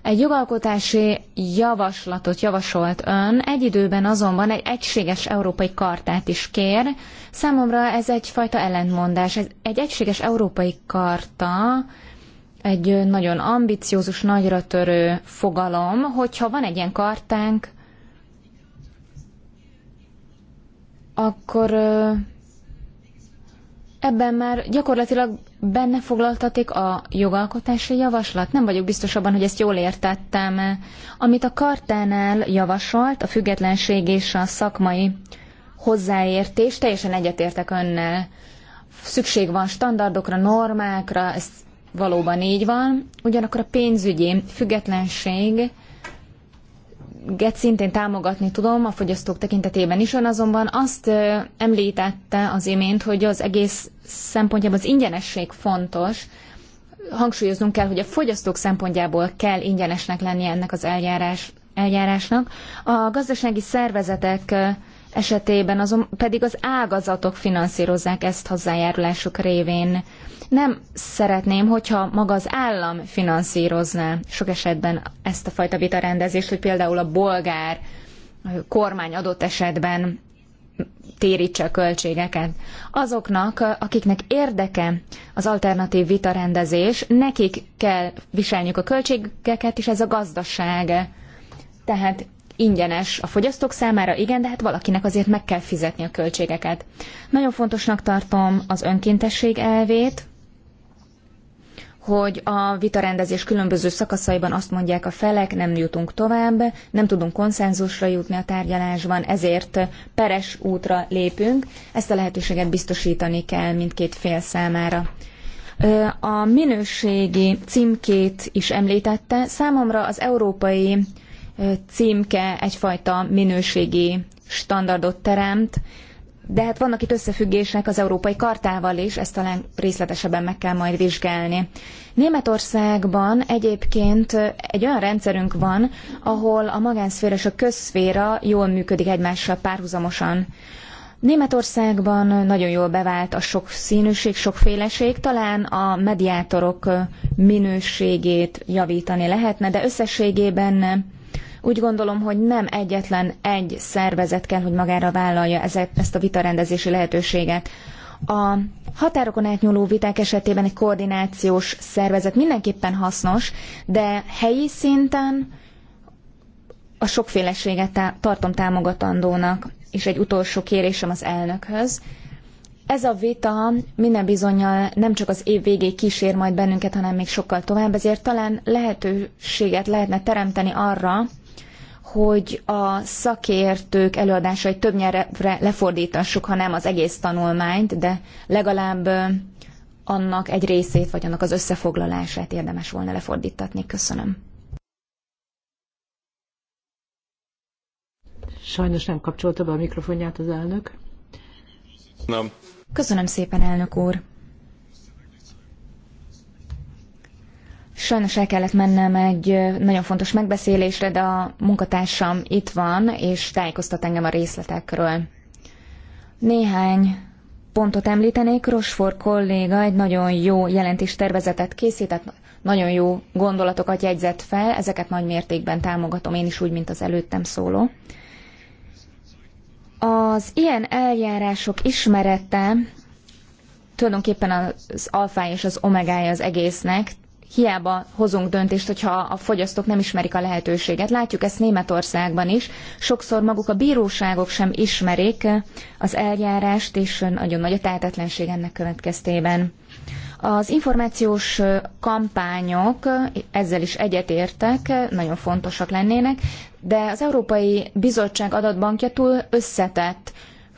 Egy jogalkotási javaslatot javasolt ön, egy időben azonban egy egységes európai kartát is kér. Számomra ez egyfajta ellentmondás. Egy egységes európai karta egy nagyon ambiciózus, nagyra törő fogalom, hogyha van egy ilyen kartánk, akkor Ebben már gyakorlatilag benne foglaltatik a jogalkotási javaslat. Nem vagyok biztos abban, hogy ezt jól értettem. Amit a kartánál javasolt, a függetlenség és a szakmai hozzáértés, teljesen egyetértek önnel. Szükség van standardokra, normákra, ez valóban így van. Ugyanakkor a pénzügyi függetlenség get szintén támogatni tudom a fogyasztók tekintetében is, ön azonban azt említette az imént, hogy az egész szempontjából az ingyenesség fontos. Hangsúlyoznunk kell, hogy a fogyasztók szempontjából kell ingyenesnek lennie ennek az eljárás, eljárásnak. A gazdasági szervezetek esetében azon pedig az ágazatok finanszírozzák ezt hozzájárulásuk révén. Nem szeretném, hogyha maga az állam finanszírozná sok esetben ezt a fajta vitarendezést, hogy például a bolgár kormány adott esetben térítse a költségeket. Azoknak, akiknek érdeke az alternatív vitarendezés, nekik kell viselniük a költségeket, és ez a gazdaság. Tehát ingyenes a fogyasztók számára, igen, de hát valakinek azért meg kell fizetni a költségeket. Nagyon fontosnak tartom az önkéntesség elvét, hogy a vitarendezés különböző szakaszaiban azt mondják a felek, nem jutunk tovább, nem tudunk konszenzusra jutni a tárgyalásban, ezért peres útra lépünk. Ezt a lehetőséget biztosítani kell mindkét fél számára. A minőségi címkét is említette. Számomra az európai címke egyfajta minőségi standardot teremt, de hát vannak itt összefüggések az Európai Kartával is, ezt talán részletesebben meg kell majd vizsgálni. Németországban egyébként egy olyan rendszerünk van, ahol a magánszféra és a közszféra jól működik egymással párhuzamosan. Németországban nagyon jól bevált a sok színűség, sokféleség, talán a mediátorok minőségét javítani lehetne, de összességében úgy gondolom, hogy nem egyetlen egy szervezet kell, hogy magára vállalja ezt a vitarendezési lehetőséget. A határokon átnyúló viták esetében egy koordinációs szervezet mindenképpen hasznos, de helyi szinten a sokféleséget tartom támogatandónak, és egy utolsó kérésem az elnökhöz. Ez a vita minden bizonyal nem csak az év végéig kísér majd bennünket, hanem még sokkal tovább, ezért talán lehetőséget lehetne teremteni arra, hogy a szakértők előadásait több nyelvre lefordítassuk, ha nem az egész tanulmányt, de legalább annak egy részét, vagy annak az összefoglalását érdemes volna lefordítatni. Köszönöm. Sajnos nem kapcsolta be a mikrofonját az elnök. Nem. Köszönöm szépen, elnök úr. Sajnos el kellett mennem egy nagyon fontos megbeszélésre, de a munkatársam itt van, és tájékoztat engem a részletekről. Néhány pontot említenék. Rosfor kolléga egy nagyon jó jelentés tervezetet készített, nagyon jó gondolatokat jegyzett fel, ezeket nagy mértékben támogatom én is úgy, mint az előttem szóló. Az ilyen eljárások ismerete tulajdonképpen az alfája és az omegája az egésznek, hiába hozunk döntést, hogyha a fogyasztók nem ismerik a lehetőséget. Látjuk ezt Németországban is. Sokszor maguk a bíróságok sem ismerik az eljárást, és nagyon nagy a tehetetlenség ennek következtében. Az információs kampányok ezzel is egyetértek, nagyon fontosak lennének, de az Európai Bizottság adatbankja túl összetett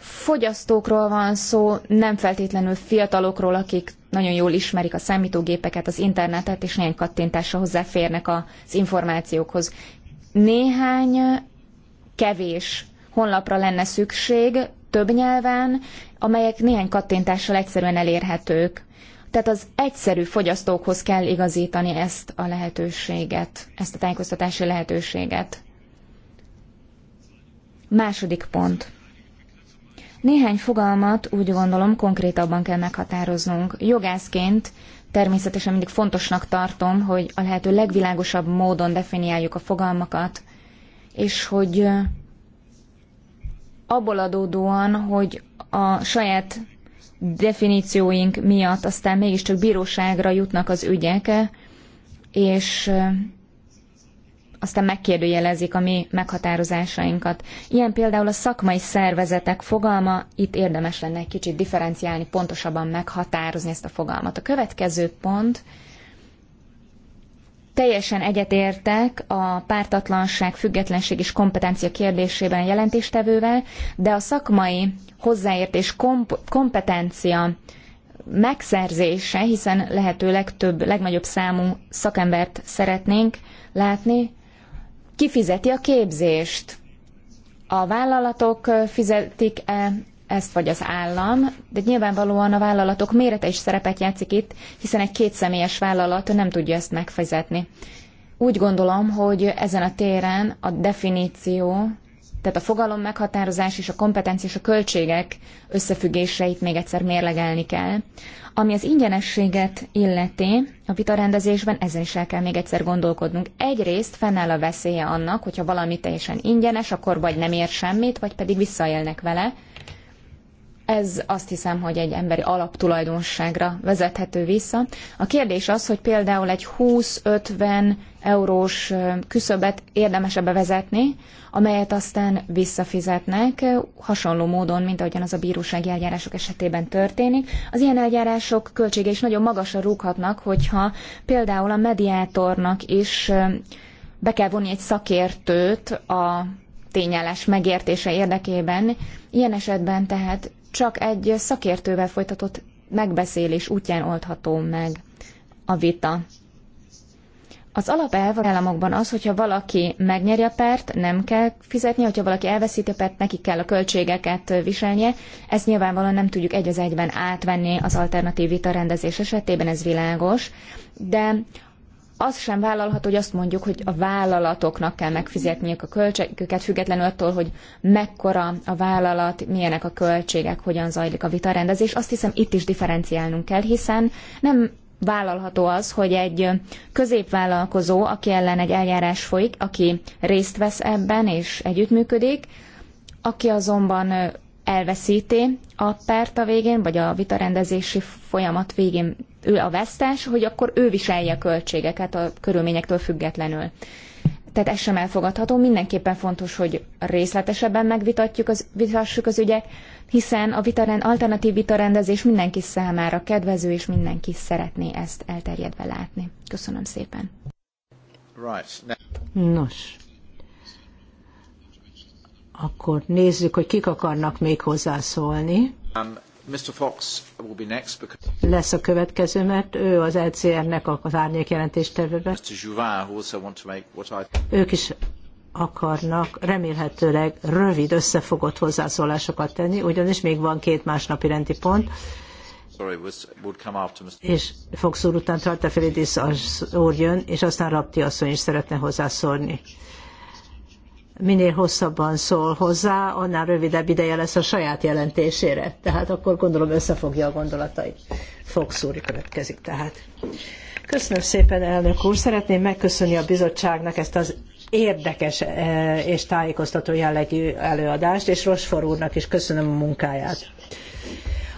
fogyasztókról van szó, nem feltétlenül fiatalokról, akik nagyon jól ismerik a számítógépeket, az internetet, és néhány kattintással hozzáférnek az információkhoz. Néhány kevés honlapra lenne szükség, több nyelven, amelyek néhány kattintással egyszerűen elérhetők. Tehát az egyszerű fogyasztókhoz kell igazítani ezt a lehetőséget, ezt a tájékoztatási lehetőséget. Második pont. Néhány fogalmat úgy gondolom konkrétabban kell meghatároznunk. Jogászként természetesen mindig fontosnak tartom, hogy a lehető legvilágosabb módon definiáljuk a fogalmakat, és hogy abból adódóan, hogy a saját definícióink miatt aztán mégiscsak bíróságra jutnak az ügyek, és aztán megkérdőjelezik a mi meghatározásainkat. Ilyen például a szakmai szervezetek fogalma, itt érdemes lenne egy kicsit differenciálni, pontosabban meghatározni ezt a fogalmat. A következő pont, teljesen egyetértek a pártatlanság, függetlenség és kompetencia kérdésében a jelentéstevővel, de a szakmai hozzáértés komp- kompetencia megszerzése, hiszen lehetőleg több, legnagyobb számú szakembert szeretnénk látni, kifizeti a képzést. A vállalatok fizetik-e ezt vagy az állam, de nyilvánvalóan a vállalatok mérete is szerepet játszik itt, hiszen egy kétszemélyes vállalat nem tudja ezt megfizetni. Úgy gondolom, hogy ezen a téren a definíció tehát a fogalom meghatározás és a kompetencia és a költségek összefüggéseit még egyszer mérlegelni kell. Ami az ingyenességet illeti, a vitarendezésben ezen is el kell még egyszer gondolkodnunk. Egyrészt fennáll a veszélye annak, hogyha valami teljesen ingyenes, akkor vagy nem ér semmit, vagy pedig visszaélnek vele, ez azt hiszem, hogy egy emberi alaptulajdonságra vezethető vissza. A kérdés az, hogy például egy 20-50 eurós küszöbet érdemese bevezetni, amelyet aztán visszafizetnek, hasonló módon, mint ahogyan az a bírósági eljárások esetében történik. Az ilyen eljárások költsége is nagyon magasra rúghatnak, hogyha például a mediátornak is be kell vonni egy szakértőt a tényállás megértése érdekében. Ilyen esetben tehát csak egy szakértővel folytatott megbeszélés útján oldható meg a vita. Az alapelv a államokban az, hogyha valaki megnyeri a pert, nem kell fizetnie, hogyha valaki elveszíti a pert, neki kell a költségeket viselnie. Ezt nyilvánvalóan nem tudjuk egy az egyben átvenni az alternatív vita rendezés esetében, ez világos. De az sem vállalható, hogy azt mondjuk, hogy a vállalatoknak kell megfizetniük a költségeket, függetlenül attól, hogy mekkora a vállalat, milyenek a költségek, hogyan zajlik a vitarendezés. Azt hiszem, itt is differenciálnunk kell, hiszen nem vállalható az, hogy egy középvállalkozó, aki ellen egy eljárás folyik, aki részt vesz ebben és együttműködik, aki azonban elveszíti a pert a végén, vagy a vitarendezési folyamat végén ő a vesztes, hogy akkor ő viselje a költségeket a körülményektől függetlenül. Tehát ez sem elfogadható, mindenképpen fontos, hogy részletesebben megvitatjuk az, vitassuk az ügyet, hiszen a vitarend, alternatív vitarendezés mindenki számára kedvező, és mindenki szeretné ezt elterjedve látni. Köszönöm szépen. Nos, akkor nézzük, hogy kik akarnak még hozzászólni. Um, Mr. Fox will be next because... lesz a következő, mert ő az LCR-nek az árnyék jelentéstevőbe. I... Ők is akarnak remélhetőleg rövid, összefogott hozzászólásokat tenni, ugyanis még van két másnapi rendi pont. Sorry, was, would come after Mr. És Fox úr után Tartafelidis úr jön, és aztán Rapti asszony is szeretne hozzászólni minél hosszabban szól hozzá, annál rövidebb ideje lesz a saját jelentésére. Tehát akkor gondolom összefogja a gondolatait. Fox úr következik tehát. Köszönöm szépen, elnök úr. Szeretném megköszönni a bizottságnak ezt az érdekes eh, és tájékoztató jellegű előadást, és Rosfor úrnak is köszönöm a munkáját.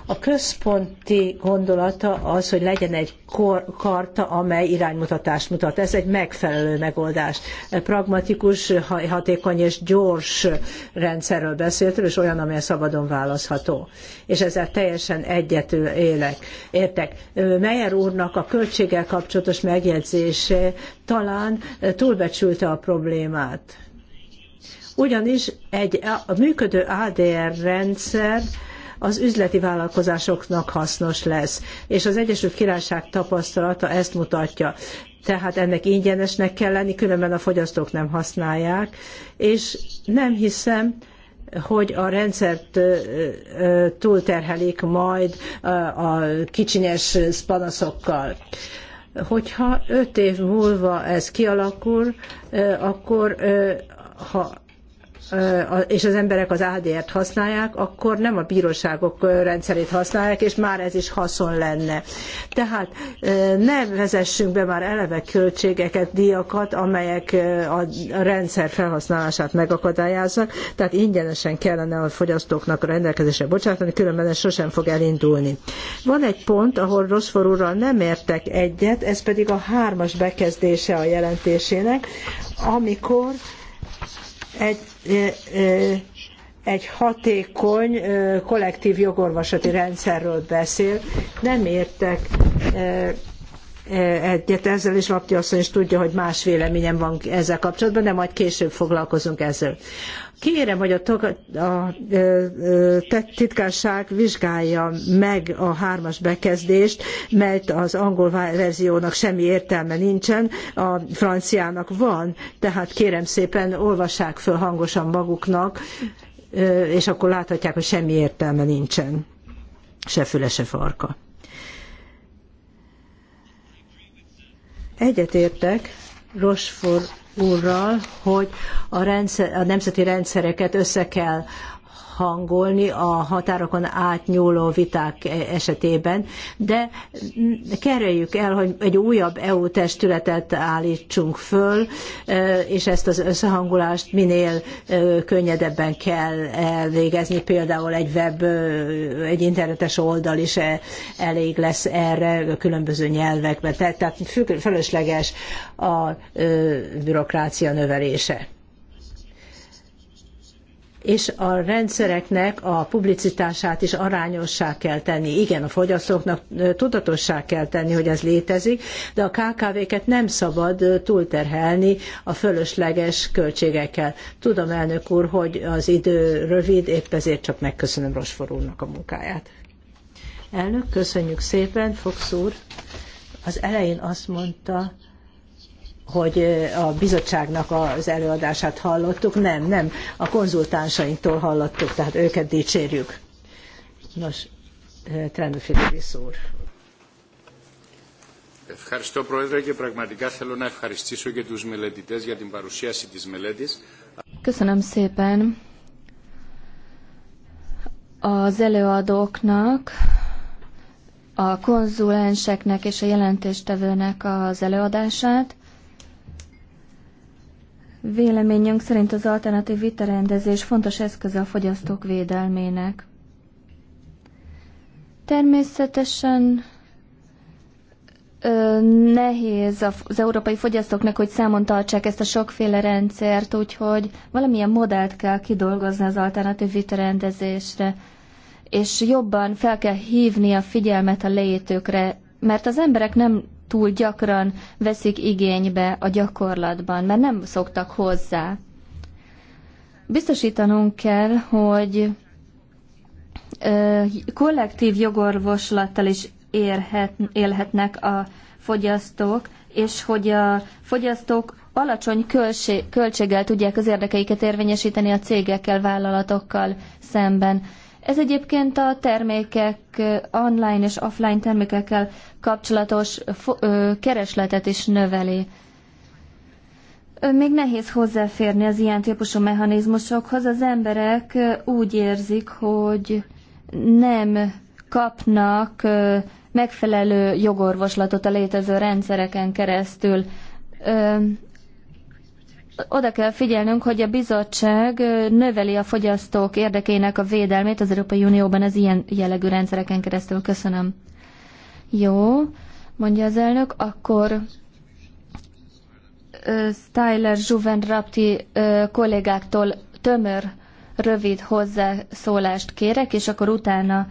A központi gondolata az, hogy legyen egy kor, karta, amely iránymutatást mutat. Ez egy megfelelő megoldás. Pragmatikus, hatékony és gyors rendszerről beszéltünk, és olyan, amely szabadon választható. És ezzel teljesen egyető élek. Értek. Meyer úrnak a költséggel kapcsolatos megjegyzése talán túlbecsülte a problémát. Ugyanis egy a működő ADR rendszer az üzleti vállalkozásoknak hasznos lesz. És az Egyesült Királyság tapasztalata ezt mutatja. Tehát ennek ingyenesnek kell lenni, különben a fogyasztók nem használják, és nem hiszem, hogy a rendszert túlterhelik majd a kicsinyes panaszokkal hogyha öt év múlva ez kialakul, akkor ha és az emberek az ADR-t használják, akkor nem a bíróságok rendszerét használják, és már ez is haszon lenne. Tehát ne vezessünk be már eleve költségeket, díjakat, amelyek a rendszer felhasználását megakadályozzák, tehát ingyenesen kellene a fogyasztóknak a rendelkezésre bocsátani, különben ez sosem fog elindulni. Van egy pont, ahol Roszfor úrral nem értek egyet, ez pedig a hármas bekezdése a jelentésének, amikor egy egy hatékony kollektív jogorvosati rendszerről beszél. Nem értek egyet ezzel, és Lapti asszony is tudja, hogy más véleményem van ezzel kapcsolatban, de majd később foglalkozunk ezzel. Kérem, hogy a, a, a, a titkárság vizsgálja meg a hármas bekezdést, mert az angol verziónak semmi értelme nincsen, a franciának van, tehát kérem szépen olvassák föl hangosan maguknak, és akkor láthatják, hogy semmi értelme nincsen. Se füle, se farka. Egyetértek Rochefort úrral, hogy a, rendszer, a nemzeti rendszereket össze kell hangolni a határokon átnyúló viták e- esetében, de kerüljük el, hogy egy újabb EU testületet állítsunk föl, e, és ezt az összehangolást minél e, könnyedebben kell elvégezni, például egy web, egy internetes oldal is elég lesz erre különböző nyelvekben. Tehát fölösleges a bürokrácia növelése és a rendszereknek a publicitását is arányossá kell tenni. Igen, a fogyasztóknak tudatossá kell tenni, hogy ez létezik, de a KKV-ket nem szabad túlterhelni a fölösleges költségekkel. Tudom, elnök úr, hogy az idő rövid, épp ezért csak megköszönöm Rosfor úrnak a munkáját. Elnök, köszönjük szépen, Fox úr. Az elején azt mondta, hogy a bizottságnak az előadását hallottuk, nem, nem, a konzultánsainktól hallottuk, tehát őket dicsérjük. Nos, Trendő Filipis úr. Ευχαριστώ Πρόεδρε και πραγματικά θέλω να ευχαριστήσω και τους μελετητές για την παρουσίαση της μελέτης. Köszönöm szépen az előadóknak, a konzulenseknek és a jelentéstevőnek az előadását. Véleményünk szerint az alternatív vitarendezés fontos eszköze a fogyasztók védelmének. Természetesen ö, nehéz az európai fogyasztóknak, hogy számon tartsák ezt a sokféle rendszert, úgyhogy valamilyen modellt kell kidolgozni az alternatív vitarendezésre, és jobban fel kell hívni a figyelmet a leétőkre, mert az emberek nem túl gyakran veszik igénybe a gyakorlatban, mert nem szoktak hozzá. Biztosítanunk kell, hogy ö, kollektív jogorvoslattal is érhet, élhetnek a fogyasztók, és hogy a fogyasztók alacsony költséggel tudják az érdekeiket érvényesíteni a cégekkel, vállalatokkal szemben. Ez egyébként a termékek online és offline termékekkel kapcsolatos keresletet is növeli. Még nehéz hozzáférni az ilyen típusú mechanizmusokhoz. Az emberek úgy érzik, hogy nem kapnak megfelelő jogorvoslatot a létező rendszereken keresztül oda kell figyelnünk, hogy a bizottság növeli a fogyasztók érdekének a védelmét az Európai Unióban az ilyen jellegű rendszereken keresztül. Köszönöm. Jó, mondja az elnök, akkor Styler Juven Rapti kollégáktól tömör, rövid hozzászólást kérek, és akkor utána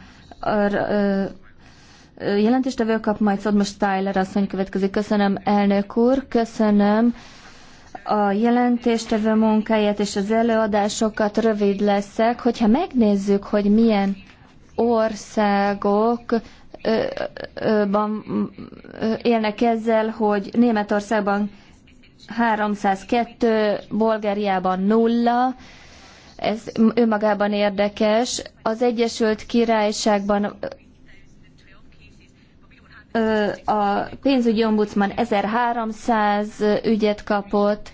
jelentéstevő kap, majd most Styler asszony következik. Köszönöm, elnök úr, köszönöm a jelentéstevő munkáját és az előadásokat rövid leszek, hogyha megnézzük, hogy milyen országok ban élnek ezzel, hogy Németországban 302, Bulgáriában nulla, ez önmagában érdekes. Az Egyesült Királyságban a pénzügyi ombudsman 1300 ügyet kapott,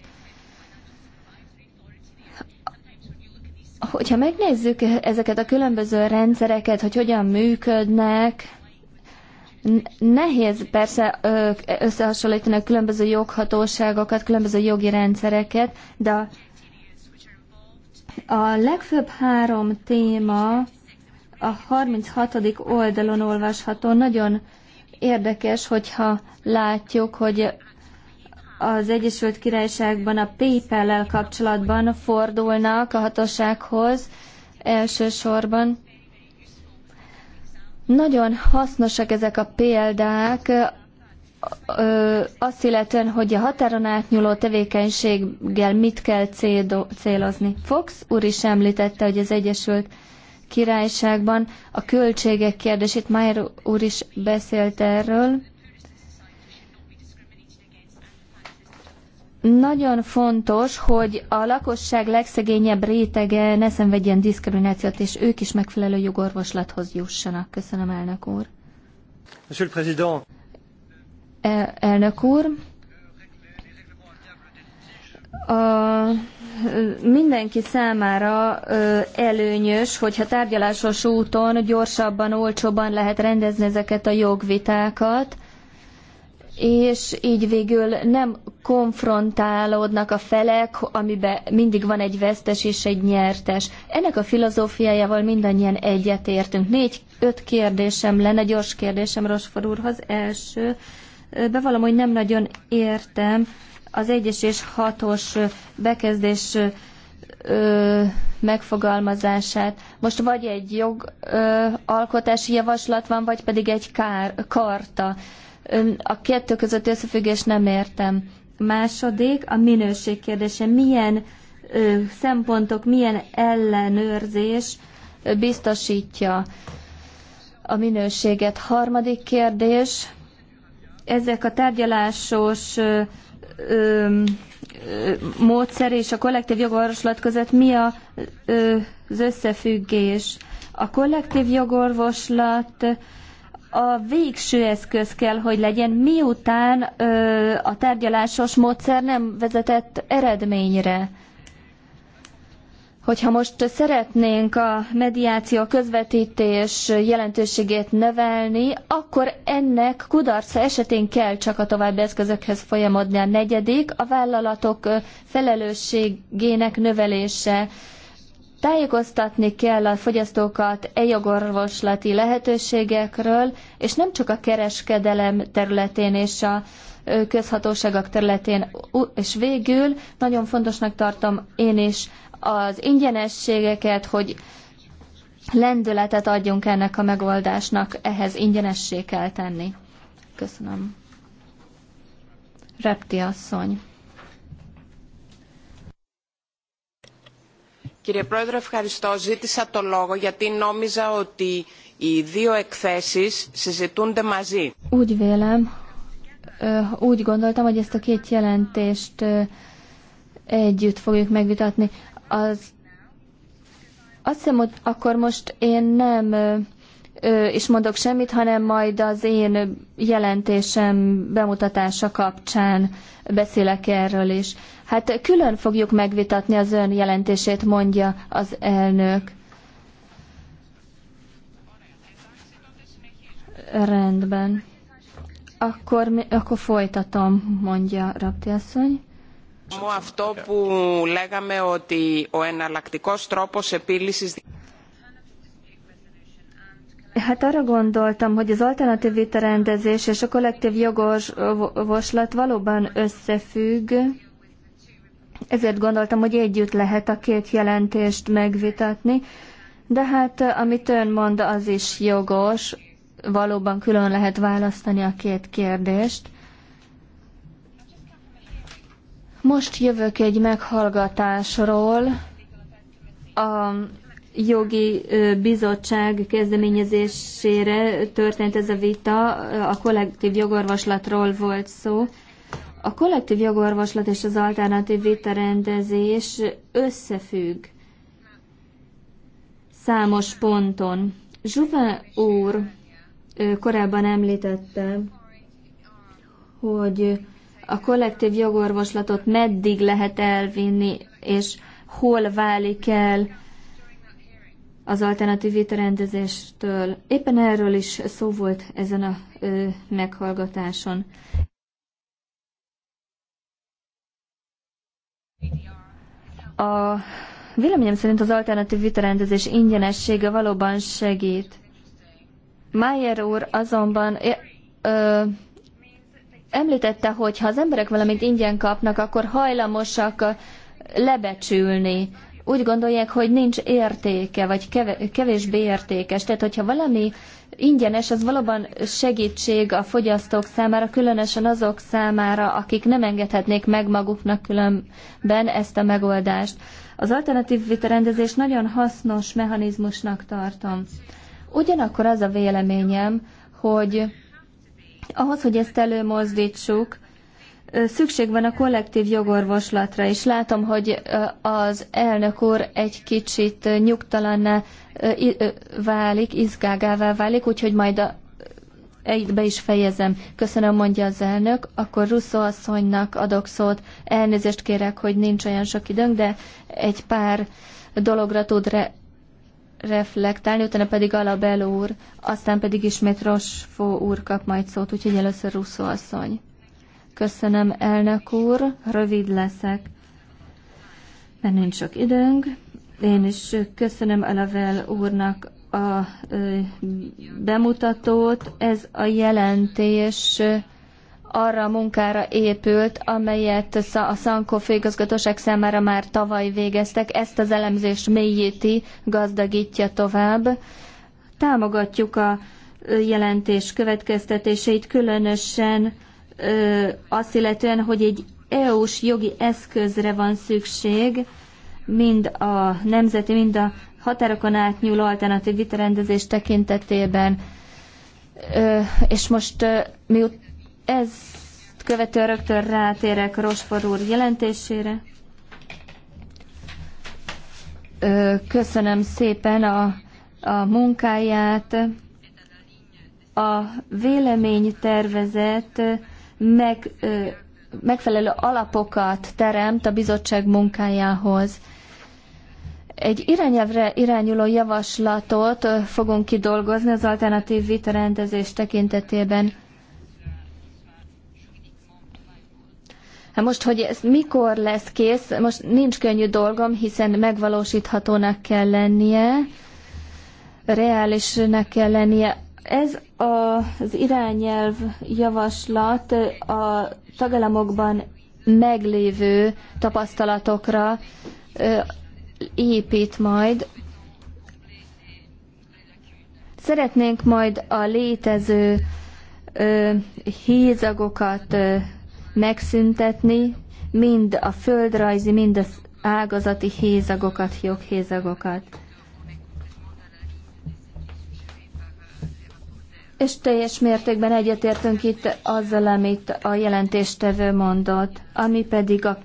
Hogyha megnézzük ezeket a különböző rendszereket, hogy hogyan működnek, Nehéz persze összehasonlítani a különböző joghatóságokat, különböző jogi rendszereket, de a legfőbb három téma a 36. oldalon olvasható. Nagyon érdekes, hogyha látjuk, hogy az Egyesült Királyságban a PayPal-lel kapcsolatban fordulnak a hatósághoz elsősorban. Nagyon hasznosak ezek a példák, azt illetően, hogy a határon átnyúló tevékenységgel mit kell célozni. Fox úr is említette, hogy az Egyesült Királyságban a költségek kérdését, Mayer úr is beszélt erről, Nagyon fontos, hogy a lakosság legszegényebb rétege ne szenvedjen diszkriminációt, és ők is megfelelő jogorvoslathoz jussanak. Köszönöm, elnök úr. Monsieur le Président. E, elnök úr. A, mindenki számára ö, előnyös, hogyha tárgyalásos úton gyorsabban, olcsóban lehet rendezni ezeket a jogvitákat és így végül nem konfrontálódnak a felek, amiben mindig van egy vesztes és egy nyertes. Ennek a filozófiájával mindannyian egyetértünk. Négy-öt kérdésem lenne, gyors kérdésem Rosfor úrhoz. Első, bevallom, hogy nem nagyon értem az egyes és hatos bekezdés ö, megfogalmazását. Most vagy egy jogalkotási javaslat van, vagy pedig egy kár, karta. A kettő között összefüggés nem értem. Második, a minőség kérdése. Milyen ö, szempontok, milyen ellenőrzés biztosítja a minőséget? Harmadik kérdés, ezek a tárgyalásos ö, ö, módszer és a kollektív jogorvoslat között mi a, az összefüggés? A kollektív jogorvoslat a végső eszköz kell, hogy legyen, miután ö, a tárgyalásos módszer nem vezetett eredményre. Hogyha most szeretnénk a mediáció közvetítés jelentőségét növelni, akkor ennek kudarca esetén kell csak a további eszközökhez folyamodni. A negyedik, a vállalatok felelősségének növelése Tájékoztatni kell a fogyasztókat e jogorvoslati lehetőségekről, és nem csak a kereskedelem területén és a közhatóságok területén. És végül nagyon fontosnak tartom én is az ingyenességeket, hogy lendületet adjunk ennek a megoldásnak, ehhez ingyenessé kell tenni. Köszönöm. Repti asszony. Κύριε Πρόεδρε, ευχαριστώ. Ζήτησα το λόγο γιατί νόμιζα ότι οι δύο εκθέσεις συζητούνται μαζί. Úgy vélem, úgy gondoltam, hogy ezt a két jelentést együtt fogjuk megvitatni. Az, azt hiszem, hogy akkor most én nem és mondok semmit, hanem majd az én jelentésem bemutatása kapcsán beszélek erről is. Hát külön fogjuk megvitatni az ön jelentését, mondja az elnök. Rendben. Akkor, akkor folytatom, mondja Rapti asszony. Hát arra gondoltam, hogy az alternatív vitarendezés és a kollektív jogos voslat valóban összefügg, ezért gondoltam, hogy együtt lehet a két jelentést megvitatni, de hát amit ön mond, az is jogos, valóban külön lehet választani a két kérdést. Most jövök egy meghallgatásról a jogi bizottság kezdeményezésére történt ez a vita, a kollektív jogorvoslatról volt szó, a kollektív jogorvoslat és az alternatív vitarendezés összefügg számos ponton. Zsuvá úr korábban említette, hogy a kollektív jogorvoslatot meddig lehet elvinni, és hol válik el az alternatív vitarendezéstől. Éppen erről is szó volt ezen a ö, meghallgatáson. A véleményem szerint az alternatív vitarendezés ingyenessége valóban segít. Mayer úr azonban ö, említette, hogy ha az emberek valamit ingyen kapnak, akkor hajlamosak lebecsülni úgy gondolják, hogy nincs értéke, vagy kevésbé értékes. Tehát, hogyha valami ingyenes, az valóban segítség a fogyasztók számára, különösen azok számára, akik nem engedhetnék meg maguknak különben ezt a megoldást. Az alternatív vitarendezés nagyon hasznos mechanizmusnak tartom. Ugyanakkor az a véleményem, hogy ahhoz, hogy ezt előmozdítsuk, szükség van a kollektív jogorvoslatra, és látom, hogy az elnök úr egy kicsit nyugtalanná válik, izgágává válik, úgyhogy majd a itt be is fejezem. Köszönöm, mondja az elnök. Akkor Russzó asszonynak adok szót. Elnézést kérek, hogy nincs olyan sok időnk, de egy pár dologra tud re- reflektálni, utána pedig Alabel úr, aztán pedig ismét Rosfó úr kap majd szót, úgyhogy először Russzó asszony. Köszönöm, elnök úr, rövid leszek, mert nincs sok időnk. Én is köszönöm Alavel úrnak a bemutatót. Ez a jelentés arra a munkára épült, amelyet a Szankó főigazgatóság számára már tavaly végeztek. Ezt az elemzést mélyíti, gazdagítja tovább. Támogatjuk a jelentés következtetéseit, különösen azt illetően, hogy egy EU-s jogi eszközre van szükség, mind a nemzeti, mind a határokon átnyúló alternatív vitarendezés tekintetében. És most miut ez követően rögtön rátérek Rosfor úr jelentésére. Köszönöm szépen a, a munkáját. A véleménytervezet tervezet meg, megfelelő alapokat teremt a bizottság munkájához. Egy irányelvre irányuló javaslatot fogunk kidolgozni az alternatív vitarendezés tekintetében. Hát most, hogy ez mikor lesz kész, most nincs könnyű dolgom, hiszen megvalósíthatónak kell lennie, reálisnak kell lennie ez az irányelv javaslat a tagállamokban meglévő tapasztalatokra épít majd. Szeretnénk majd a létező hézagokat megszüntetni, mind a földrajzi, mind az ágazati hézagokat, joghézagokat. és teljes mértékben egyetértünk itt azzal, amit a jelentéstevő mondott, ami pedig a,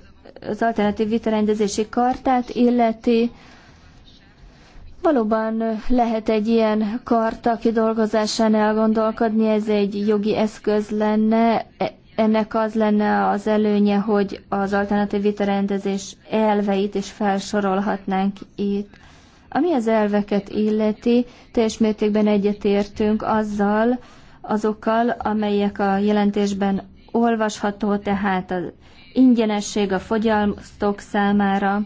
az alternatív vitarendezési kartát illeti. Valóban lehet egy ilyen karta kidolgozásán elgondolkodni, ez egy jogi eszköz lenne, e- ennek az lenne az előnye, hogy az alternatív vitarendezés elveit is felsorolhatnánk itt. Ami az elveket illeti, teljes mértékben egyetértünk azzal, azokkal, amelyek a jelentésben olvasható, tehát az ingyenesség a fogyasztók számára,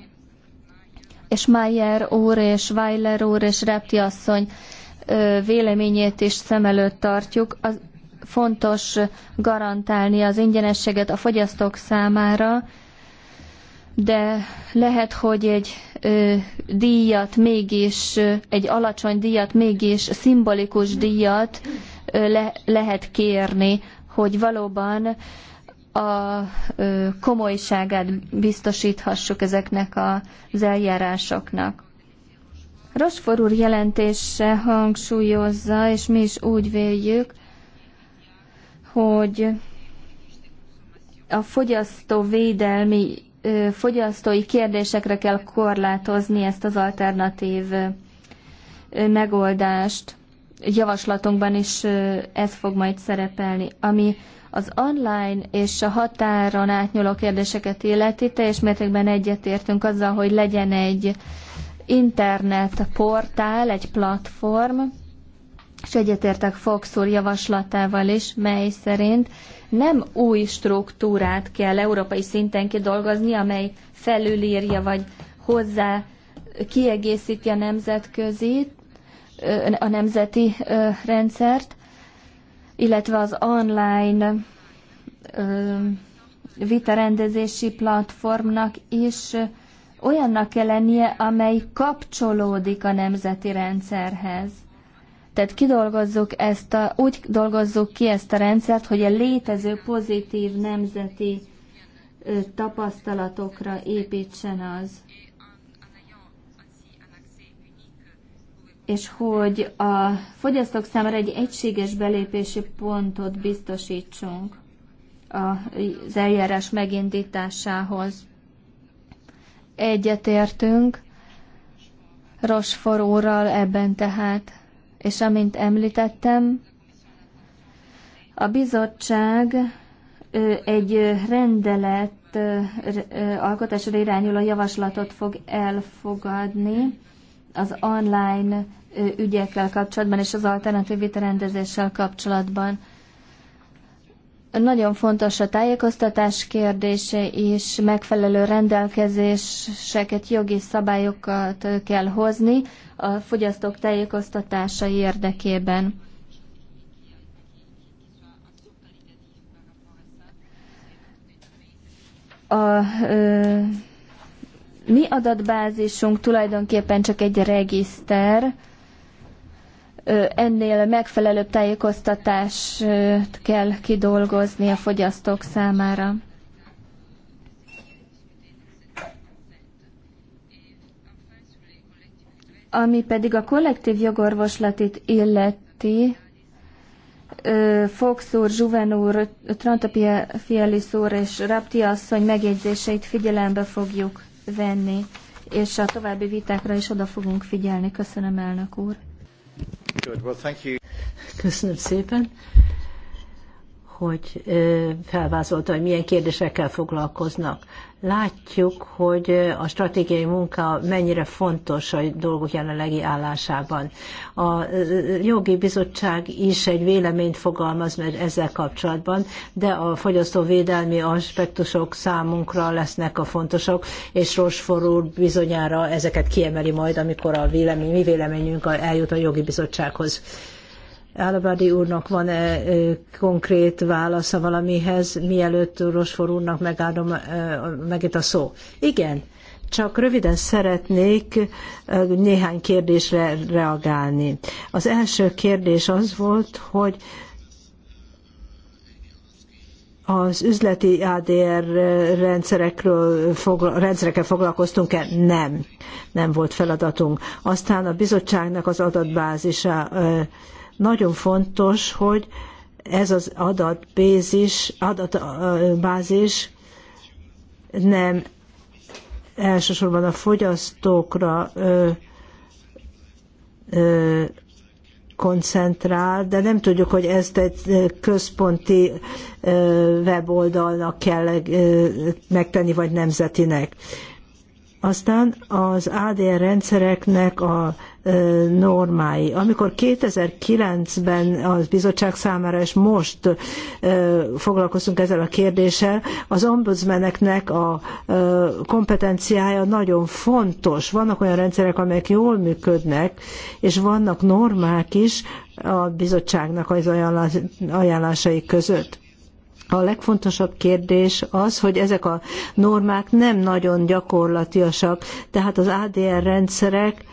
és Mayer úr és Weiler úr és Repti asszony véleményét is szem előtt tartjuk. Az fontos garantálni az ingyenességet a fogyasztók számára, de lehet, hogy egy díjat mégis, egy alacsony díjat mégis, szimbolikus díjat le, lehet kérni, hogy valóban a komolyságát biztosíthassuk ezeknek az eljárásoknak. Rosfor úr jelentése hangsúlyozza, és mi is úgy véljük, hogy a fogyasztó védelmi fogyasztói kérdésekre kell korlátozni ezt az alternatív megoldást. Javaslatunkban is ez fog majd szerepelni, ami az online és a határon átnyúló kérdéseket illeti, teljes mértékben egyetértünk azzal, hogy legyen egy internet portál, egy platform, és egyetértek Fox úr javaslatával is, mely szerint nem új struktúrát kell európai szinten kidolgozni, amely felülírja vagy hozzá kiegészíti a nemzetközi, a nemzeti rendszert, illetve az online vitarendezési platformnak is olyannak kell lennie, amely kapcsolódik a nemzeti rendszerhez. Tehát kidolgozzuk ezt a, úgy dolgozzuk ki ezt a rendszert, hogy a létező pozitív nemzeti tapasztalatokra építsen az. és hogy a fogyasztók számára egy egységes belépési pontot biztosítsunk az eljárás megindításához. Egyetértünk Rosfor ebben tehát és amint említettem, a bizottság egy rendelet alkotásra irányuló javaslatot fog elfogadni az online ügyekkel kapcsolatban és az alternatív vitarendezéssel kapcsolatban. Nagyon fontos a tájékoztatás kérdése is, megfelelő rendelkezéseket, jogi szabályokat kell hozni a fogyasztók tájékoztatása érdekében. A ö, mi adatbázisunk tulajdonképpen csak egy regiszter, ennél megfelelőbb tájékoztatást kell kidolgozni a fogyasztók számára. Ami pedig a kollektív jogorvoslatit illeti, Fox úr, Zsuven úr, Trantapialis úr és Rapti asszony megjegyzéseit figyelembe fogjuk venni, és a további vitákra is oda fogunk figyelni. Köszönöm, elnök úr. Köszönöm szépen, hogy eh, felvázolta, hogy milyen kérdésekkel foglalkoznak. Látjuk, hogy a stratégiai munka mennyire fontos a dolgok jelenlegi állásában. A jogi bizottság is egy véleményt fogalmaz mert ezzel kapcsolatban, de a fogyasztóvédelmi aspektusok számunkra lesznek a fontosak, és Rosfor úr bizonyára ezeket kiemeli majd, amikor a vélemény, mi véleményünk eljut a jogi bizottsághoz. Álabádi úrnak van -e konkrét válasza valamihez, mielőtt Rosfor úrnak megáldom itt a szó? Igen, csak röviden szeretnék néhány kérdésre reagálni. Az első kérdés az volt, hogy az üzleti ADR rendszerekről fogla, rendszerekkel foglalkoztunk-e? Nem, nem volt feladatunk. Aztán a bizottságnak az adatbázisa nagyon fontos, hogy ez az adatbázis, adatbázis nem elsősorban a fogyasztókra ö, ö, koncentrál, de nem tudjuk, hogy ezt egy központi weboldalnak kell megtenni, vagy nemzetinek. Aztán az ADR rendszereknek a normái. Amikor 2009-ben az bizottság számára, és most foglalkozunk ezzel a kérdéssel, az ombudsmeneknek a kompetenciája nagyon fontos. Vannak olyan rendszerek, amelyek jól működnek, és vannak normák is a bizottságnak az ajánlásai között. A legfontosabb kérdés az, hogy ezek a normák nem nagyon gyakorlatiasak, tehát az ADR rendszerek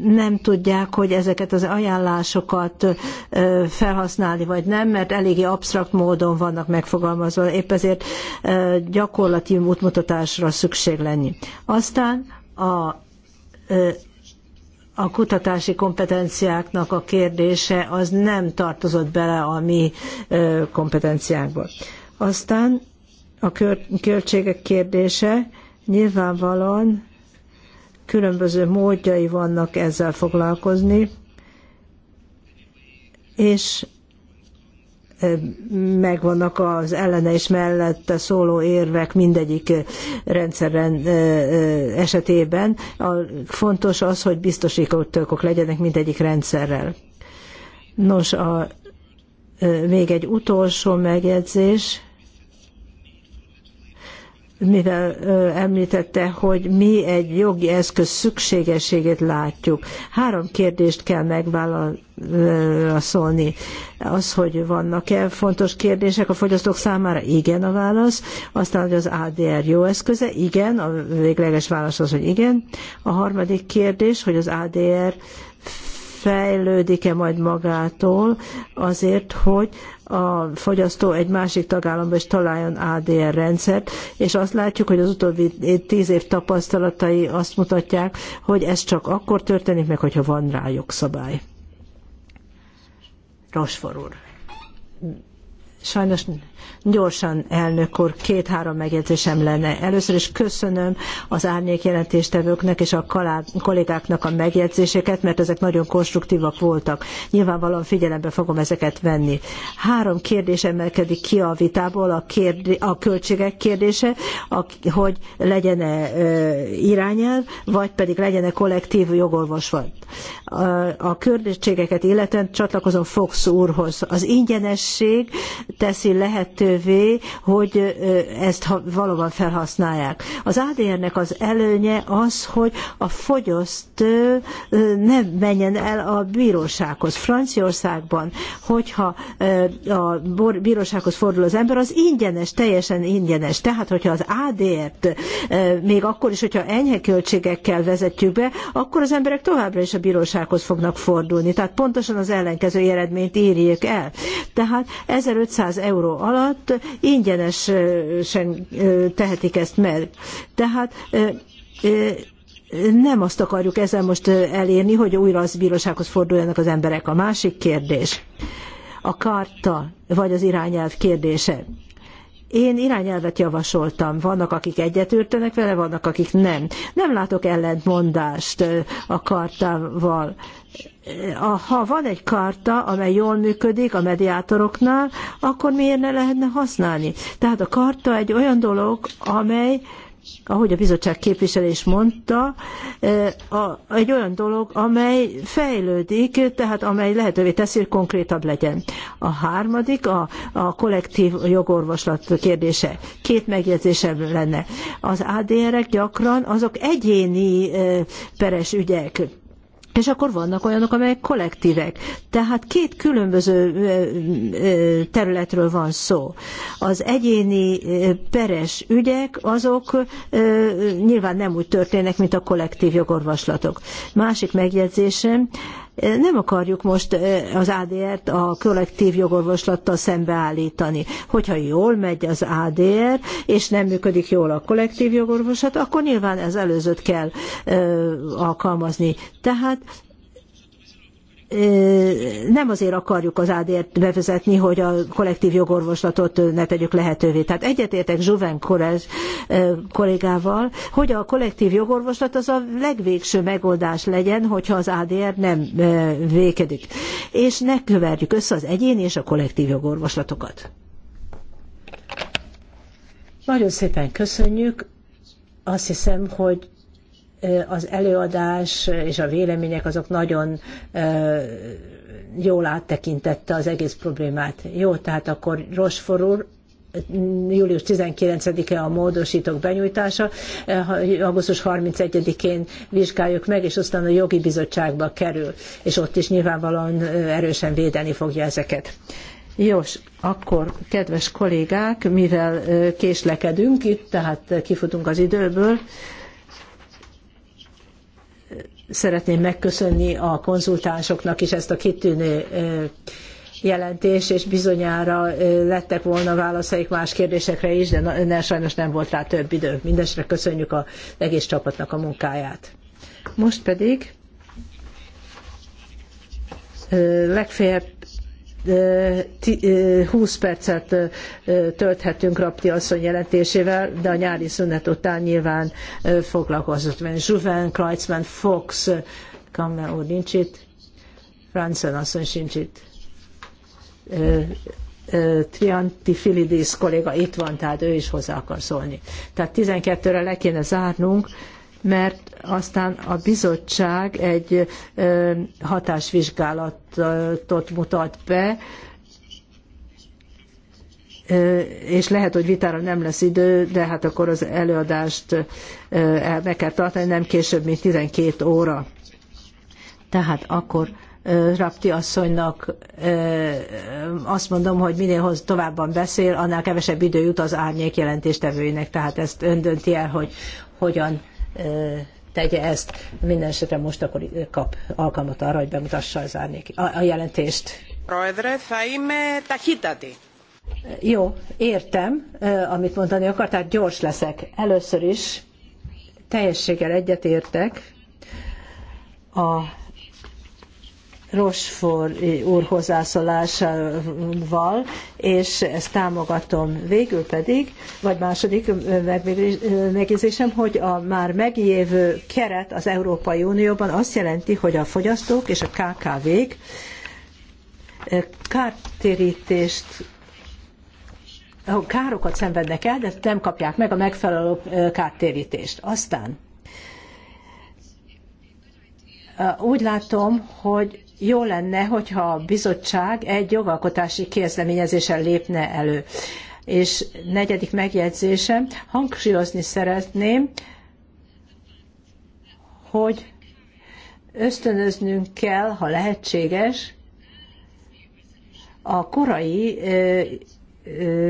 nem tudják, hogy ezeket az ajánlásokat felhasználni vagy nem, mert eléggé absztrakt módon vannak megfogalmazva, épp ezért gyakorlati útmutatásra szükség lenni. Aztán a a kutatási kompetenciáknak a kérdése az nem tartozott bele a mi kompetenciákba. Aztán a költségek kérdése nyilvánvalóan különböző módjai vannak ezzel foglalkozni, és megvannak az ellene és mellette szóló érvek mindegyik rendszeren esetében. Fontos az, hogy biztosítókok legyenek mindegyik rendszerrel. Nos, a, még egy utolsó megjegyzés mivel említette, hogy mi egy jogi eszköz szükségességét látjuk. Három kérdést kell megválaszolni. Az, hogy vannak-e fontos kérdések a fogyasztók számára, igen a válasz. Aztán, hogy az ADR jó eszköze, igen, a végleges válasz az, hogy igen. A harmadik kérdés, hogy az ADR fejlődik-e majd magától azért, hogy a fogyasztó egy másik tagállamban is találjon ADR rendszert, és azt látjuk, hogy az utóbbi tíz év tapasztalatai azt mutatják, hogy ez csak akkor történik meg, hogyha van rá jogszabály. Rosfor úr. Sajnos Gyorsan, elnök úr, két-három megjegyzésem lenne. Először is köszönöm az árnyék jelentéstevőknek és a kollégáknak a megjegyzéseket, mert ezek nagyon konstruktívak voltak. Nyilvánvalóan figyelembe fogom ezeket venni. Három kérdés emelkedik ki a vitából, a, kérdé, a költségek kérdése, a, hogy legyen-e irányelv, vagy pedig legyen-e kollektív jogorvoslat. A, a költségeket illetően csatlakozom Fox úrhoz. Az ingyenesség teszi lehet lehetővé, hogy ezt valóban felhasználják. Az ADR-nek az előnye az, hogy a fogyasztó ne menjen el a bírósághoz. Franciaországban, hogyha a bírósághoz fordul az ember, az ingyenes, teljesen ingyenes. Tehát, hogyha az ADR-t még akkor is, hogyha enyhe költségekkel vezetjük be, akkor az emberek továbbra is a bírósághoz fognak fordulni. Tehát pontosan az ellenkező eredményt írjuk el. Tehát 1500 euró alatt ingyenesen tehetik ezt meg. Tehát nem azt akarjuk ezzel most elérni, hogy újra az bírósághoz forduljanak az emberek. A másik kérdés, a karta vagy az irányelv kérdése. Én irányelvet javasoltam. Vannak, akik egyetértenek vele, vannak, akik nem. Nem látok ellentmondást a kartával ha van egy karta, amely jól működik a mediátoroknál, akkor miért ne lehetne használni? Tehát a karta egy olyan dolog, amely ahogy a bizottság képviselő is mondta, e, egy olyan dolog, amely fejlődik, tehát amely lehetővé teszi, hogy konkrétabb legyen. A harmadik a, a kollektív jogorvoslat kérdése. Két megjegyzésem lenne. Az ADR-ek gyakran azok egyéni e, peres ügyek és akkor vannak olyanok, amelyek kollektívek. Tehát két különböző területről van szó. Az egyéni peres ügyek, azok nyilván nem úgy történnek, mint a kollektív jogorvaslatok. Másik megjegyzésem, nem akarjuk most az ADR-t a kollektív jogorvoslattal szembeállítani. Hogyha jól megy az ADR, és nem működik jól a kollektív jogorvoslat, akkor nyilván ez előzött kell alkalmazni. Tehát nem azért akarjuk az ádért bevezetni, hogy a kollektív jogorvoslatot ne tegyük lehetővé. Tehát egyetértek Zsuven kollégával, hogy a kollektív jogorvoslat az a legvégső megoldás legyen, hogyha az ADR nem vékedik. És ne köverjük össze az egyéni és a kollektív jogorvoslatokat. Nagyon szépen köszönjük. Azt hiszem, hogy az előadás és a vélemények azok nagyon jól áttekintette az egész problémát. Jó, tehát akkor Rosfor úr, július 19-e a módosítók benyújtása, augusztus 31-én vizsgáljuk meg, és aztán a jogi bizottságba kerül, és ott is nyilvánvalóan erősen védeni fogja ezeket. Jós, akkor kedves kollégák, mivel késlekedünk itt, tehát kifutunk az időből, szeretném megköszönni a konzultánsoknak is ezt a kitűnő jelentést, és bizonyára lettek volna válaszaik más kérdésekre is, de önnel sajnos nem volt rá több idő. Mindenesetre köszönjük az egész csapatnak a munkáját. Most pedig legfeljebb 20 percet tölthetünk Rapti asszony jelentésével, de a nyári szünet után nyilván foglalkozott. Zsuven, Kreitzmann, Fox, Kammer úr nincs itt, Franzen asszony sincs itt. Trianti Filidis kolléga itt van, tehát ő is hozzá akar szólni. Tehát 12-re le kéne zárnunk, mert aztán a bizottság egy hatásvizsgálatot mutat be, és lehet, hogy vitára nem lesz idő, de hát akkor az előadást meg kell tartani, nem később, mint 12 óra. Tehát akkor Rapti asszonynak azt mondom, hogy minél továbban beszél, annál kevesebb idő jut az árnyék jelentéstevőinek. Tehát ezt ön dönti el, hogy hogyan tegye ezt. Minden esetre most akkor kap alkalmat arra, hogy bemutassa az árnyék, a, a jelentést. Jó, értem, amit mondani akar, tehát gyors leszek. Először is teljességgel egyetértek a Rosfor úr és ezt támogatom végül pedig, vagy második megjegyzésem, hogy a már megjévő keret az Európai Unióban azt jelenti, hogy a fogyasztók és a KKV-k kártérítést károkat szenvednek el, de nem kapják meg a megfelelő kártérítést. Aztán úgy látom, hogy jó lenne, hogyha a bizottság egy jogalkotási kezdeményezéssel lépne elő. És negyedik megjegyzésem, hangsúlyozni szeretném, hogy ösztönöznünk kell, ha lehetséges, a korai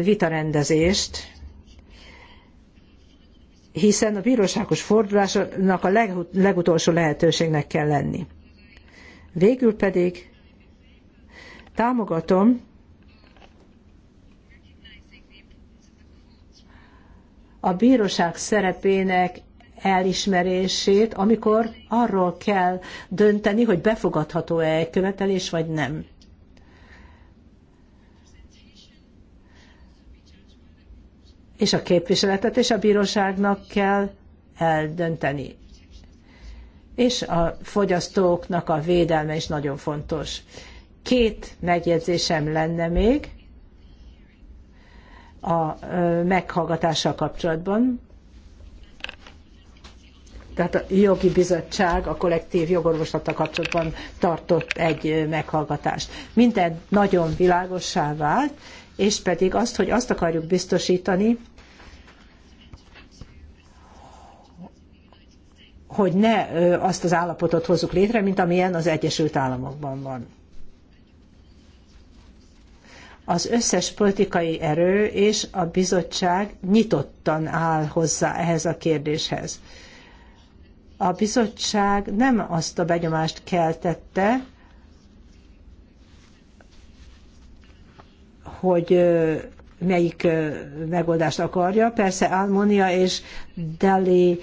vitarendezést, hiszen a bíróságos fordulásnak a legutolsó lehetőségnek kell lenni. Végül pedig támogatom a bíróság szerepének elismerését, amikor arról kell dönteni, hogy befogadható-e egy követelés, vagy nem. És a képviseletet és a bíróságnak kell eldönteni és a fogyasztóknak a védelme is nagyon fontos. Két megjegyzésem lenne még a meghallgatással kapcsolatban. Tehát a jogi bizottság a kollektív jogorvoslata kapcsolatban tartott egy meghallgatást. Minden nagyon világossá vált, és pedig azt, hogy azt akarjuk biztosítani, hogy ne azt az állapotot hozzuk létre, mint amilyen az Egyesült Államokban van. Az összes politikai erő és a bizottság nyitottan áll hozzá ehhez a kérdéshez. A bizottság nem azt a benyomást keltette, hogy melyik megoldást akarja. Persze Almonia és Deli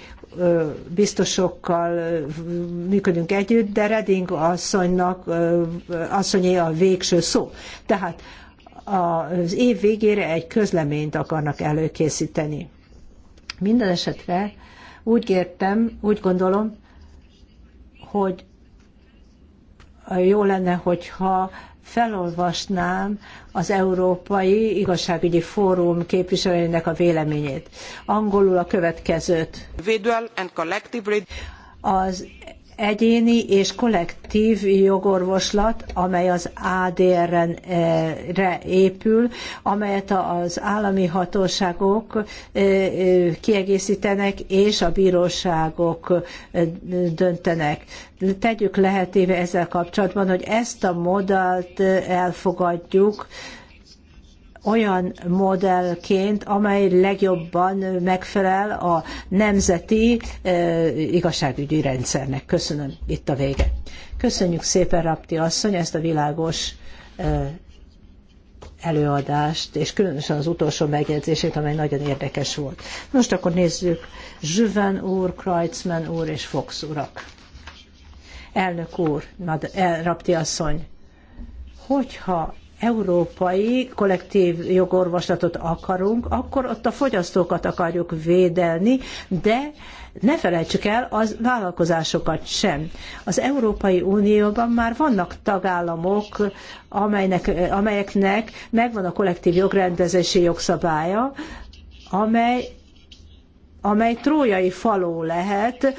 biztosokkal működünk együtt, de Reding asszonynak, asszonyé a végső szó. Tehát az év végére egy közleményt akarnak előkészíteni. Minden esetre úgy értem, úgy gondolom, hogy jó lenne, hogyha felolvasnám az Európai Igazságügyi Fórum képviselőinek a véleményét. Angolul a következőt. Az egyéni és kollektív jogorvoslat, amely az ADR-re eh, épül, amelyet az állami hatóságok eh, eh, kiegészítenek, és a bíróságok döntenek. Tegyük lehetővé ezzel kapcsolatban, hogy ezt a modellt elfogadjuk, olyan modellként, amely legjobban megfelel a nemzeti eh, igazságügyi rendszernek. Köszönöm itt a vége. Köszönjük szépen, Rapti asszony, ezt a világos eh, előadást, és különösen az utolsó megjegyzését, amely nagyon érdekes volt. Most akkor nézzük Zsüven úr, Kreutzmann úr és Fox urak. Elnök úr, eh, Rapti asszony, hogyha európai kollektív jogorvoslatot akarunk, akkor ott a fogyasztókat akarjuk védelni, de ne felejtsük el az vállalkozásokat sem. Az Európai Unióban már vannak tagállamok, amelynek, amelyeknek megvan a kollektív jogrendezési jogszabálya, amely amely trójai faló lehet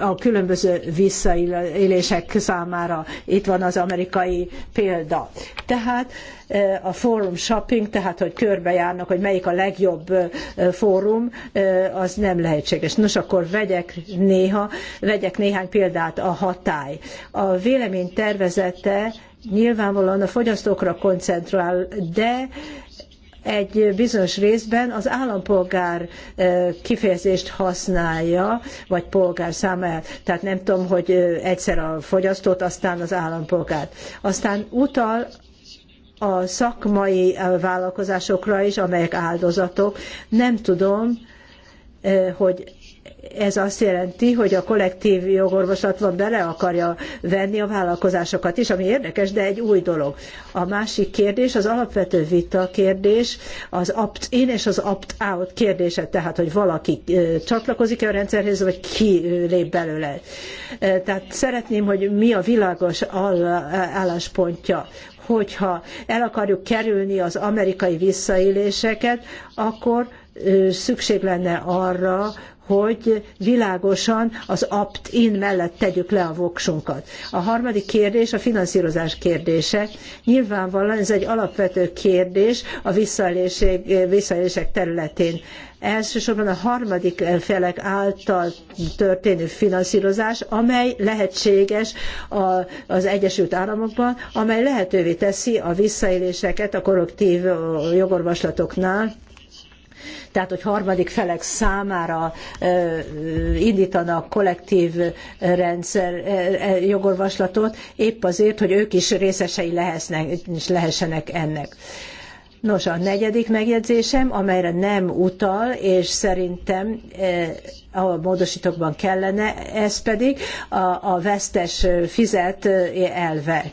a különböző visszaélések számára. Itt van az amerikai példa. Tehát a forum shopping, tehát hogy körbejárnak, hogy melyik a legjobb fórum, az nem lehetséges. Nos, akkor vegyek néha, vegyek néhány példát a hatály. A vélemény tervezete nyilvánvalóan a fogyasztókra koncentrál, de egy bizonyos részben az állampolgár kifejezést használja, vagy polgár számáját. Tehát nem tudom, hogy egyszer a fogyasztót, aztán az állampolgárt. Aztán utal a szakmai vállalkozásokra is, amelyek áldozatok. Nem tudom, hogy ez azt jelenti, hogy a kollektív jogorvoslatban bele akarja venni a vállalkozásokat is, ami érdekes, de egy új dolog. A másik kérdés, az alapvető vita kérdés, az opt-in és az opt-out kérdése, tehát hogy valaki csatlakozik-e a rendszerhez, vagy ki lép belőle. Tehát szeretném, hogy mi a világos álláspontja hogyha el akarjuk kerülni az amerikai visszaéléseket, akkor szükség lenne arra, hogy világosan az opt-in mellett tegyük le a voksunkat. A harmadik kérdés a finanszírozás kérdése. Nyilvánvalóan ez egy alapvető kérdés a visszaélések területén elsősorban a harmadik felek által történő finanszírozás, amely lehetséges az Egyesült Államokban, amely lehetővé teszi a visszaéléseket a korrektív jogorvoslatoknál, tehát hogy harmadik felek számára indítanak kollektív rendszer jogorvaslatot, épp azért, hogy ők is részesei lehessenek, lehessenek ennek. Nos, a negyedik megjegyzésem, amelyre nem utal, és szerintem a módosítókban kellene, ez pedig a, a vesztes fizet elve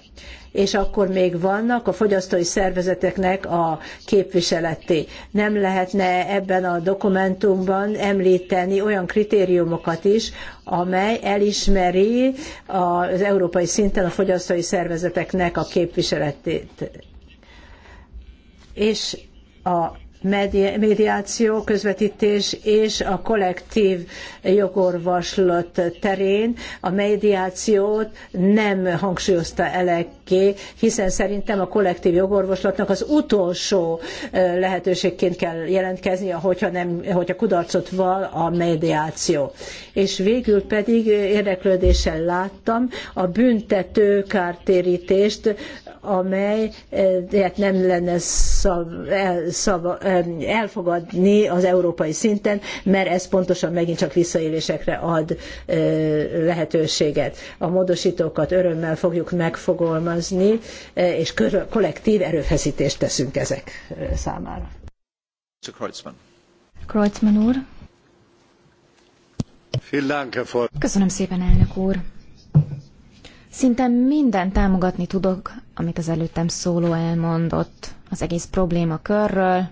és akkor még vannak a fogyasztói szervezeteknek a képviseleté. Nem lehetne ebben a dokumentumban említeni olyan kritériumokat is, amely elismeri az európai szinten a fogyasztói szervezeteknek a képviseletét. És a mediáció, közvetítés és a kollektív jogorvoslat terén a mediációt nem hangsúlyozta eleggé, hiszen szerintem a kollektív jogorvoslatnak az utolsó lehetőségként kell jelentkeznie, hogyha, nem, hogyha kudarcot val a mediáció. És végül pedig érdeklődéssel láttam a büntető kártérítést, amelyet hát nem lenne szab, el, elfogadni az európai szinten, mert ez pontosan megint csak visszaélésekre ad lehetőséget. A módosítókat örömmel fogjuk megfogalmazni, és kollektív erőfeszítést teszünk ezek számára. Kreutzmann. Kreutzmann úr. Köszönöm szépen, elnök úr. Szinte minden támogatni tudok, amit az előttem szóló elmondott az egész probléma körről,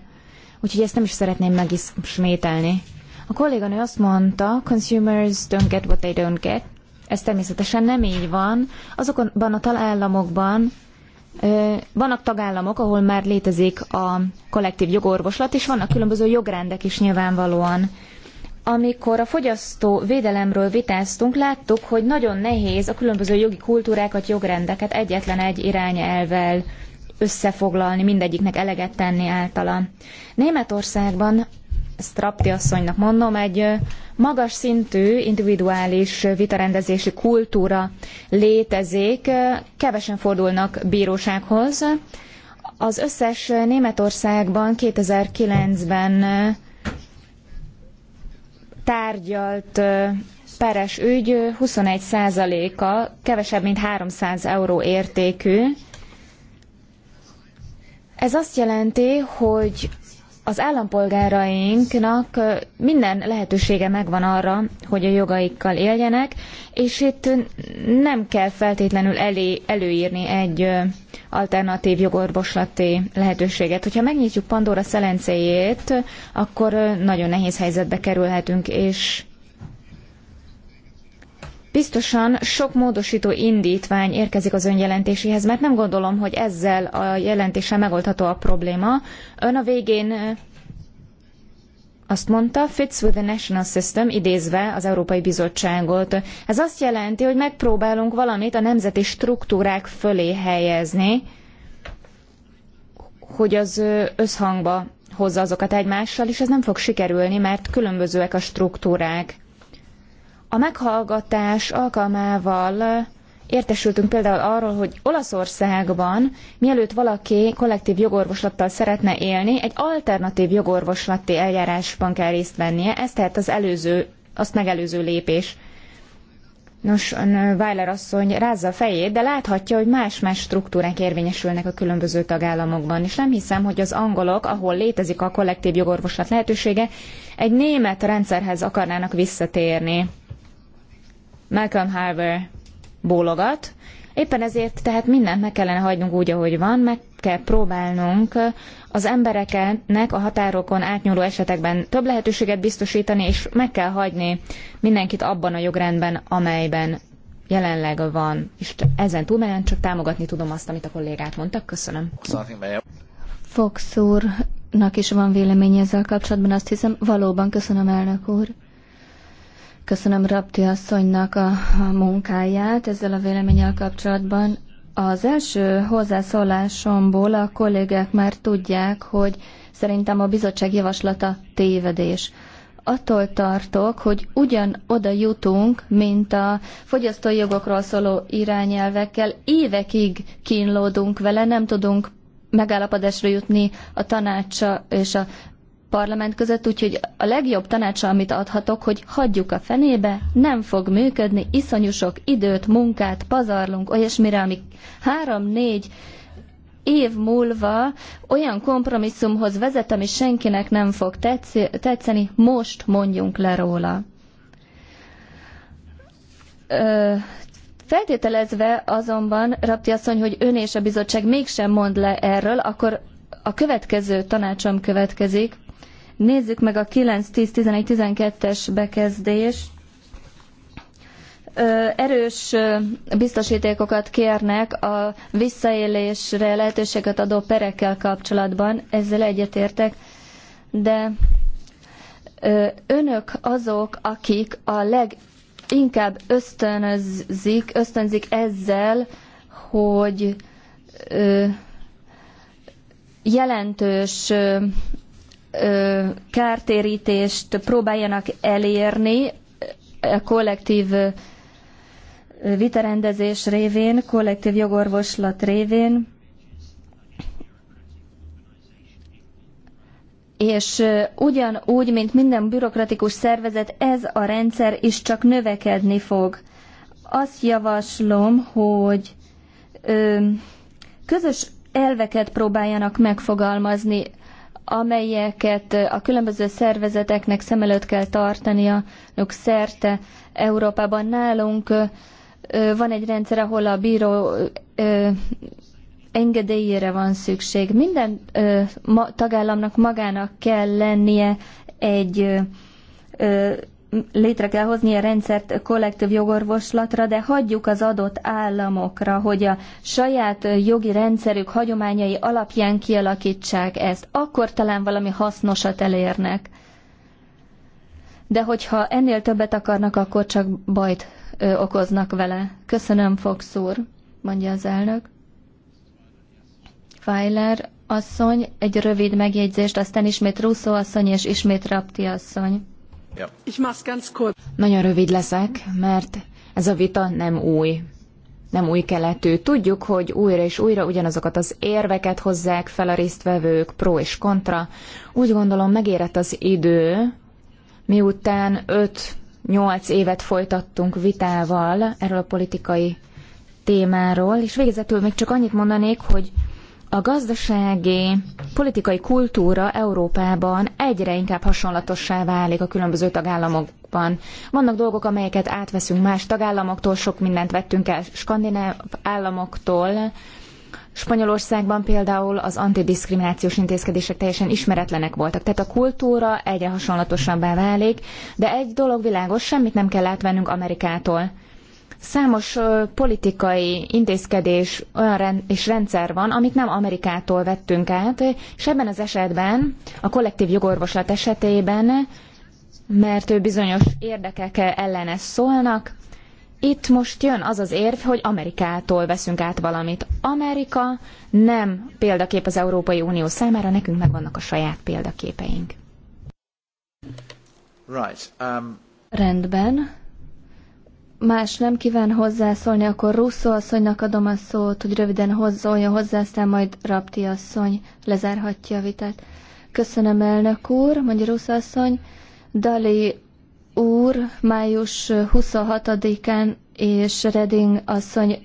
úgyhogy ezt nem is szeretném megismételni. A kolléganő azt mondta, consumers don't get what they don't get. Ez természetesen nem így van. Azokban a tagállamokban vannak tagállamok, ahol már létezik a kollektív jogorvoslat, és vannak különböző jogrendek is nyilvánvalóan. Amikor a fogyasztó védelemről vitáztunk, láttuk, hogy nagyon nehéz a különböző jogi kultúrákat, jogrendeket egyetlen egy irányelvel összefoglalni, mindegyiknek eleget tenni általa. Németországban, Strapti asszonynak mondom, egy magas szintű individuális vitarendezési kultúra létezik, kevesen fordulnak bírósághoz. Az összes Németországban 2009-ben tárgyalt peres ügy 21%-a kevesebb mint 300 euró értékű, ez azt jelenti, hogy az állampolgárainknak minden lehetősége megvan arra, hogy a jogaikkal éljenek, és itt nem kell feltétlenül elé, előírni egy alternatív jogorvoslati lehetőséget. Hogyha megnyitjuk Pandora szelencéjét, akkor nagyon nehéz helyzetbe kerülhetünk, és Biztosan sok módosító indítvány érkezik az önjelentéséhez, mert nem gondolom, hogy ezzel a jelentéssel megoldható a probléma. Ön a végén azt mondta, fits with the national system, idézve az Európai Bizottságot. Ez azt jelenti, hogy megpróbálunk valamit a nemzeti struktúrák fölé helyezni, hogy az összhangba hozza azokat egymással, és ez nem fog sikerülni, mert különbözőek a struktúrák. A meghallgatás alkalmával értesültünk például arról, hogy Olaszországban, mielőtt valaki kollektív jogorvoslattal szeretne élni, egy alternatív jogorvoslati eljárásban kell részt vennie, ez tehát az előző, azt megelőző lépés. Nos, Weiler asszony rázza a fejét, de láthatja, hogy más-más struktúrák érvényesülnek a különböző tagállamokban, és nem hiszem, hogy az angolok, ahol létezik a kollektív jogorvoslat lehetősége, egy német rendszerhez akarnának visszatérni. Malcolm Harbour bólogat. Éppen ezért tehát mindent meg kellene hagynunk úgy, ahogy van, meg kell próbálnunk az embereknek a határokon átnyúló esetekben több lehetőséget biztosítani, és meg kell hagyni mindenkit abban a jogrendben, amelyben jelenleg van. És ezen túlmenően csak támogatni tudom azt, amit a kollégák mondtak. Köszönöm. Fox úrnak is van véleménye ezzel kapcsolatban, azt hiszem. Valóban köszönöm, elnök úr. Köszönöm Rapti asszonynak a, a munkáját ezzel a véleménnyel kapcsolatban. Az első hozzászólásomból a kollégák már tudják, hogy szerintem a bizottság javaslata tévedés. Attól tartok, hogy ugyanoda jutunk, mint a fogyasztói jogokról szóló irányelvekkel, évekig kínlódunk vele, nem tudunk megállapodásra jutni a tanácsa és a parlament között, úgyhogy a legjobb tanácsa, amit adhatok, hogy hagyjuk a fenébe, nem fog működni, iszonyú sok időt, munkát pazarlunk, olyasmire, ami három-négy év múlva olyan kompromisszumhoz vezet, ami senkinek nem fog tetszeni, most mondjunk le róla. Ö, feltételezve azonban, Rapti asszony, hogy ön és a bizottság mégsem mond le erről, akkor a következő tanácsom következik. Nézzük meg a 9, 10, 11, 12-es bekezdés. Erős biztosítékokat kérnek a visszaélésre lehetőséget adó perekkel kapcsolatban, ezzel egyetértek, de önök azok, akik a leginkább ösztönözik, ösztönzik ezzel, hogy jelentős kártérítést próbáljanak elérni a kollektív vitarendezés révén, kollektív jogorvoslat révén, és ugyanúgy, mint minden bürokratikus szervezet, ez a rendszer is csak növekedni fog. Azt javaslom, hogy közös elveket próbáljanak megfogalmazni amelyeket a különböző szervezeteknek szem előtt kell tartania, ők szerte Európában nálunk van egy rendszer, ahol a bíró engedélyére van szükség. Minden tagállamnak magának kell lennie egy létre kell hozni a rendszert kollektív jogorvoslatra, de hagyjuk az adott államokra, hogy a saját jogi rendszerük hagyományai alapján kialakítsák ezt. Akkor talán valami hasznosat elérnek. De hogyha ennél többet akarnak, akkor csak bajt ö, okoznak vele. Köszönöm, Fox úr, mondja az elnök. Weiler asszony, egy rövid megjegyzést, aztán ismét Russo asszony, és ismét Rapti asszony. Nagyon rövid leszek, mert ez a vita nem új. Nem új keletű. Tudjuk, hogy újra és újra ugyanazokat az érveket hozzák fel a résztvevők, pro és kontra. Úgy gondolom megérett az idő, miután 5-8 évet folytattunk vitával erről a politikai témáról, és végezetül még csak annyit mondanék, hogy a gazdasági, politikai kultúra Európában egyre inkább hasonlatossá válik a különböző tagállamokban. Vannak dolgok, amelyeket átveszünk más tagállamoktól, sok mindent vettünk el skandináv államoktól. Spanyolországban például az antidiszkriminációs intézkedések teljesen ismeretlenek voltak. Tehát a kultúra egyre hasonlatosabbá válik, de egy dolog világos, semmit nem kell átvennünk Amerikától. Számos politikai intézkedés olyan rend, és rendszer van, amit nem Amerikától vettünk át, és ebben az esetben, a kollektív jogorvoslat esetében, mert ő bizonyos érdekek ellene szólnak, itt most jön az az érv, hogy Amerikától veszünk át valamit. Amerika nem példakép az Európai Unió számára, nekünk megvannak a saját példaképeink. Right, um... Rendben más nem kíván hozzászólni, akkor Russzó asszonynak adom a szót, hogy röviden hozzóljon hozzá, aztán majd Rapti asszony lezárhatja a vitát. Köszönöm, elnök úr, mondja Russzó asszony. Dali úr május 26-án és Reding asszony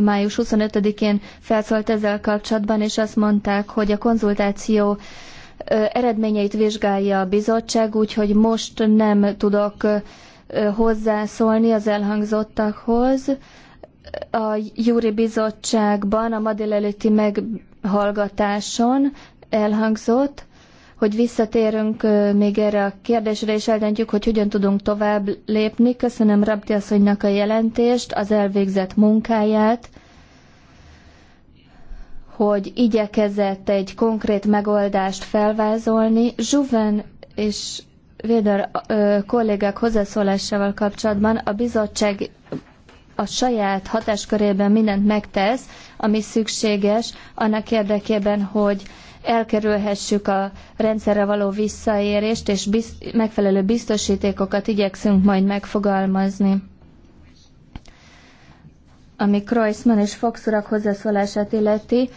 május 25-én felszólt ezzel kapcsolatban, és azt mondták, hogy a konzultáció eredményeit vizsgálja a bizottság, úgyhogy most nem tudok hozzászólni az elhangzottakhoz. A Júri Bizottságban a ma délelőtti meghallgatáson elhangzott, hogy visszatérünk még erre a kérdésre, és eldöntjük, hogy hogyan tudunk tovább lépni. Köszönöm Rabti asszonynak a jelentést, az elvégzett munkáját, hogy igyekezett egy konkrét megoldást felvázolni. Zsuven és Véder kollégák hozzászólásával kapcsolatban a bizottság a saját hatáskörében mindent megtesz, ami szükséges annak érdekében, hogy elkerülhessük a rendszerre való visszaérést, és biz megfelelő biztosítékokat igyekszünk majd megfogalmazni. Ami Kreuzmann és Fox urak hozzászólását illeti,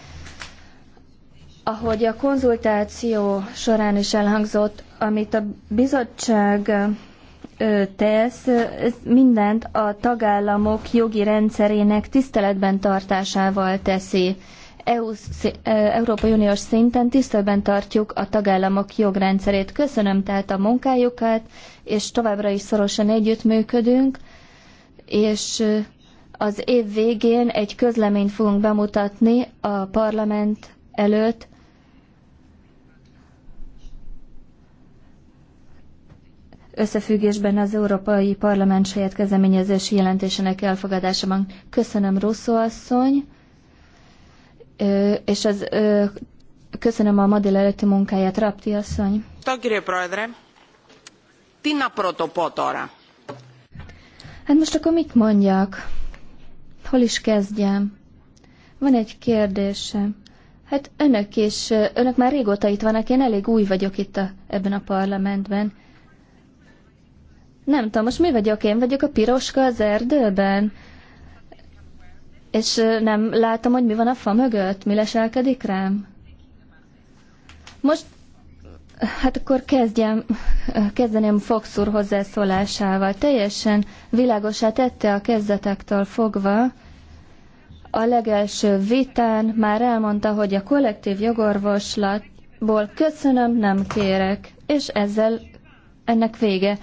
ahogy a konzultáció során is elhangzott, amit a bizottság tesz, ez mindent a tagállamok jogi rendszerének tiszteletben tartásával teszi. EU, Európai Uniós szinten tiszteletben tartjuk a tagállamok jogrendszerét. Köszönöm tehát a munkájukat, és továbbra is szorosan együttműködünk, és az év végén egy közleményt fogunk bemutatni a parlament előtt összefüggésben az Európai Parlament saját kezdeményezési jelentésének elfogadásában. Köszönöm, Rosszó asszony, és az, köszönöm a ma előtti munkáját, Rapti asszony. Hát most akkor mit mondjak? Hol is kezdjem? Van egy kérdésem. Hát önök is, önök már régóta itt vannak, én elég új vagyok itt a, ebben a parlamentben. Nem tudom, most mi vagyok? Én vagyok a piroska az erdőben? És nem látom, hogy mi van a fa mögött? Mi leselkedik rám? Most, hát akkor kezdjem, kezdeném Fox úr hozzászólásával. Teljesen világosá tette a kezdetektől fogva, a legelső vitán már elmondta, hogy a kollektív jogorvoslatból köszönöm, nem kérek, és ezzel ennek vége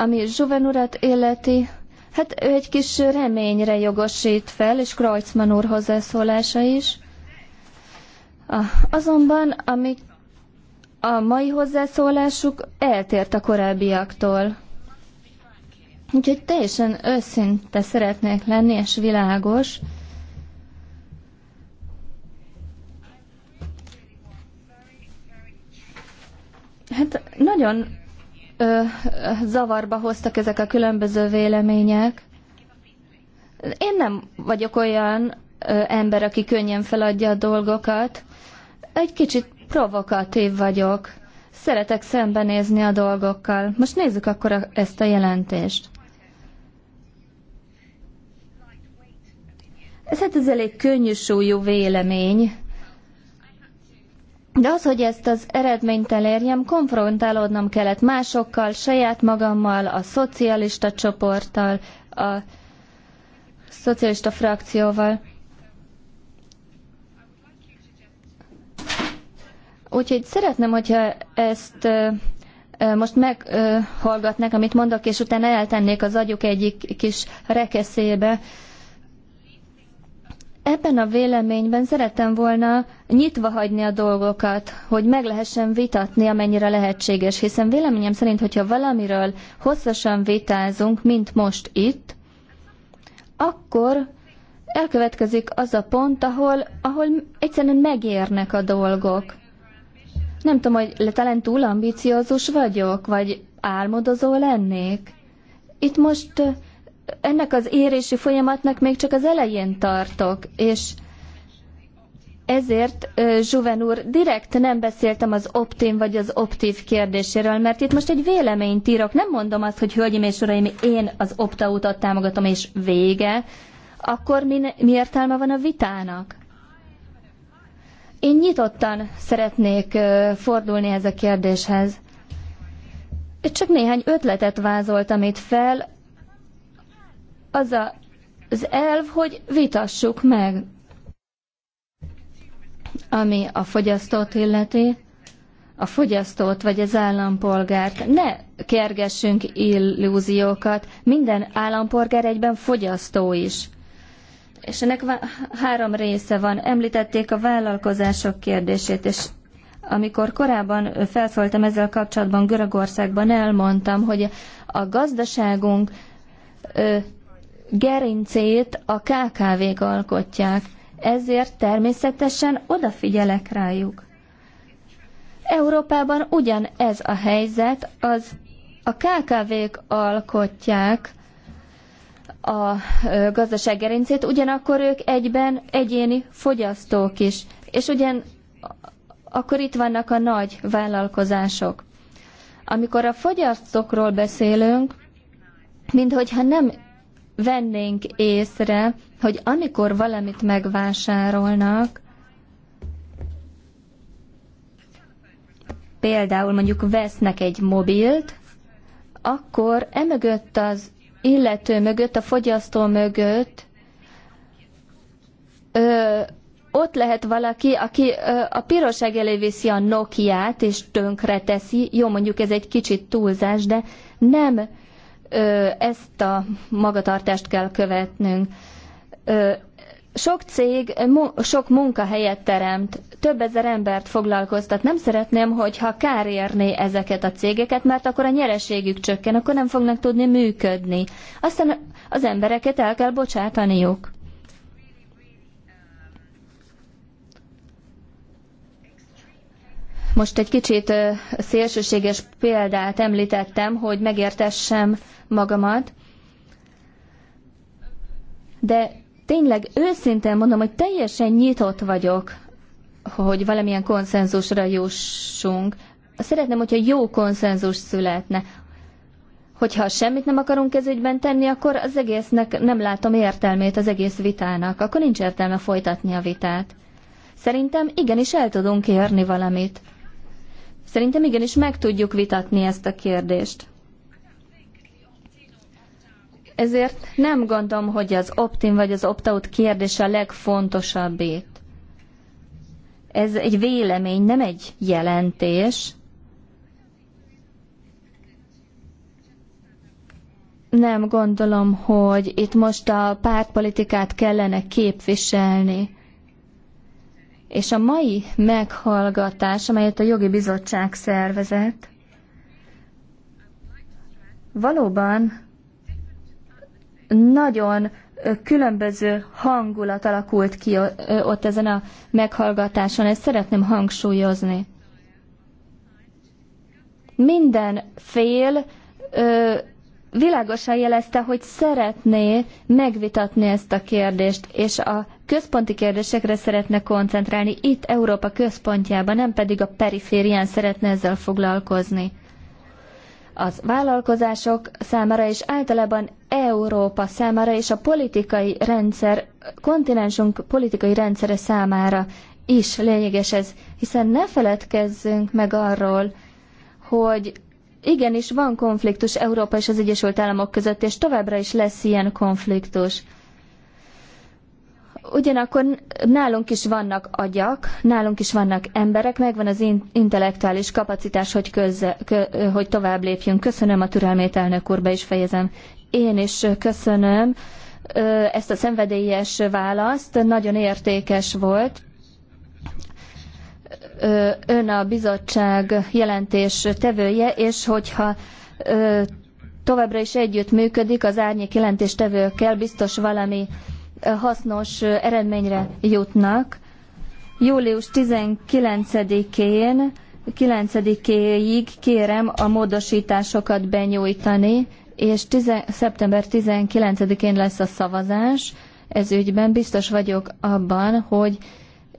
ami Zsuven urat illeti, hát ő egy kis reményre jogosít fel, és Kreutzmann úr hozzászólása is. Azonban, ami a mai hozzászólásuk eltért a korábbiaktól. Úgyhogy teljesen őszinte szeretnék lenni, és világos. Hát nagyon ö, zavarba hoztak ezek a különböző vélemények. Én nem vagyok olyan ö, ember, aki könnyen feladja a dolgokat. Egy kicsit provokatív vagyok. Szeretek szembenézni a dolgokkal. Most nézzük akkor a, ezt a jelentést. Ez hát ez elég könnyű súlyú vélemény. De az, hogy ezt az eredményt elérjem, konfrontálódnom kellett másokkal, saját magammal, a szocialista csoporttal, a szocialista frakcióval. Úgyhogy szeretném, hogyha ezt most meghallgatnák, amit mondok, és utána eltennék az agyuk egyik kis rekeszébe, Ebben a véleményben szeretem volna nyitva hagyni a dolgokat, hogy meg lehessen vitatni, amennyire lehetséges, hiszen véleményem szerint, hogyha valamiről hosszasan vitázunk, mint most itt, akkor elkövetkezik az a pont, ahol, ahol egyszerűen megérnek a dolgok. Nem tudom, hogy talán túl ambiciózus vagyok, vagy álmodozó lennék. Itt most ennek az érési folyamatnak még csak az elején tartok, és ezért, Zsuven úr, direkt nem beszéltem az optim vagy az optív kérdéséről, mert itt most egy véleményt írok. Nem mondom azt, hogy hölgyeim és uraim, én az opta utat támogatom, és vége. Akkor mi, mi értelme van a vitának? Én nyitottan szeretnék fordulni ez a kérdéshez. Csak néhány ötletet vázoltam itt fel, az a, az elv, hogy vitassuk meg, ami a fogyasztót illeti, a fogyasztót vagy az állampolgárt. Ne kergessünk illúziókat, minden állampolgár egyben fogyasztó is. És ennek három része van. Említették a vállalkozások kérdését, és amikor korábban felszóltam ezzel kapcsolatban Görögországban, elmondtam, hogy a gazdaságunk gerincét a KKV-k alkotják, ezért természetesen odafigyelek rájuk. Európában ugyan ez a helyzet, az a KKV-k alkotják a gazdaság gerincét, ugyanakkor ők egyben egyéni fogyasztók is, és ugyan akkor itt vannak a nagy vállalkozások. Amikor a fogyasztókról beszélünk, minthogyha nem vennénk észre, hogy amikor valamit megvásárolnak, például mondjuk vesznek egy mobilt, akkor emögött az illető mögött, a fogyasztó mögött ö, ott lehet valaki, aki ö, a piroság elé viszi a Nokiát és tönkre teszi. Jó, mondjuk ez egy kicsit túlzás, de nem ezt a magatartást kell követnünk. Sok cég sok munkahelyet teremt, több ezer embert foglalkoztat. Nem szeretném, hogyha kár érné ezeket a cégeket, mert akkor a nyereségük csökken, akkor nem fognak tudni működni. Aztán az embereket el kell bocsátaniuk. Most egy kicsit szélsőséges példát említettem, hogy megértessem magamat, de tényleg őszintén mondom, hogy teljesen nyitott vagyok, hogy valamilyen konszenzusra jussunk. Szeretném, hogyha jó konszenzus születne. Hogyha semmit nem akarunk kezügyben tenni, akkor az egésznek nem látom értelmét az egész vitának. Akkor nincs értelme folytatni a vitát. Szerintem igenis el tudunk érni valamit. Szerintem igenis meg tudjuk vitatni ezt a kérdést. Ezért nem gondolom, hogy az opt-in vagy az opt-out kérdése a legfontosabb itt. Ez egy vélemény, nem egy jelentés. Nem gondolom, hogy itt most a pártpolitikát kellene képviselni. És a mai meghallgatás, amelyet a jogi bizottság szervezett, valóban nagyon különböző hangulat alakult ki ott ezen a meghallgatáson, ezt szeretném hangsúlyozni. Minden fél világosan jelezte, hogy szeretné megvitatni ezt a kérdést, és a központi kérdésekre szeretne koncentrálni, itt Európa központjában, nem pedig a periférián szeretne ezzel foglalkozni az vállalkozások számára és általában Európa számára és a politikai rendszer, kontinensünk politikai rendszere számára is lényeges ez, hiszen ne feledkezzünk meg arról, hogy igenis van konfliktus Európa és az Egyesült Államok között, és továbbra is lesz ilyen konfliktus. Ugyanakkor nálunk is vannak agyak, nálunk is vannak emberek, megvan az intellektuális kapacitás, hogy, közze, hogy tovább lépjünk. Köszönöm a türelmét, elnök úr, be is fejezem. Én is köszönöm ezt a szenvedélyes választ, nagyon értékes volt. Ön a bizottság jelentés tevője, és hogyha továbbra is együtt működik az árnyék jelentéstevőkkel, biztos valami hasznos eredményre jutnak. Július 19-én 9-éig kérem a módosításokat benyújtani, és 10, szeptember 19-én lesz a szavazás. Ez ügyben biztos vagyok abban, hogy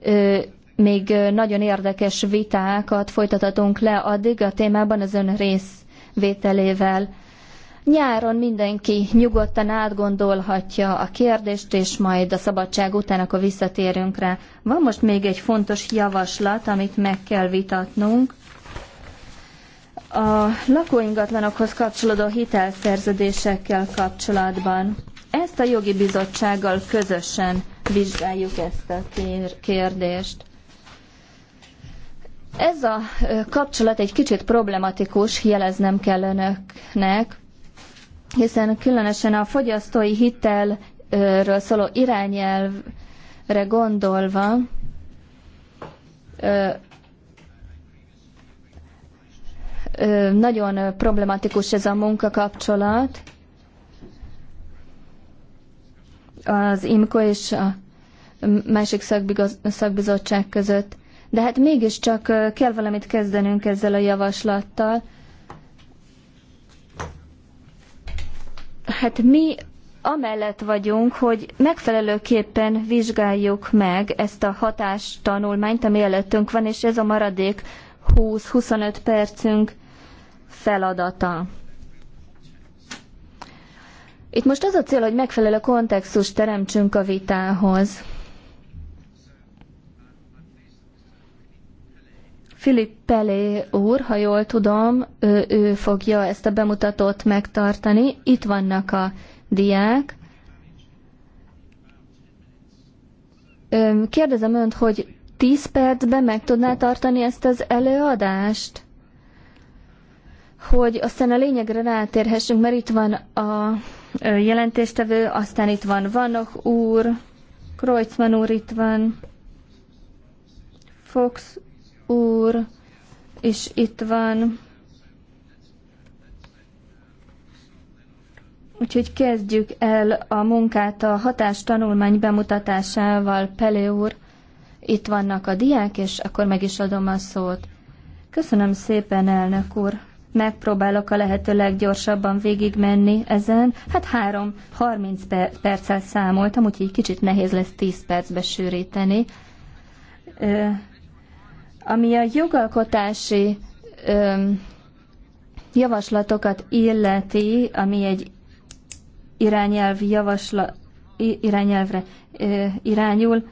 ö, még nagyon érdekes vitákat folytathatunk le addig a témában az ön részvételével. Nyáron mindenki nyugodtan átgondolhatja a kérdést, és majd a szabadság után akkor visszatérünk rá. Van most még egy fontos javaslat, amit meg kell vitatnunk. A lakóingatlanokhoz kapcsolódó hitelszerződésekkel kapcsolatban. Ezt a jogi bizottsággal közösen vizsgáljuk ezt a kérdést. Ez a kapcsolat egy kicsit problematikus, jeleznem kell önöknek, hiszen különösen a fogyasztói hitelről szóló irányelvre gondolva, nagyon problematikus ez a munkakapcsolat. Az IMKO és a másik szakbizottság között. De hát mégiscsak kell valamit kezdenünk ezzel a javaslattal. hát mi amellett vagyunk, hogy megfelelőképpen vizsgáljuk meg ezt a hatástanulmányt, ami előttünk van, és ez a maradék 20-25 percünk feladata. Itt most az a cél, hogy megfelelő kontextust teremtsünk a vitához. Filip Pelé úr, ha jól tudom, ő, ő fogja ezt a bemutatót megtartani. Itt vannak a diák. Kérdezem önt, hogy 10 percben meg tudná tartani ezt az előadást? Hogy aztán a lényegre rátérhessünk, mert itt van a jelentéstevő, aztán itt van Vanok úr, Kreuzmann úr itt van, Fox úr és itt van. Úgyhogy kezdjük el a munkát a hatástanulmány bemutatásával, Pelé úr. Itt vannak a diák, és akkor meg is adom a szót. Köszönöm szépen, elnök úr. Megpróbálok a lehető leggyorsabban végigmenni ezen. Hát három, harminc per- perccel számoltam, úgyhogy kicsit nehéz lesz tíz percbe sűríteni. Ami a jogalkotási öm, javaslatokat illeti, ami egy irányelv javasla, irányelvre ö, irányul,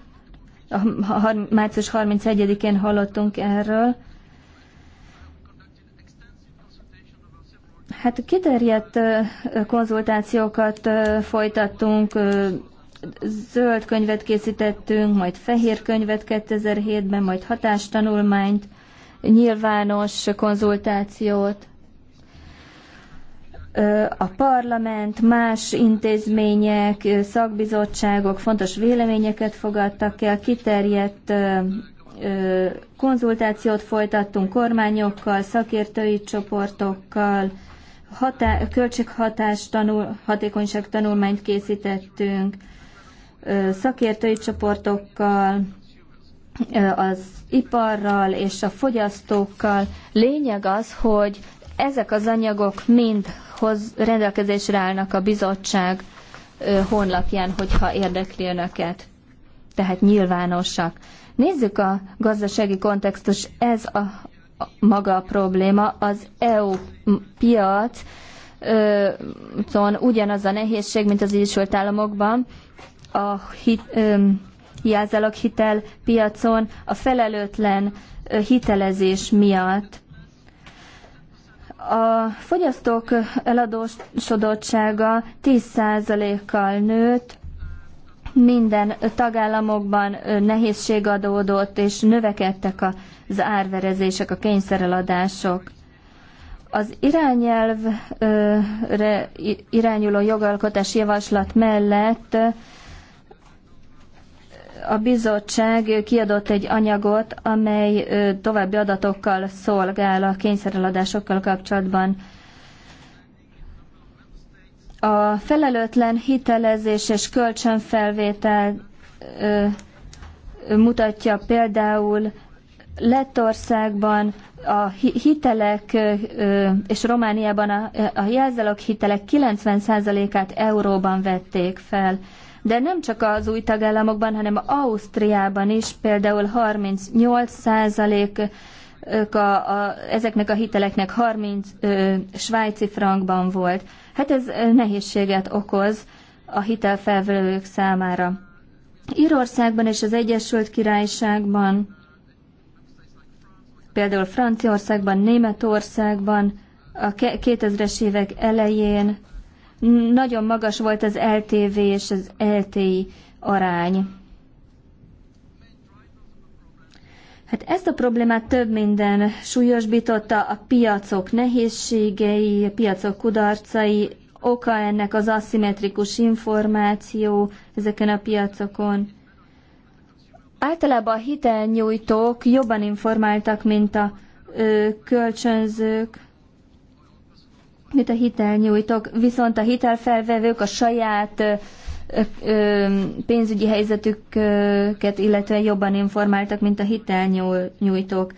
a, a, március 31-én hallottunk erről, Hát kiterjedt konzultációkat folytattunk zöld könyvet készítettünk, majd fehér könyvet 2007-ben, majd hatástanulmányt, nyilvános konzultációt. A parlament, más intézmények, szakbizottságok fontos véleményeket fogadtak el, kiterjedt konzultációt folytattunk kormányokkal, szakértői csoportokkal, hatá- költséghatás tanul, hatékonyság tanulmányt készítettünk, szakértői csoportokkal, az iparral és a fogyasztókkal. Lényeg az, hogy ezek az anyagok mind hoz, rendelkezésre állnak a bizottság honlapján, hogyha érdekli önöket. Tehát nyilvánosak. Nézzük a gazdasági kontextus, ez a, a maga a probléma, az EU piac, Ton ugyanaz a nehézség, mint az Egyesült Államokban, a hit, jelzálog hitel piacon a felelőtlen hitelezés miatt. A fogyasztók eladósodottsága 10%-kal nőtt, minden tagállamokban nehézség adódott, és növekedtek az árverezések, a kényszereladások. Az irányelvre irányuló jogalkotás javaslat mellett a bizottság kiadott egy anyagot, amely további adatokkal szolgál a kényszereladásokkal kapcsolatban. A felelőtlen hitelezés és kölcsönfelvétel mutatja például Lettországban a hitelek és Romániában a jelzálog hitelek 90%-át euróban vették fel de nem csak az új tagállamokban, hanem Ausztriában is például 38% a, a, ezeknek a hiteleknek 30 ö, svájci frankban volt. Hát ez nehézséget okoz a hitelfelvevők számára. Írországban és az Egyesült Királyságban, például Franciaországban, Németországban a 2000-es évek elején nagyon magas volt az LTV és az LTI arány. Hát ezt a problémát több minden súlyosbította, a piacok nehézségei, a piacok kudarcai, oka ennek az aszimmetrikus információ ezeken a piacokon. Általában a hitelnyújtók jobban informáltak, mint a ö, kölcsönzők mint a hitelnyújtók, viszont a hitelfelvevők a saját pénzügyi helyzetüket illetően jobban informáltak, mint a hitelnyújtók.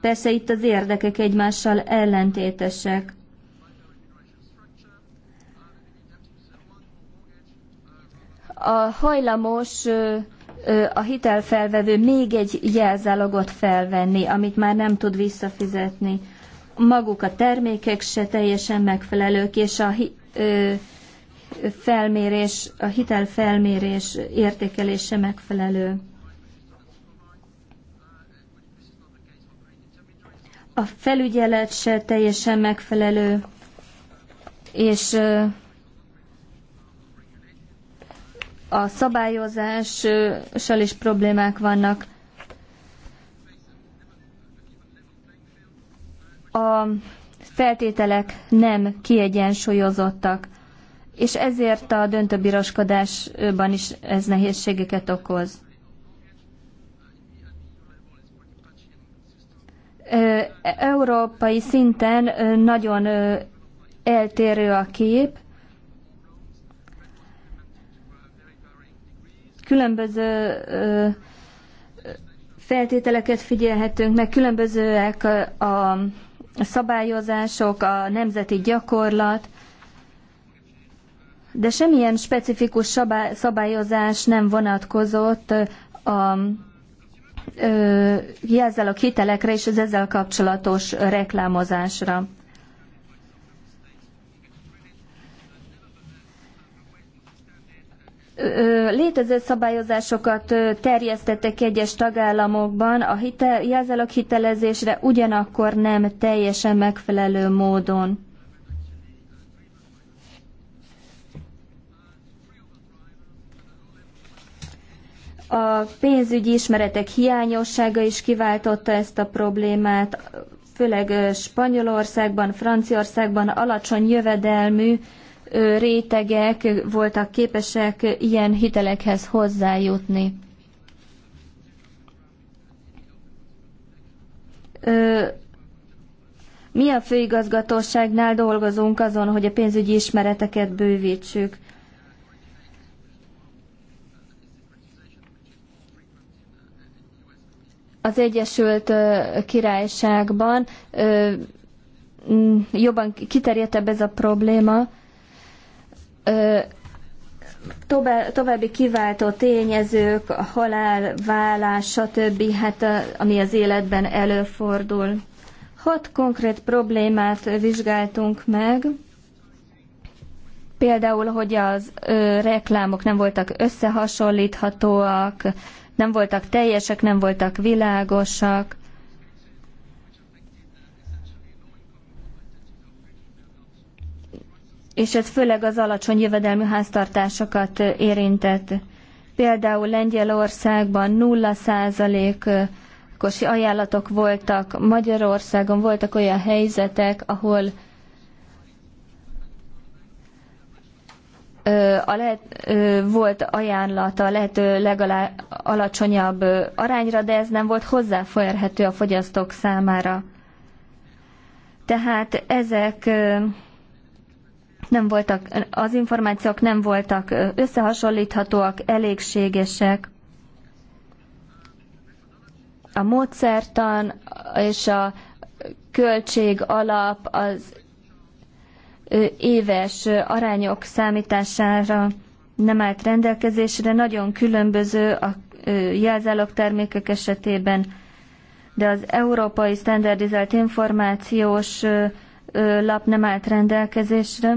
Persze itt az érdekek egymással ellentétesek. A hajlamos a hitelfelvevő még egy jelzálogot felvenni, amit már nem tud visszafizetni maguk a termékek se teljesen megfelelők, és a ö, felmérés, a hitelfelmérés értékelése megfelelő. A felügyelet se teljesen megfelelő, és ö, a szabályozással is problémák vannak. a feltételek nem kiegyensúlyozottak, és ezért a döntőbíroskodásban is ez nehézségeket okoz. Európai szinten nagyon eltérő a kép, különböző feltételeket figyelhetünk meg, különbözőek a szabályozások, a nemzeti gyakorlat, de semmilyen specifikus szabályozás nem vonatkozott a jelzálog hitelekre és az ezzel kapcsolatos reklámozásra. létező szabályozásokat terjesztettek egyes tagállamokban a hitel, hitelezésre ugyanakkor nem teljesen megfelelő módon. A pénzügyi ismeretek hiányossága is kiváltotta ezt a problémát, főleg Spanyolországban, Franciaországban alacsony jövedelmű rétegek voltak képesek ilyen hitelekhez hozzájutni. Mi a főigazgatóságnál dolgozunk azon, hogy a pénzügyi ismereteket bővítsük. Az Egyesült Királyságban jobban kiterjedtebb ez a probléma, további kiváltó tényezők, a halál, vállás, stb., hát ami az életben előfordul. Hat konkrét problémát vizsgáltunk meg, például, hogy az ö, reklámok nem voltak összehasonlíthatóak, nem voltak teljesek, nem voltak világosak, és ez főleg az alacsony jövedelmű háztartásokat érintett. Például Lengyelországban 0%-os ajánlatok voltak, Magyarországon voltak olyan helyzetek, ahol a lehet, volt ajánlata a lehető legalacsonyabb arányra, de ez nem volt hozzáférhető a fogyasztók számára. Tehát ezek nem voltak, az információk nem voltak összehasonlíthatóak, elégségesek. A módszertan és a költség alap az éves arányok számítására nem állt rendelkezésre, nagyon különböző a jelzálog termékek esetében, de az európai standardizált információs lap nem állt rendelkezésre,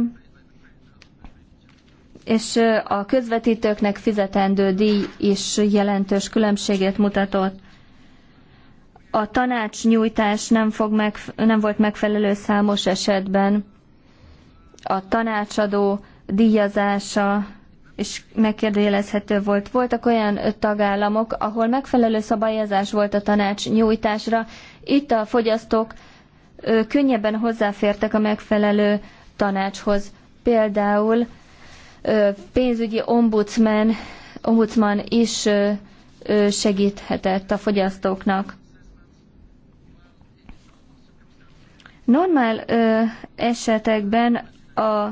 és a közvetítőknek fizetendő díj is jelentős különbséget mutatott. A tanácsnyújtás nem, fog meg, nem volt megfelelő számos esetben. A tanácsadó díjazása és megkérdőjelezhető volt. Voltak olyan tagállamok, ahol megfelelő szabályozás volt a tanács nyújtásra. Itt a fogyasztók könnyebben hozzáfértek a megfelelő tanácshoz. Például pénzügyi ombudsman, ombudsman is segíthetett a fogyasztóknak. Normál esetekben a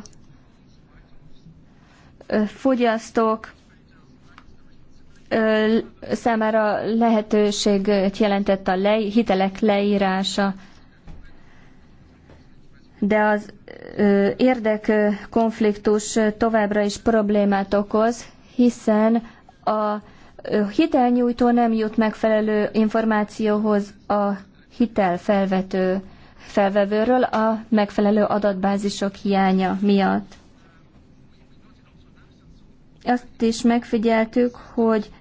fogyasztók számára lehetőséget jelentett a hitelek leírása, de az érdekkonfliktus továbbra is problémát okoz, hiszen a hitelnyújtó nem jut megfelelő információhoz a hitelfelvető felvevőről a megfelelő adatbázisok hiánya miatt. Azt is megfigyeltük, hogy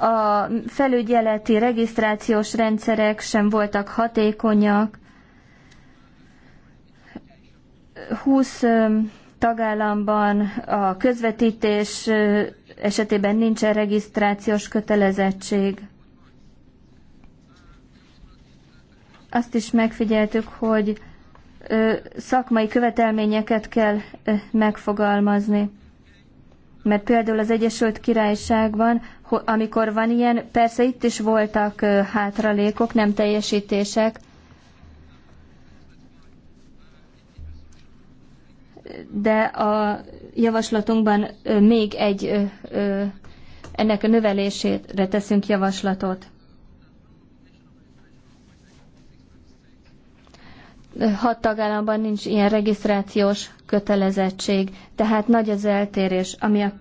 a felügyeleti regisztrációs rendszerek sem voltak hatékonyak. 20 tagállamban a közvetítés esetében nincsen regisztrációs kötelezettség. Azt is megfigyeltük, hogy szakmai követelményeket kell megfogalmazni. Mert például az Egyesült Királyságban amikor van ilyen, persze itt is voltak hátralékok, nem teljesítések, de a javaslatunkban még egy ennek a növelésére teszünk javaslatot. hat tagállamban nincs ilyen regisztrációs kötelezettség, tehát nagy az eltérés, ami a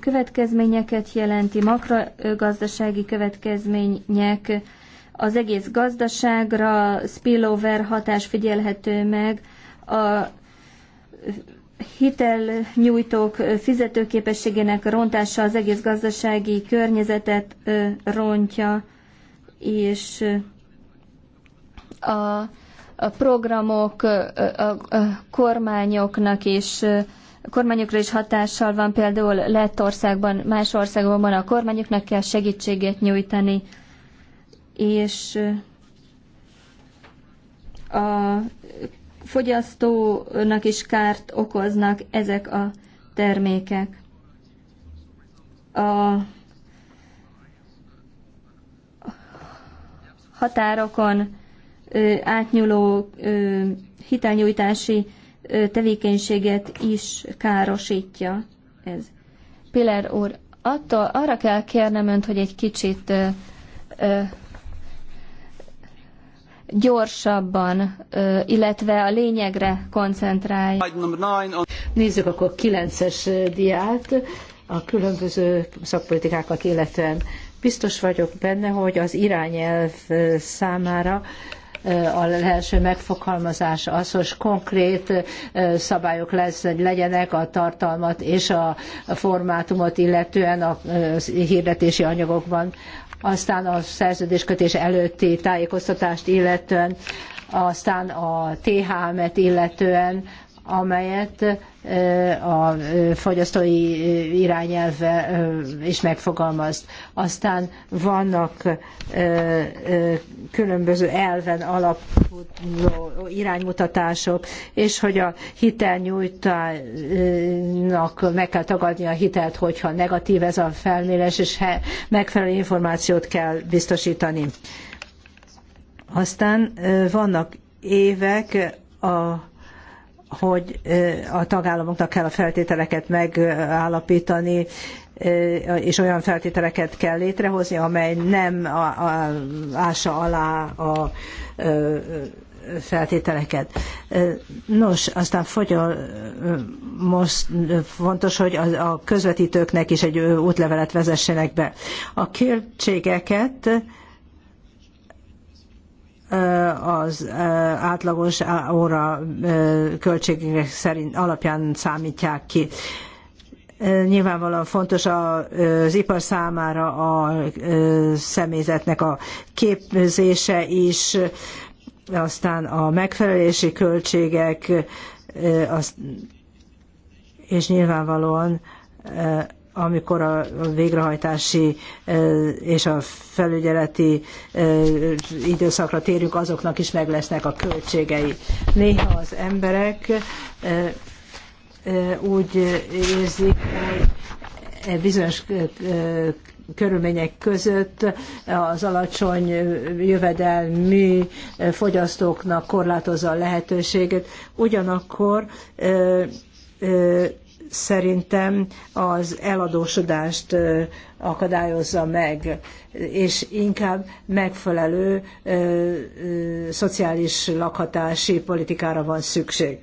következményeket jelenti, makrogazdasági következmények, az egész gazdaságra spillover hatás figyelhető meg, a hitelnyújtók fizetőképességének rontása az egész gazdasági környezetet rontja, és a a programok a kormányoknak is kormányokra is hatással van, például Lettországban, más országokban a kormányoknak kell segítséget nyújtani, és a fogyasztónak is kárt okoznak ezek a termékek. A határokon átnyúló hitelnyújtási tevékenységet is károsítja ez. Pilar úr, attól arra kell kérnem önt, hogy egy kicsit ö, ö, gyorsabban, ö, illetve a lényegre koncentrálj. Nézzük akkor 9-es diát a különböző szakpolitikákat illetően. Biztos vagyok benne, hogy az irányelv számára a lehető megfogalmazás az, hogy konkrét szabályok lesz, legyenek a tartalmat és a formátumot illetően a hirdetési anyagokban. Aztán a szerződéskötés előtti tájékoztatást illetően aztán a THM-et illetően, amelyet a fogyasztói irányelve is megfogalmazt. Aztán vannak különböző elven alapuló iránymutatások, és hogy a hitelnyújtának meg kell tagadni a hitelt, hogyha negatív ez a felmérés, és megfelelő információt kell biztosítani. Aztán vannak évek a hogy a tagállamoknak kell a feltételeket megállapítani, és olyan feltételeket kell létrehozni, amely nem ássa alá a feltételeket. Nos, aztán fogyol, most fontos, hogy a közvetítőknek is egy útlevelet vezessenek be. A költségeket az átlagos óra költségek szerint alapján számítják ki. Nyilvánvalóan fontos az ipar számára a személyzetnek a képzése is, aztán a megfelelési költségek, és nyilvánvalóan amikor a végrehajtási és a felügyeleti időszakra térünk, azoknak is meg lesznek a költségei. Néha az emberek úgy érzik, hogy bizonyos körülmények között az alacsony jövedelmű fogyasztóknak korlátozza a lehetőséget, ugyanakkor szerintem az eladósodást akadályozza meg, és inkább megfelelő szociális lakhatási politikára van szükség.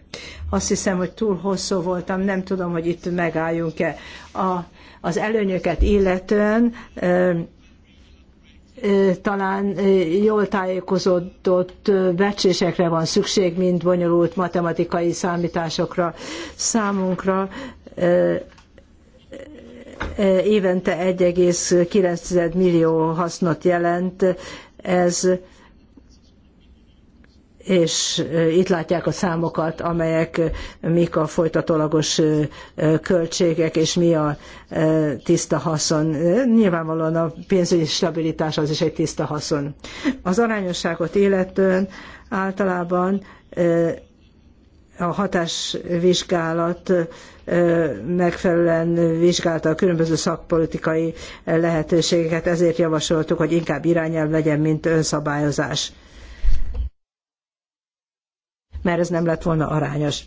Azt hiszem, hogy túl hosszú voltam, nem tudom, hogy itt megálljunk-e. A, az előnyöket illetően talán jól tájékozott becsésekre van szükség, mint bonyolult matematikai számításokra számunkra évente 1,9 millió hasznot jelent, ez és itt látják a számokat, amelyek mik a folytatólagos költségek, és mi a tiszta haszon. Nyilvánvalóan a pénzügyi stabilitás az is egy tiszta haszon. Az arányosságot illetően általában a hatásvizsgálat megfelelően vizsgálta a különböző szakpolitikai lehetőségeket, ezért javasoltuk, hogy inkább irányelv legyen, mint önszabályozás. Mert ez nem lett volna arányos.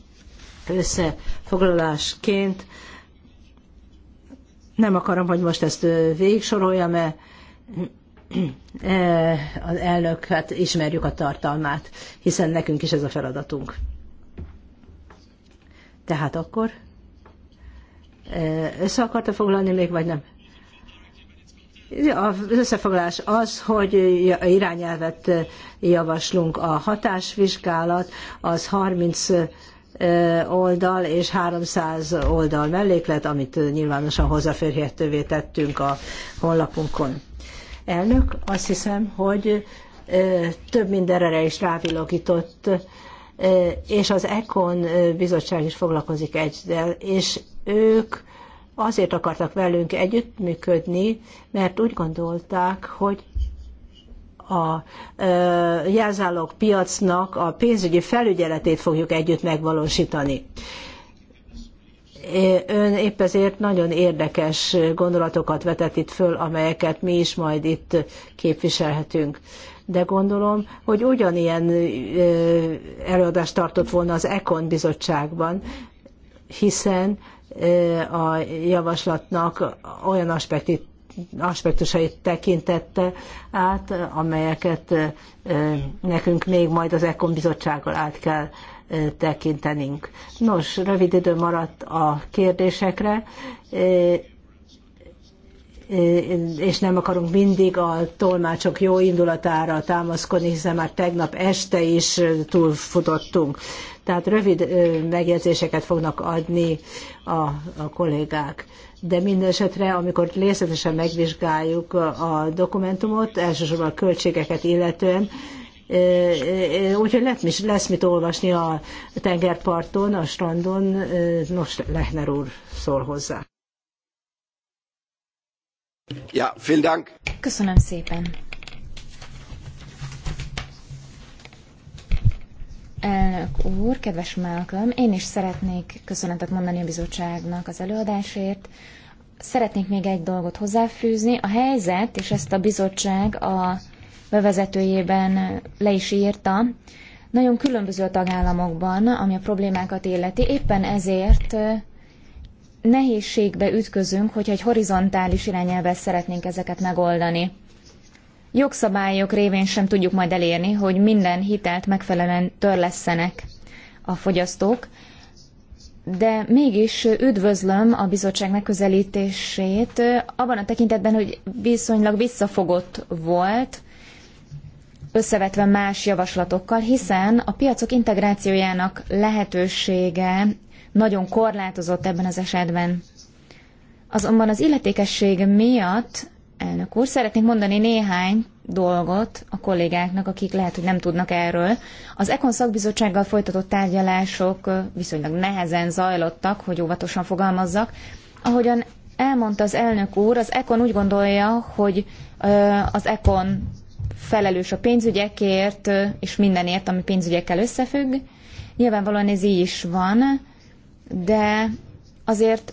Összefoglalásként nem akarom, hogy most ezt végsorolja, mert az elnök, hát ismerjük a tartalmát, hiszen nekünk is ez a feladatunk. Tehát akkor eh, össze akarta foglalni még, vagy nem? Az összefoglalás az, hogy irányelvet eh, javaslunk a hatásvizsgálat, az 30 eh, oldal és 300 oldal melléklet, amit nyilvánosan hozzáférhetővé tettünk a honlapunkon. Elnök, azt hiszem, hogy több mindenre is rávilogított és az ECON bizottság is foglalkozik egyszer, és ők azért akartak velünk együttműködni, mert úgy gondolták, hogy a jelzálog piacnak a pénzügyi felügyeletét fogjuk együtt megvalósítani. Ön épp ezért nagyon érdekes gondolatokat vetett itt föl, amelyeket mi is majd itt képviselhetünk de gondolom, hogy ugyanilyen előadást tartott volna az Ekon bizottságban, hiszen a javaslatnak olyan aspektit aspektusait tekintette át, amelyeket nekünk még majd az EKON bizottsággal át kell tekintenünk. Nos, rövid idő maradt a kérdésekre, és nem akarunk mindig a tolmácsok jó indulatára támaszkodni, hiszen már tegnap este is túlfutottunk. Tehát rövid megjegyzéseket fognak adni a, a kollégák. De minden amikor részletesen megvizsgáljuk a dokumentumot, elsősorban a költségeket illetően, Úgyhogy lesz, lesz mit olvasni a tengerparton, a strandon. Nos, Lechner úr szól hozzá. Ja, vielen Dank. Köszönöm szépen. Elnök úr, kedves Malcolm, én is szeretnék köszönetet mondani a bizottságnak az előadásért. Szeretnék még egy dolgot hozzáfűzni. A helyzet, és ezt a bizottság a bevezetőjében le is írta, nagyon különböző a tagállamokban, ami a problémákat illeti. Éppen ezért nehézségbe ütközünk, hogyha egy horizontális irányelvvel szeretnénk ezeket megoldani. Jogszabályok révén sem tudjuk majd elérni, hogy minden hitelt megfelelően törlesszenek a fogyasztók, de mégis üdvözlöm a bizottság megközelítését abban a tekintetben, hogy viszonylag visszafogott volt, összevetve más javaslatokkal, hiszen a piacok integrációjának lehetősége nagyon korlátozott ebben az esetben. Azonban az illetékesség miatt, elnök úr, szeretnék mondani néhány dolgot a kollégáknak, akik lehet, hogy nem tudnak erről. Az Ekon szakbizottsággal folytatott tárgyalások viszonylag nehezen zajlottak, hogy óvatosan fogalmazzak. Ahogyan elmondta az elnök úr, az Ekon úgy gondolja, hogy az Ekon felelős a pénzügyekért és mindenért, ami pénzügyekkel összefügg. Nyilvánvalóan ez így is van de azért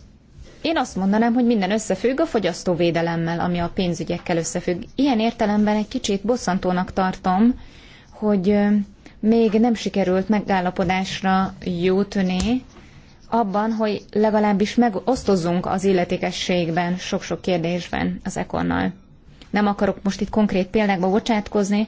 én azt mondanám, hogy minden összefügg a fogyasztóvédelemmel, ami a pénzügyekkel összefügg. Ilyen értelemben egy kicsit bosszantónak tartom, hogy még nem sikerült megállapodásra jutni abban, hogy legalábbis megosztozzunk az illetékességben sok-sok kérdésben az ekonnal. Nem akarok most itt konkrét példákba bocsátkozni,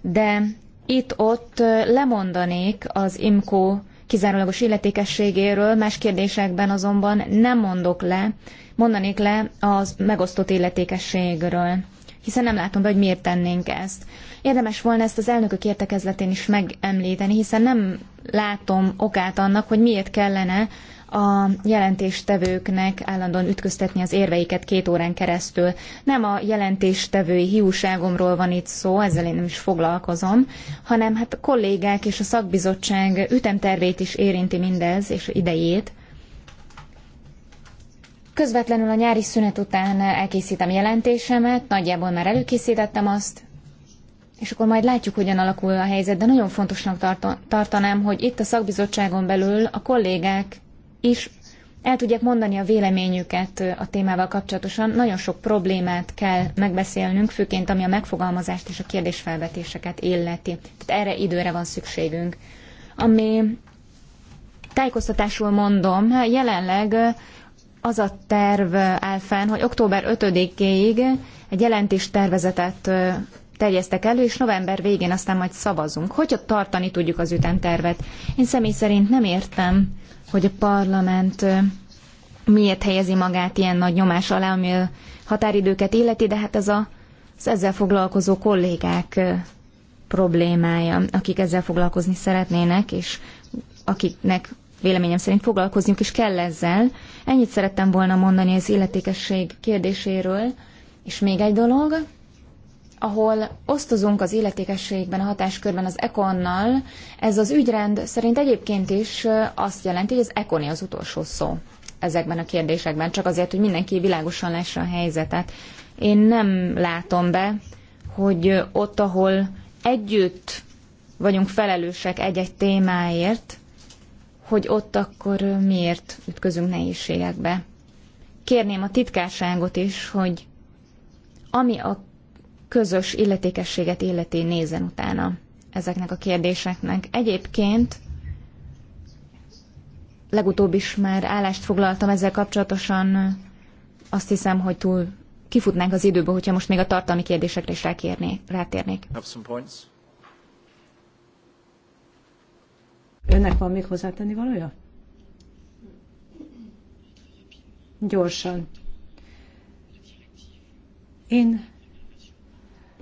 de itt-ott lemondanék az IMCO kizárólagos illetékességéről, más kérdésekben azonban nem mondok le, mondanék le az megosztott illetékességről, hiszen nem látom be, hogy miért tennénk ezt. Érdemes volna ezt az elnökök értekezletén is megemlíteni, hiszen nem látom okát annak, hogy miért kellene a jelentéstevőknek állandóan ütköztetni az érveiket két órán keresztül. Nem a jelentéstevői hiúságomról van itt szó, ezzel én nem is foglalkozom, hanem hát a kollégák és a szakbizottság ütemtervét is érinti mindez, és idejét. Közvetlenül a nyári szünet után elkészítem jelentésemet, nagyjából már előkészítettem azt, és akkor majd látjuk, hogyan alakul a helyzet, de nagyon fontosnak tartanám, hogy itt a szakbizottságon belül a kollégák is el tudják mondani a véleményüket a témával kapcsolatosan. Nagyon sok problémát kell megbeszélnünk, főként ami a megfogalmazást és a kérdésfelvetéseket illeti. Tehát erre időre van szükségünk. Ami tájékoztatásul mondom, hát jelenleg az a terv áll fenn, hogy október 5-éig egy tervezetet terjesztek elő, és november végén aztán majd szavazunk. Hogyha tartani tudjuk az ütemtervet. Én személy szerint nem értem, hogy a parlament miért helyezi magát ilyen nagy nyomás alá, ami a határidőket illeti, de hát ez a, az ezzel foglalkozó kollégák problémája, akik ezzel foglalkozni szeretnének, és akiknek véleményem szerint foglalkozniuk is kell ezzel. Ennyit szerettem volna mondani az illetékesség kérdéséről. És még egy dolog, ahol osztozunk az illetékességben, a hatáskörben az Ekonnal, ez az ügyrend szerint egyébként is azt jelenti, hogy az Ekoni az utolsó szó ezekben a kérdésekben, csak azért, hogy mindenki világosan lássa a helyzetet. Én nem látom be, hogy ott, ahol együtt vagyunk felelősek egy-egy témáért, hogy ott akkor miért ütközünk nehézségekbe. Kérném a titkárságot is, hogy ami a közös illetékességet illeti nézen utána ezeknek a kérdéseknek. Egyébként legutóbb is már állást foglaltam ezzel kapcsolatosan, azt hiszem, hogy túl kifutnánk az időbe, hogyha most még a tartalmi kérdésekre is rákérné, rátérnék. Önnek van még hozzátenni valója? Gyorsan. Én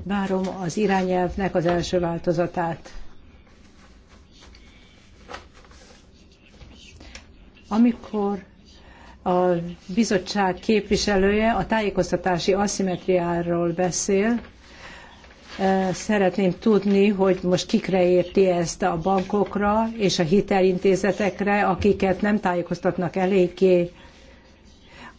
várom az irányelvnek az első változatát. Amikor a bizottság képviselője a tájékoztatási aszimetriáról beszél, eh, Szeretném tudni, hogy most kikre érti ezt a bankokra és a hitelintézetekre, akiket nem tájékoztatnak eléggé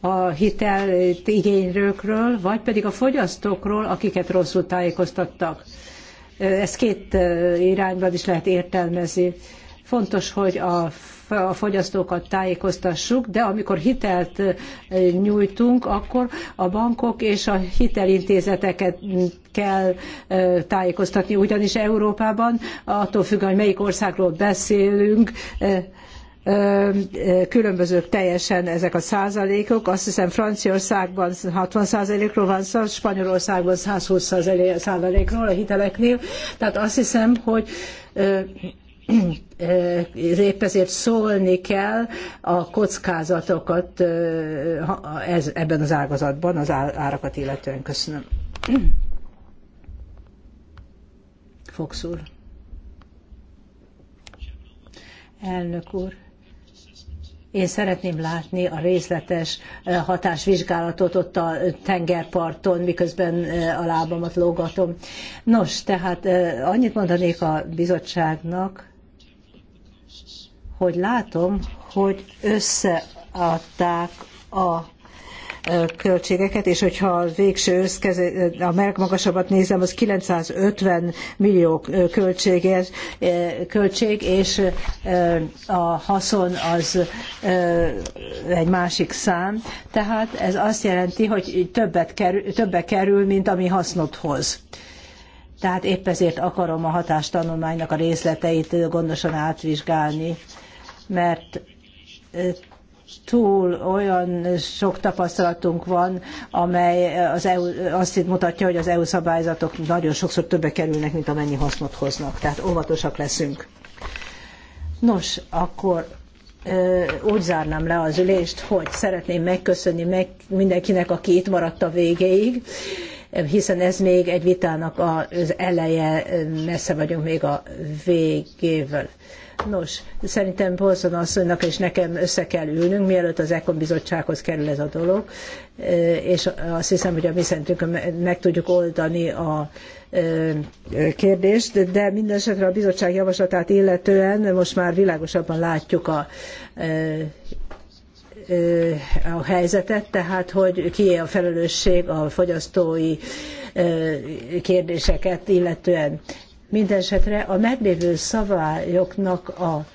a hitelt igénylőkről, vagy pedig a fogyasztókról, akiket rosszul tájékoztattak. Ezt két irányban is lehet értelmezni. Fontos, hogy a a fogyasztókat tájékoztassuk, de amikor hitelt nyújtunk, akkor a bankok és a hitelintézeteket kell tájékoztatni, ugyanis Európában attól függően, hogy melyik országról beszélünk, különbözők teljesen ezek a százalékok. Azt hiszem Franciaországban 60 százalékról van szó, Spanyolországban 120 százalékról a hiteleknél. Tehát azt hiszem, hogy épp ezért szólni kell a kockázatokat ebben az ágazatban, az árakat illetően. Köszönöm. Fox úr. Elnök úr. Én szeretném látni a részletes eh, hatásvizsgálatot ott a tengerparton, miközben eh, a lábamat lógatom. Nos, tehát eh, annyit mondanék a bizottságnak, hogy látom, hogy összeadták a költségeket, és hogyha a végső összkeze, a megmagasabbat nézem, az 950 millió költséges, költség, és a haszon az egy másik szám. Tehát ez azt jelenti, hogy többet kerül, többe kerül, mint ami hasznot hoz. Tehát épp ezért akarom a hatástanulmánynak a részleteit gondosan átvizsgálni, mert túl olyan sok tapasztalatunk van, amely az EU, azt itt mutatja, hogy az EU szabályzatok nagyon sokszor többe kerülnek, mint amennyi hasznot hoznak. Tehát óvatosak leszünk. Nos, akkor úgy zárnám le az ülést, hogy szeretném megköszönni meg mindenkinek, aki itt maradt a végéig, hiszen ez még egy vitának az eleje, messze vagyunk még a végével. Nos, szerintem Bolzon asszonynak és nekem össze kell ülnünk, mielőtt az Ekon bizottsághoz kerül ez a dolog, és azt hiszem, hogy a mi szentünkön meg tudjuk oldani a kérdést, de mindenesetre a bizottság javaslatát illetően most már világosabban látjuk a a helyzetet, tehát hogy kié a felelősség a fogyasztói kérdéseket illetően. Mindenesetre a meglévő szabályoknak a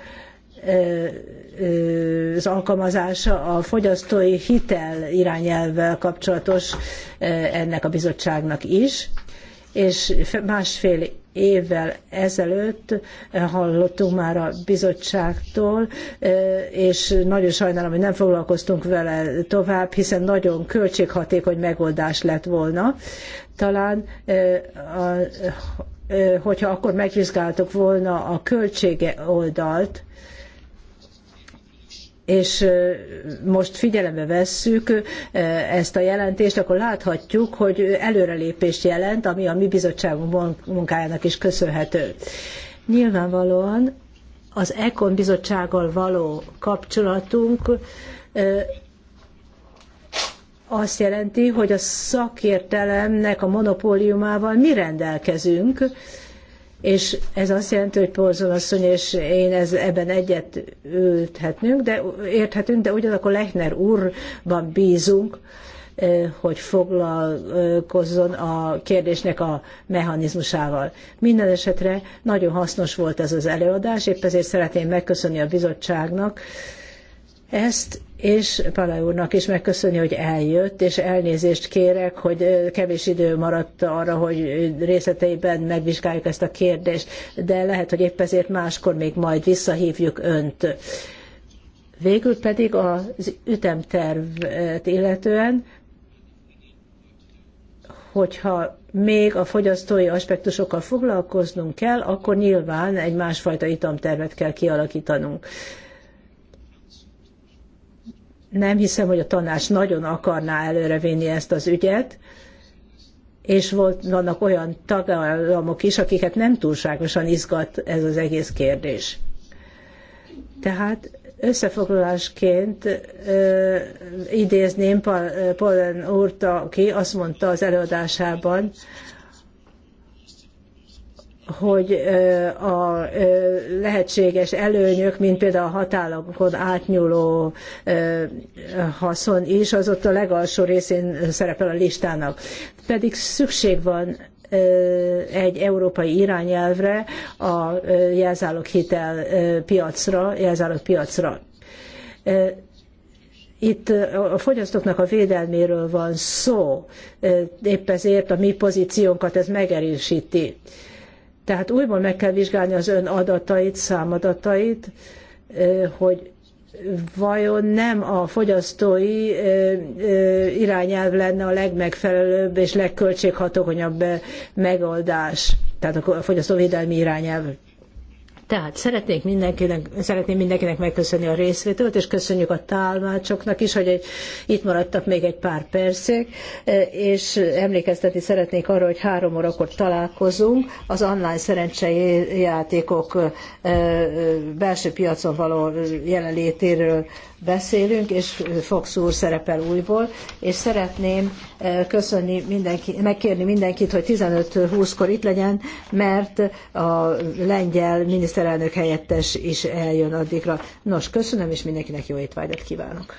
e, e, az alkalmazása a fogyasztói hitel irányelvvel kapcsolatos e, ennek a bizottságnak is, és másfél évvel ezelőtt hallottunk már a bizottságtól, és nagyon sajnálom, hogy nem foglalkoztunk vele tovább, hiszen nagyon költséghatékony megoldás lett volna. Talán hogyha akkor megvizsgáltuk volna a költsége oldalt, és most figyelembe vesszük ezt a jelentést, akkor láthatjuk, hogy előrelépést jelent, ami a mi bizottságunk munkájának is köszönhető. Nyilvánvalóan az ECON bizottsággal való kapcsolatunk azt jelenti, hogy a szakértelemnek a monopóliumával mi rendelkezünk, és ez azt jelenti, hogy Porzon asszony és én ez, ebben egyet ülthetnünk, de érthetünk, de ugyanakkor Lechner úrban bízunk, eh, hogy foglalkozzon a kérdésnek a mechanizmusával. Minden esetre nagyon hasznos volt ez az előadás, épp ezért szeretném megköszönni a bizottságnak, ezt, és Palai úrnak is megköszönni, hogy eljött, és elnézést kérek, hogy kevés idő maradt arra, hogy részleteiben megvizsgáljuk ezt a kérdést, de lehet, hogy épp ezért máskor még majd visszahívjuk önt. Végül pedig az ütemtervet illetően, hogyha még a fogyasztói aspektusokkal foglalkoznunk kell, akkor nyilván egy másfajta ütemtervet kell kialakítanunk nem hiszem, hogy a tanács nagyon akarná előrevinni ezt az ügyet, és volt, vannak olyan tagállamok is, akiket nem túlságosan izgat ez az egész kérdés. Tehát összefoglalásként ö, idézném Pollen úrta, aki azt mondta az előadásában, hogy a lehetséges előnyök, mint például a határokon átnyúló haszon is, az ott a legalsó részén szerepel a listának. Pedig szükség van egy európai irányelvre a jelzáloghitel piacra, jelzálog piacra. Itt a fogyasztóknak a védelméről van szó, épp ezért a mi pozíciónkat ez megerősíti tehát újból meg kell vizsgálni az ön adatait, számadatait, hogy vajon nem a fogyasztói irányelv lenne a legmegfelelőbb és legköltséghatékonyabb megoldás, tehát a fogyasztóvédelmi irányelv. Tehát szeretnék mindenkinek, szeretném mindenkinek megköszönni a részvételt, és köszönjük a tálmácsoknak is, hogy egy, itt maradtak még egy pár percig, e, és emlékeztetni szeretnék arra, hogy három órakor találkozunk az online játékok e, e, belső piacon való jelenlétéről beszélünk, és Fox úr szerepel újból, és szeretném eh, köszönni mindenki, megkérni mindenkit, hogy 15-20-kor itt legyen, mert a lengyel miniszterelnök helyettes is eljön addigra. Nos, köszönöm, és mindenkinek jó étvágyat kívánok!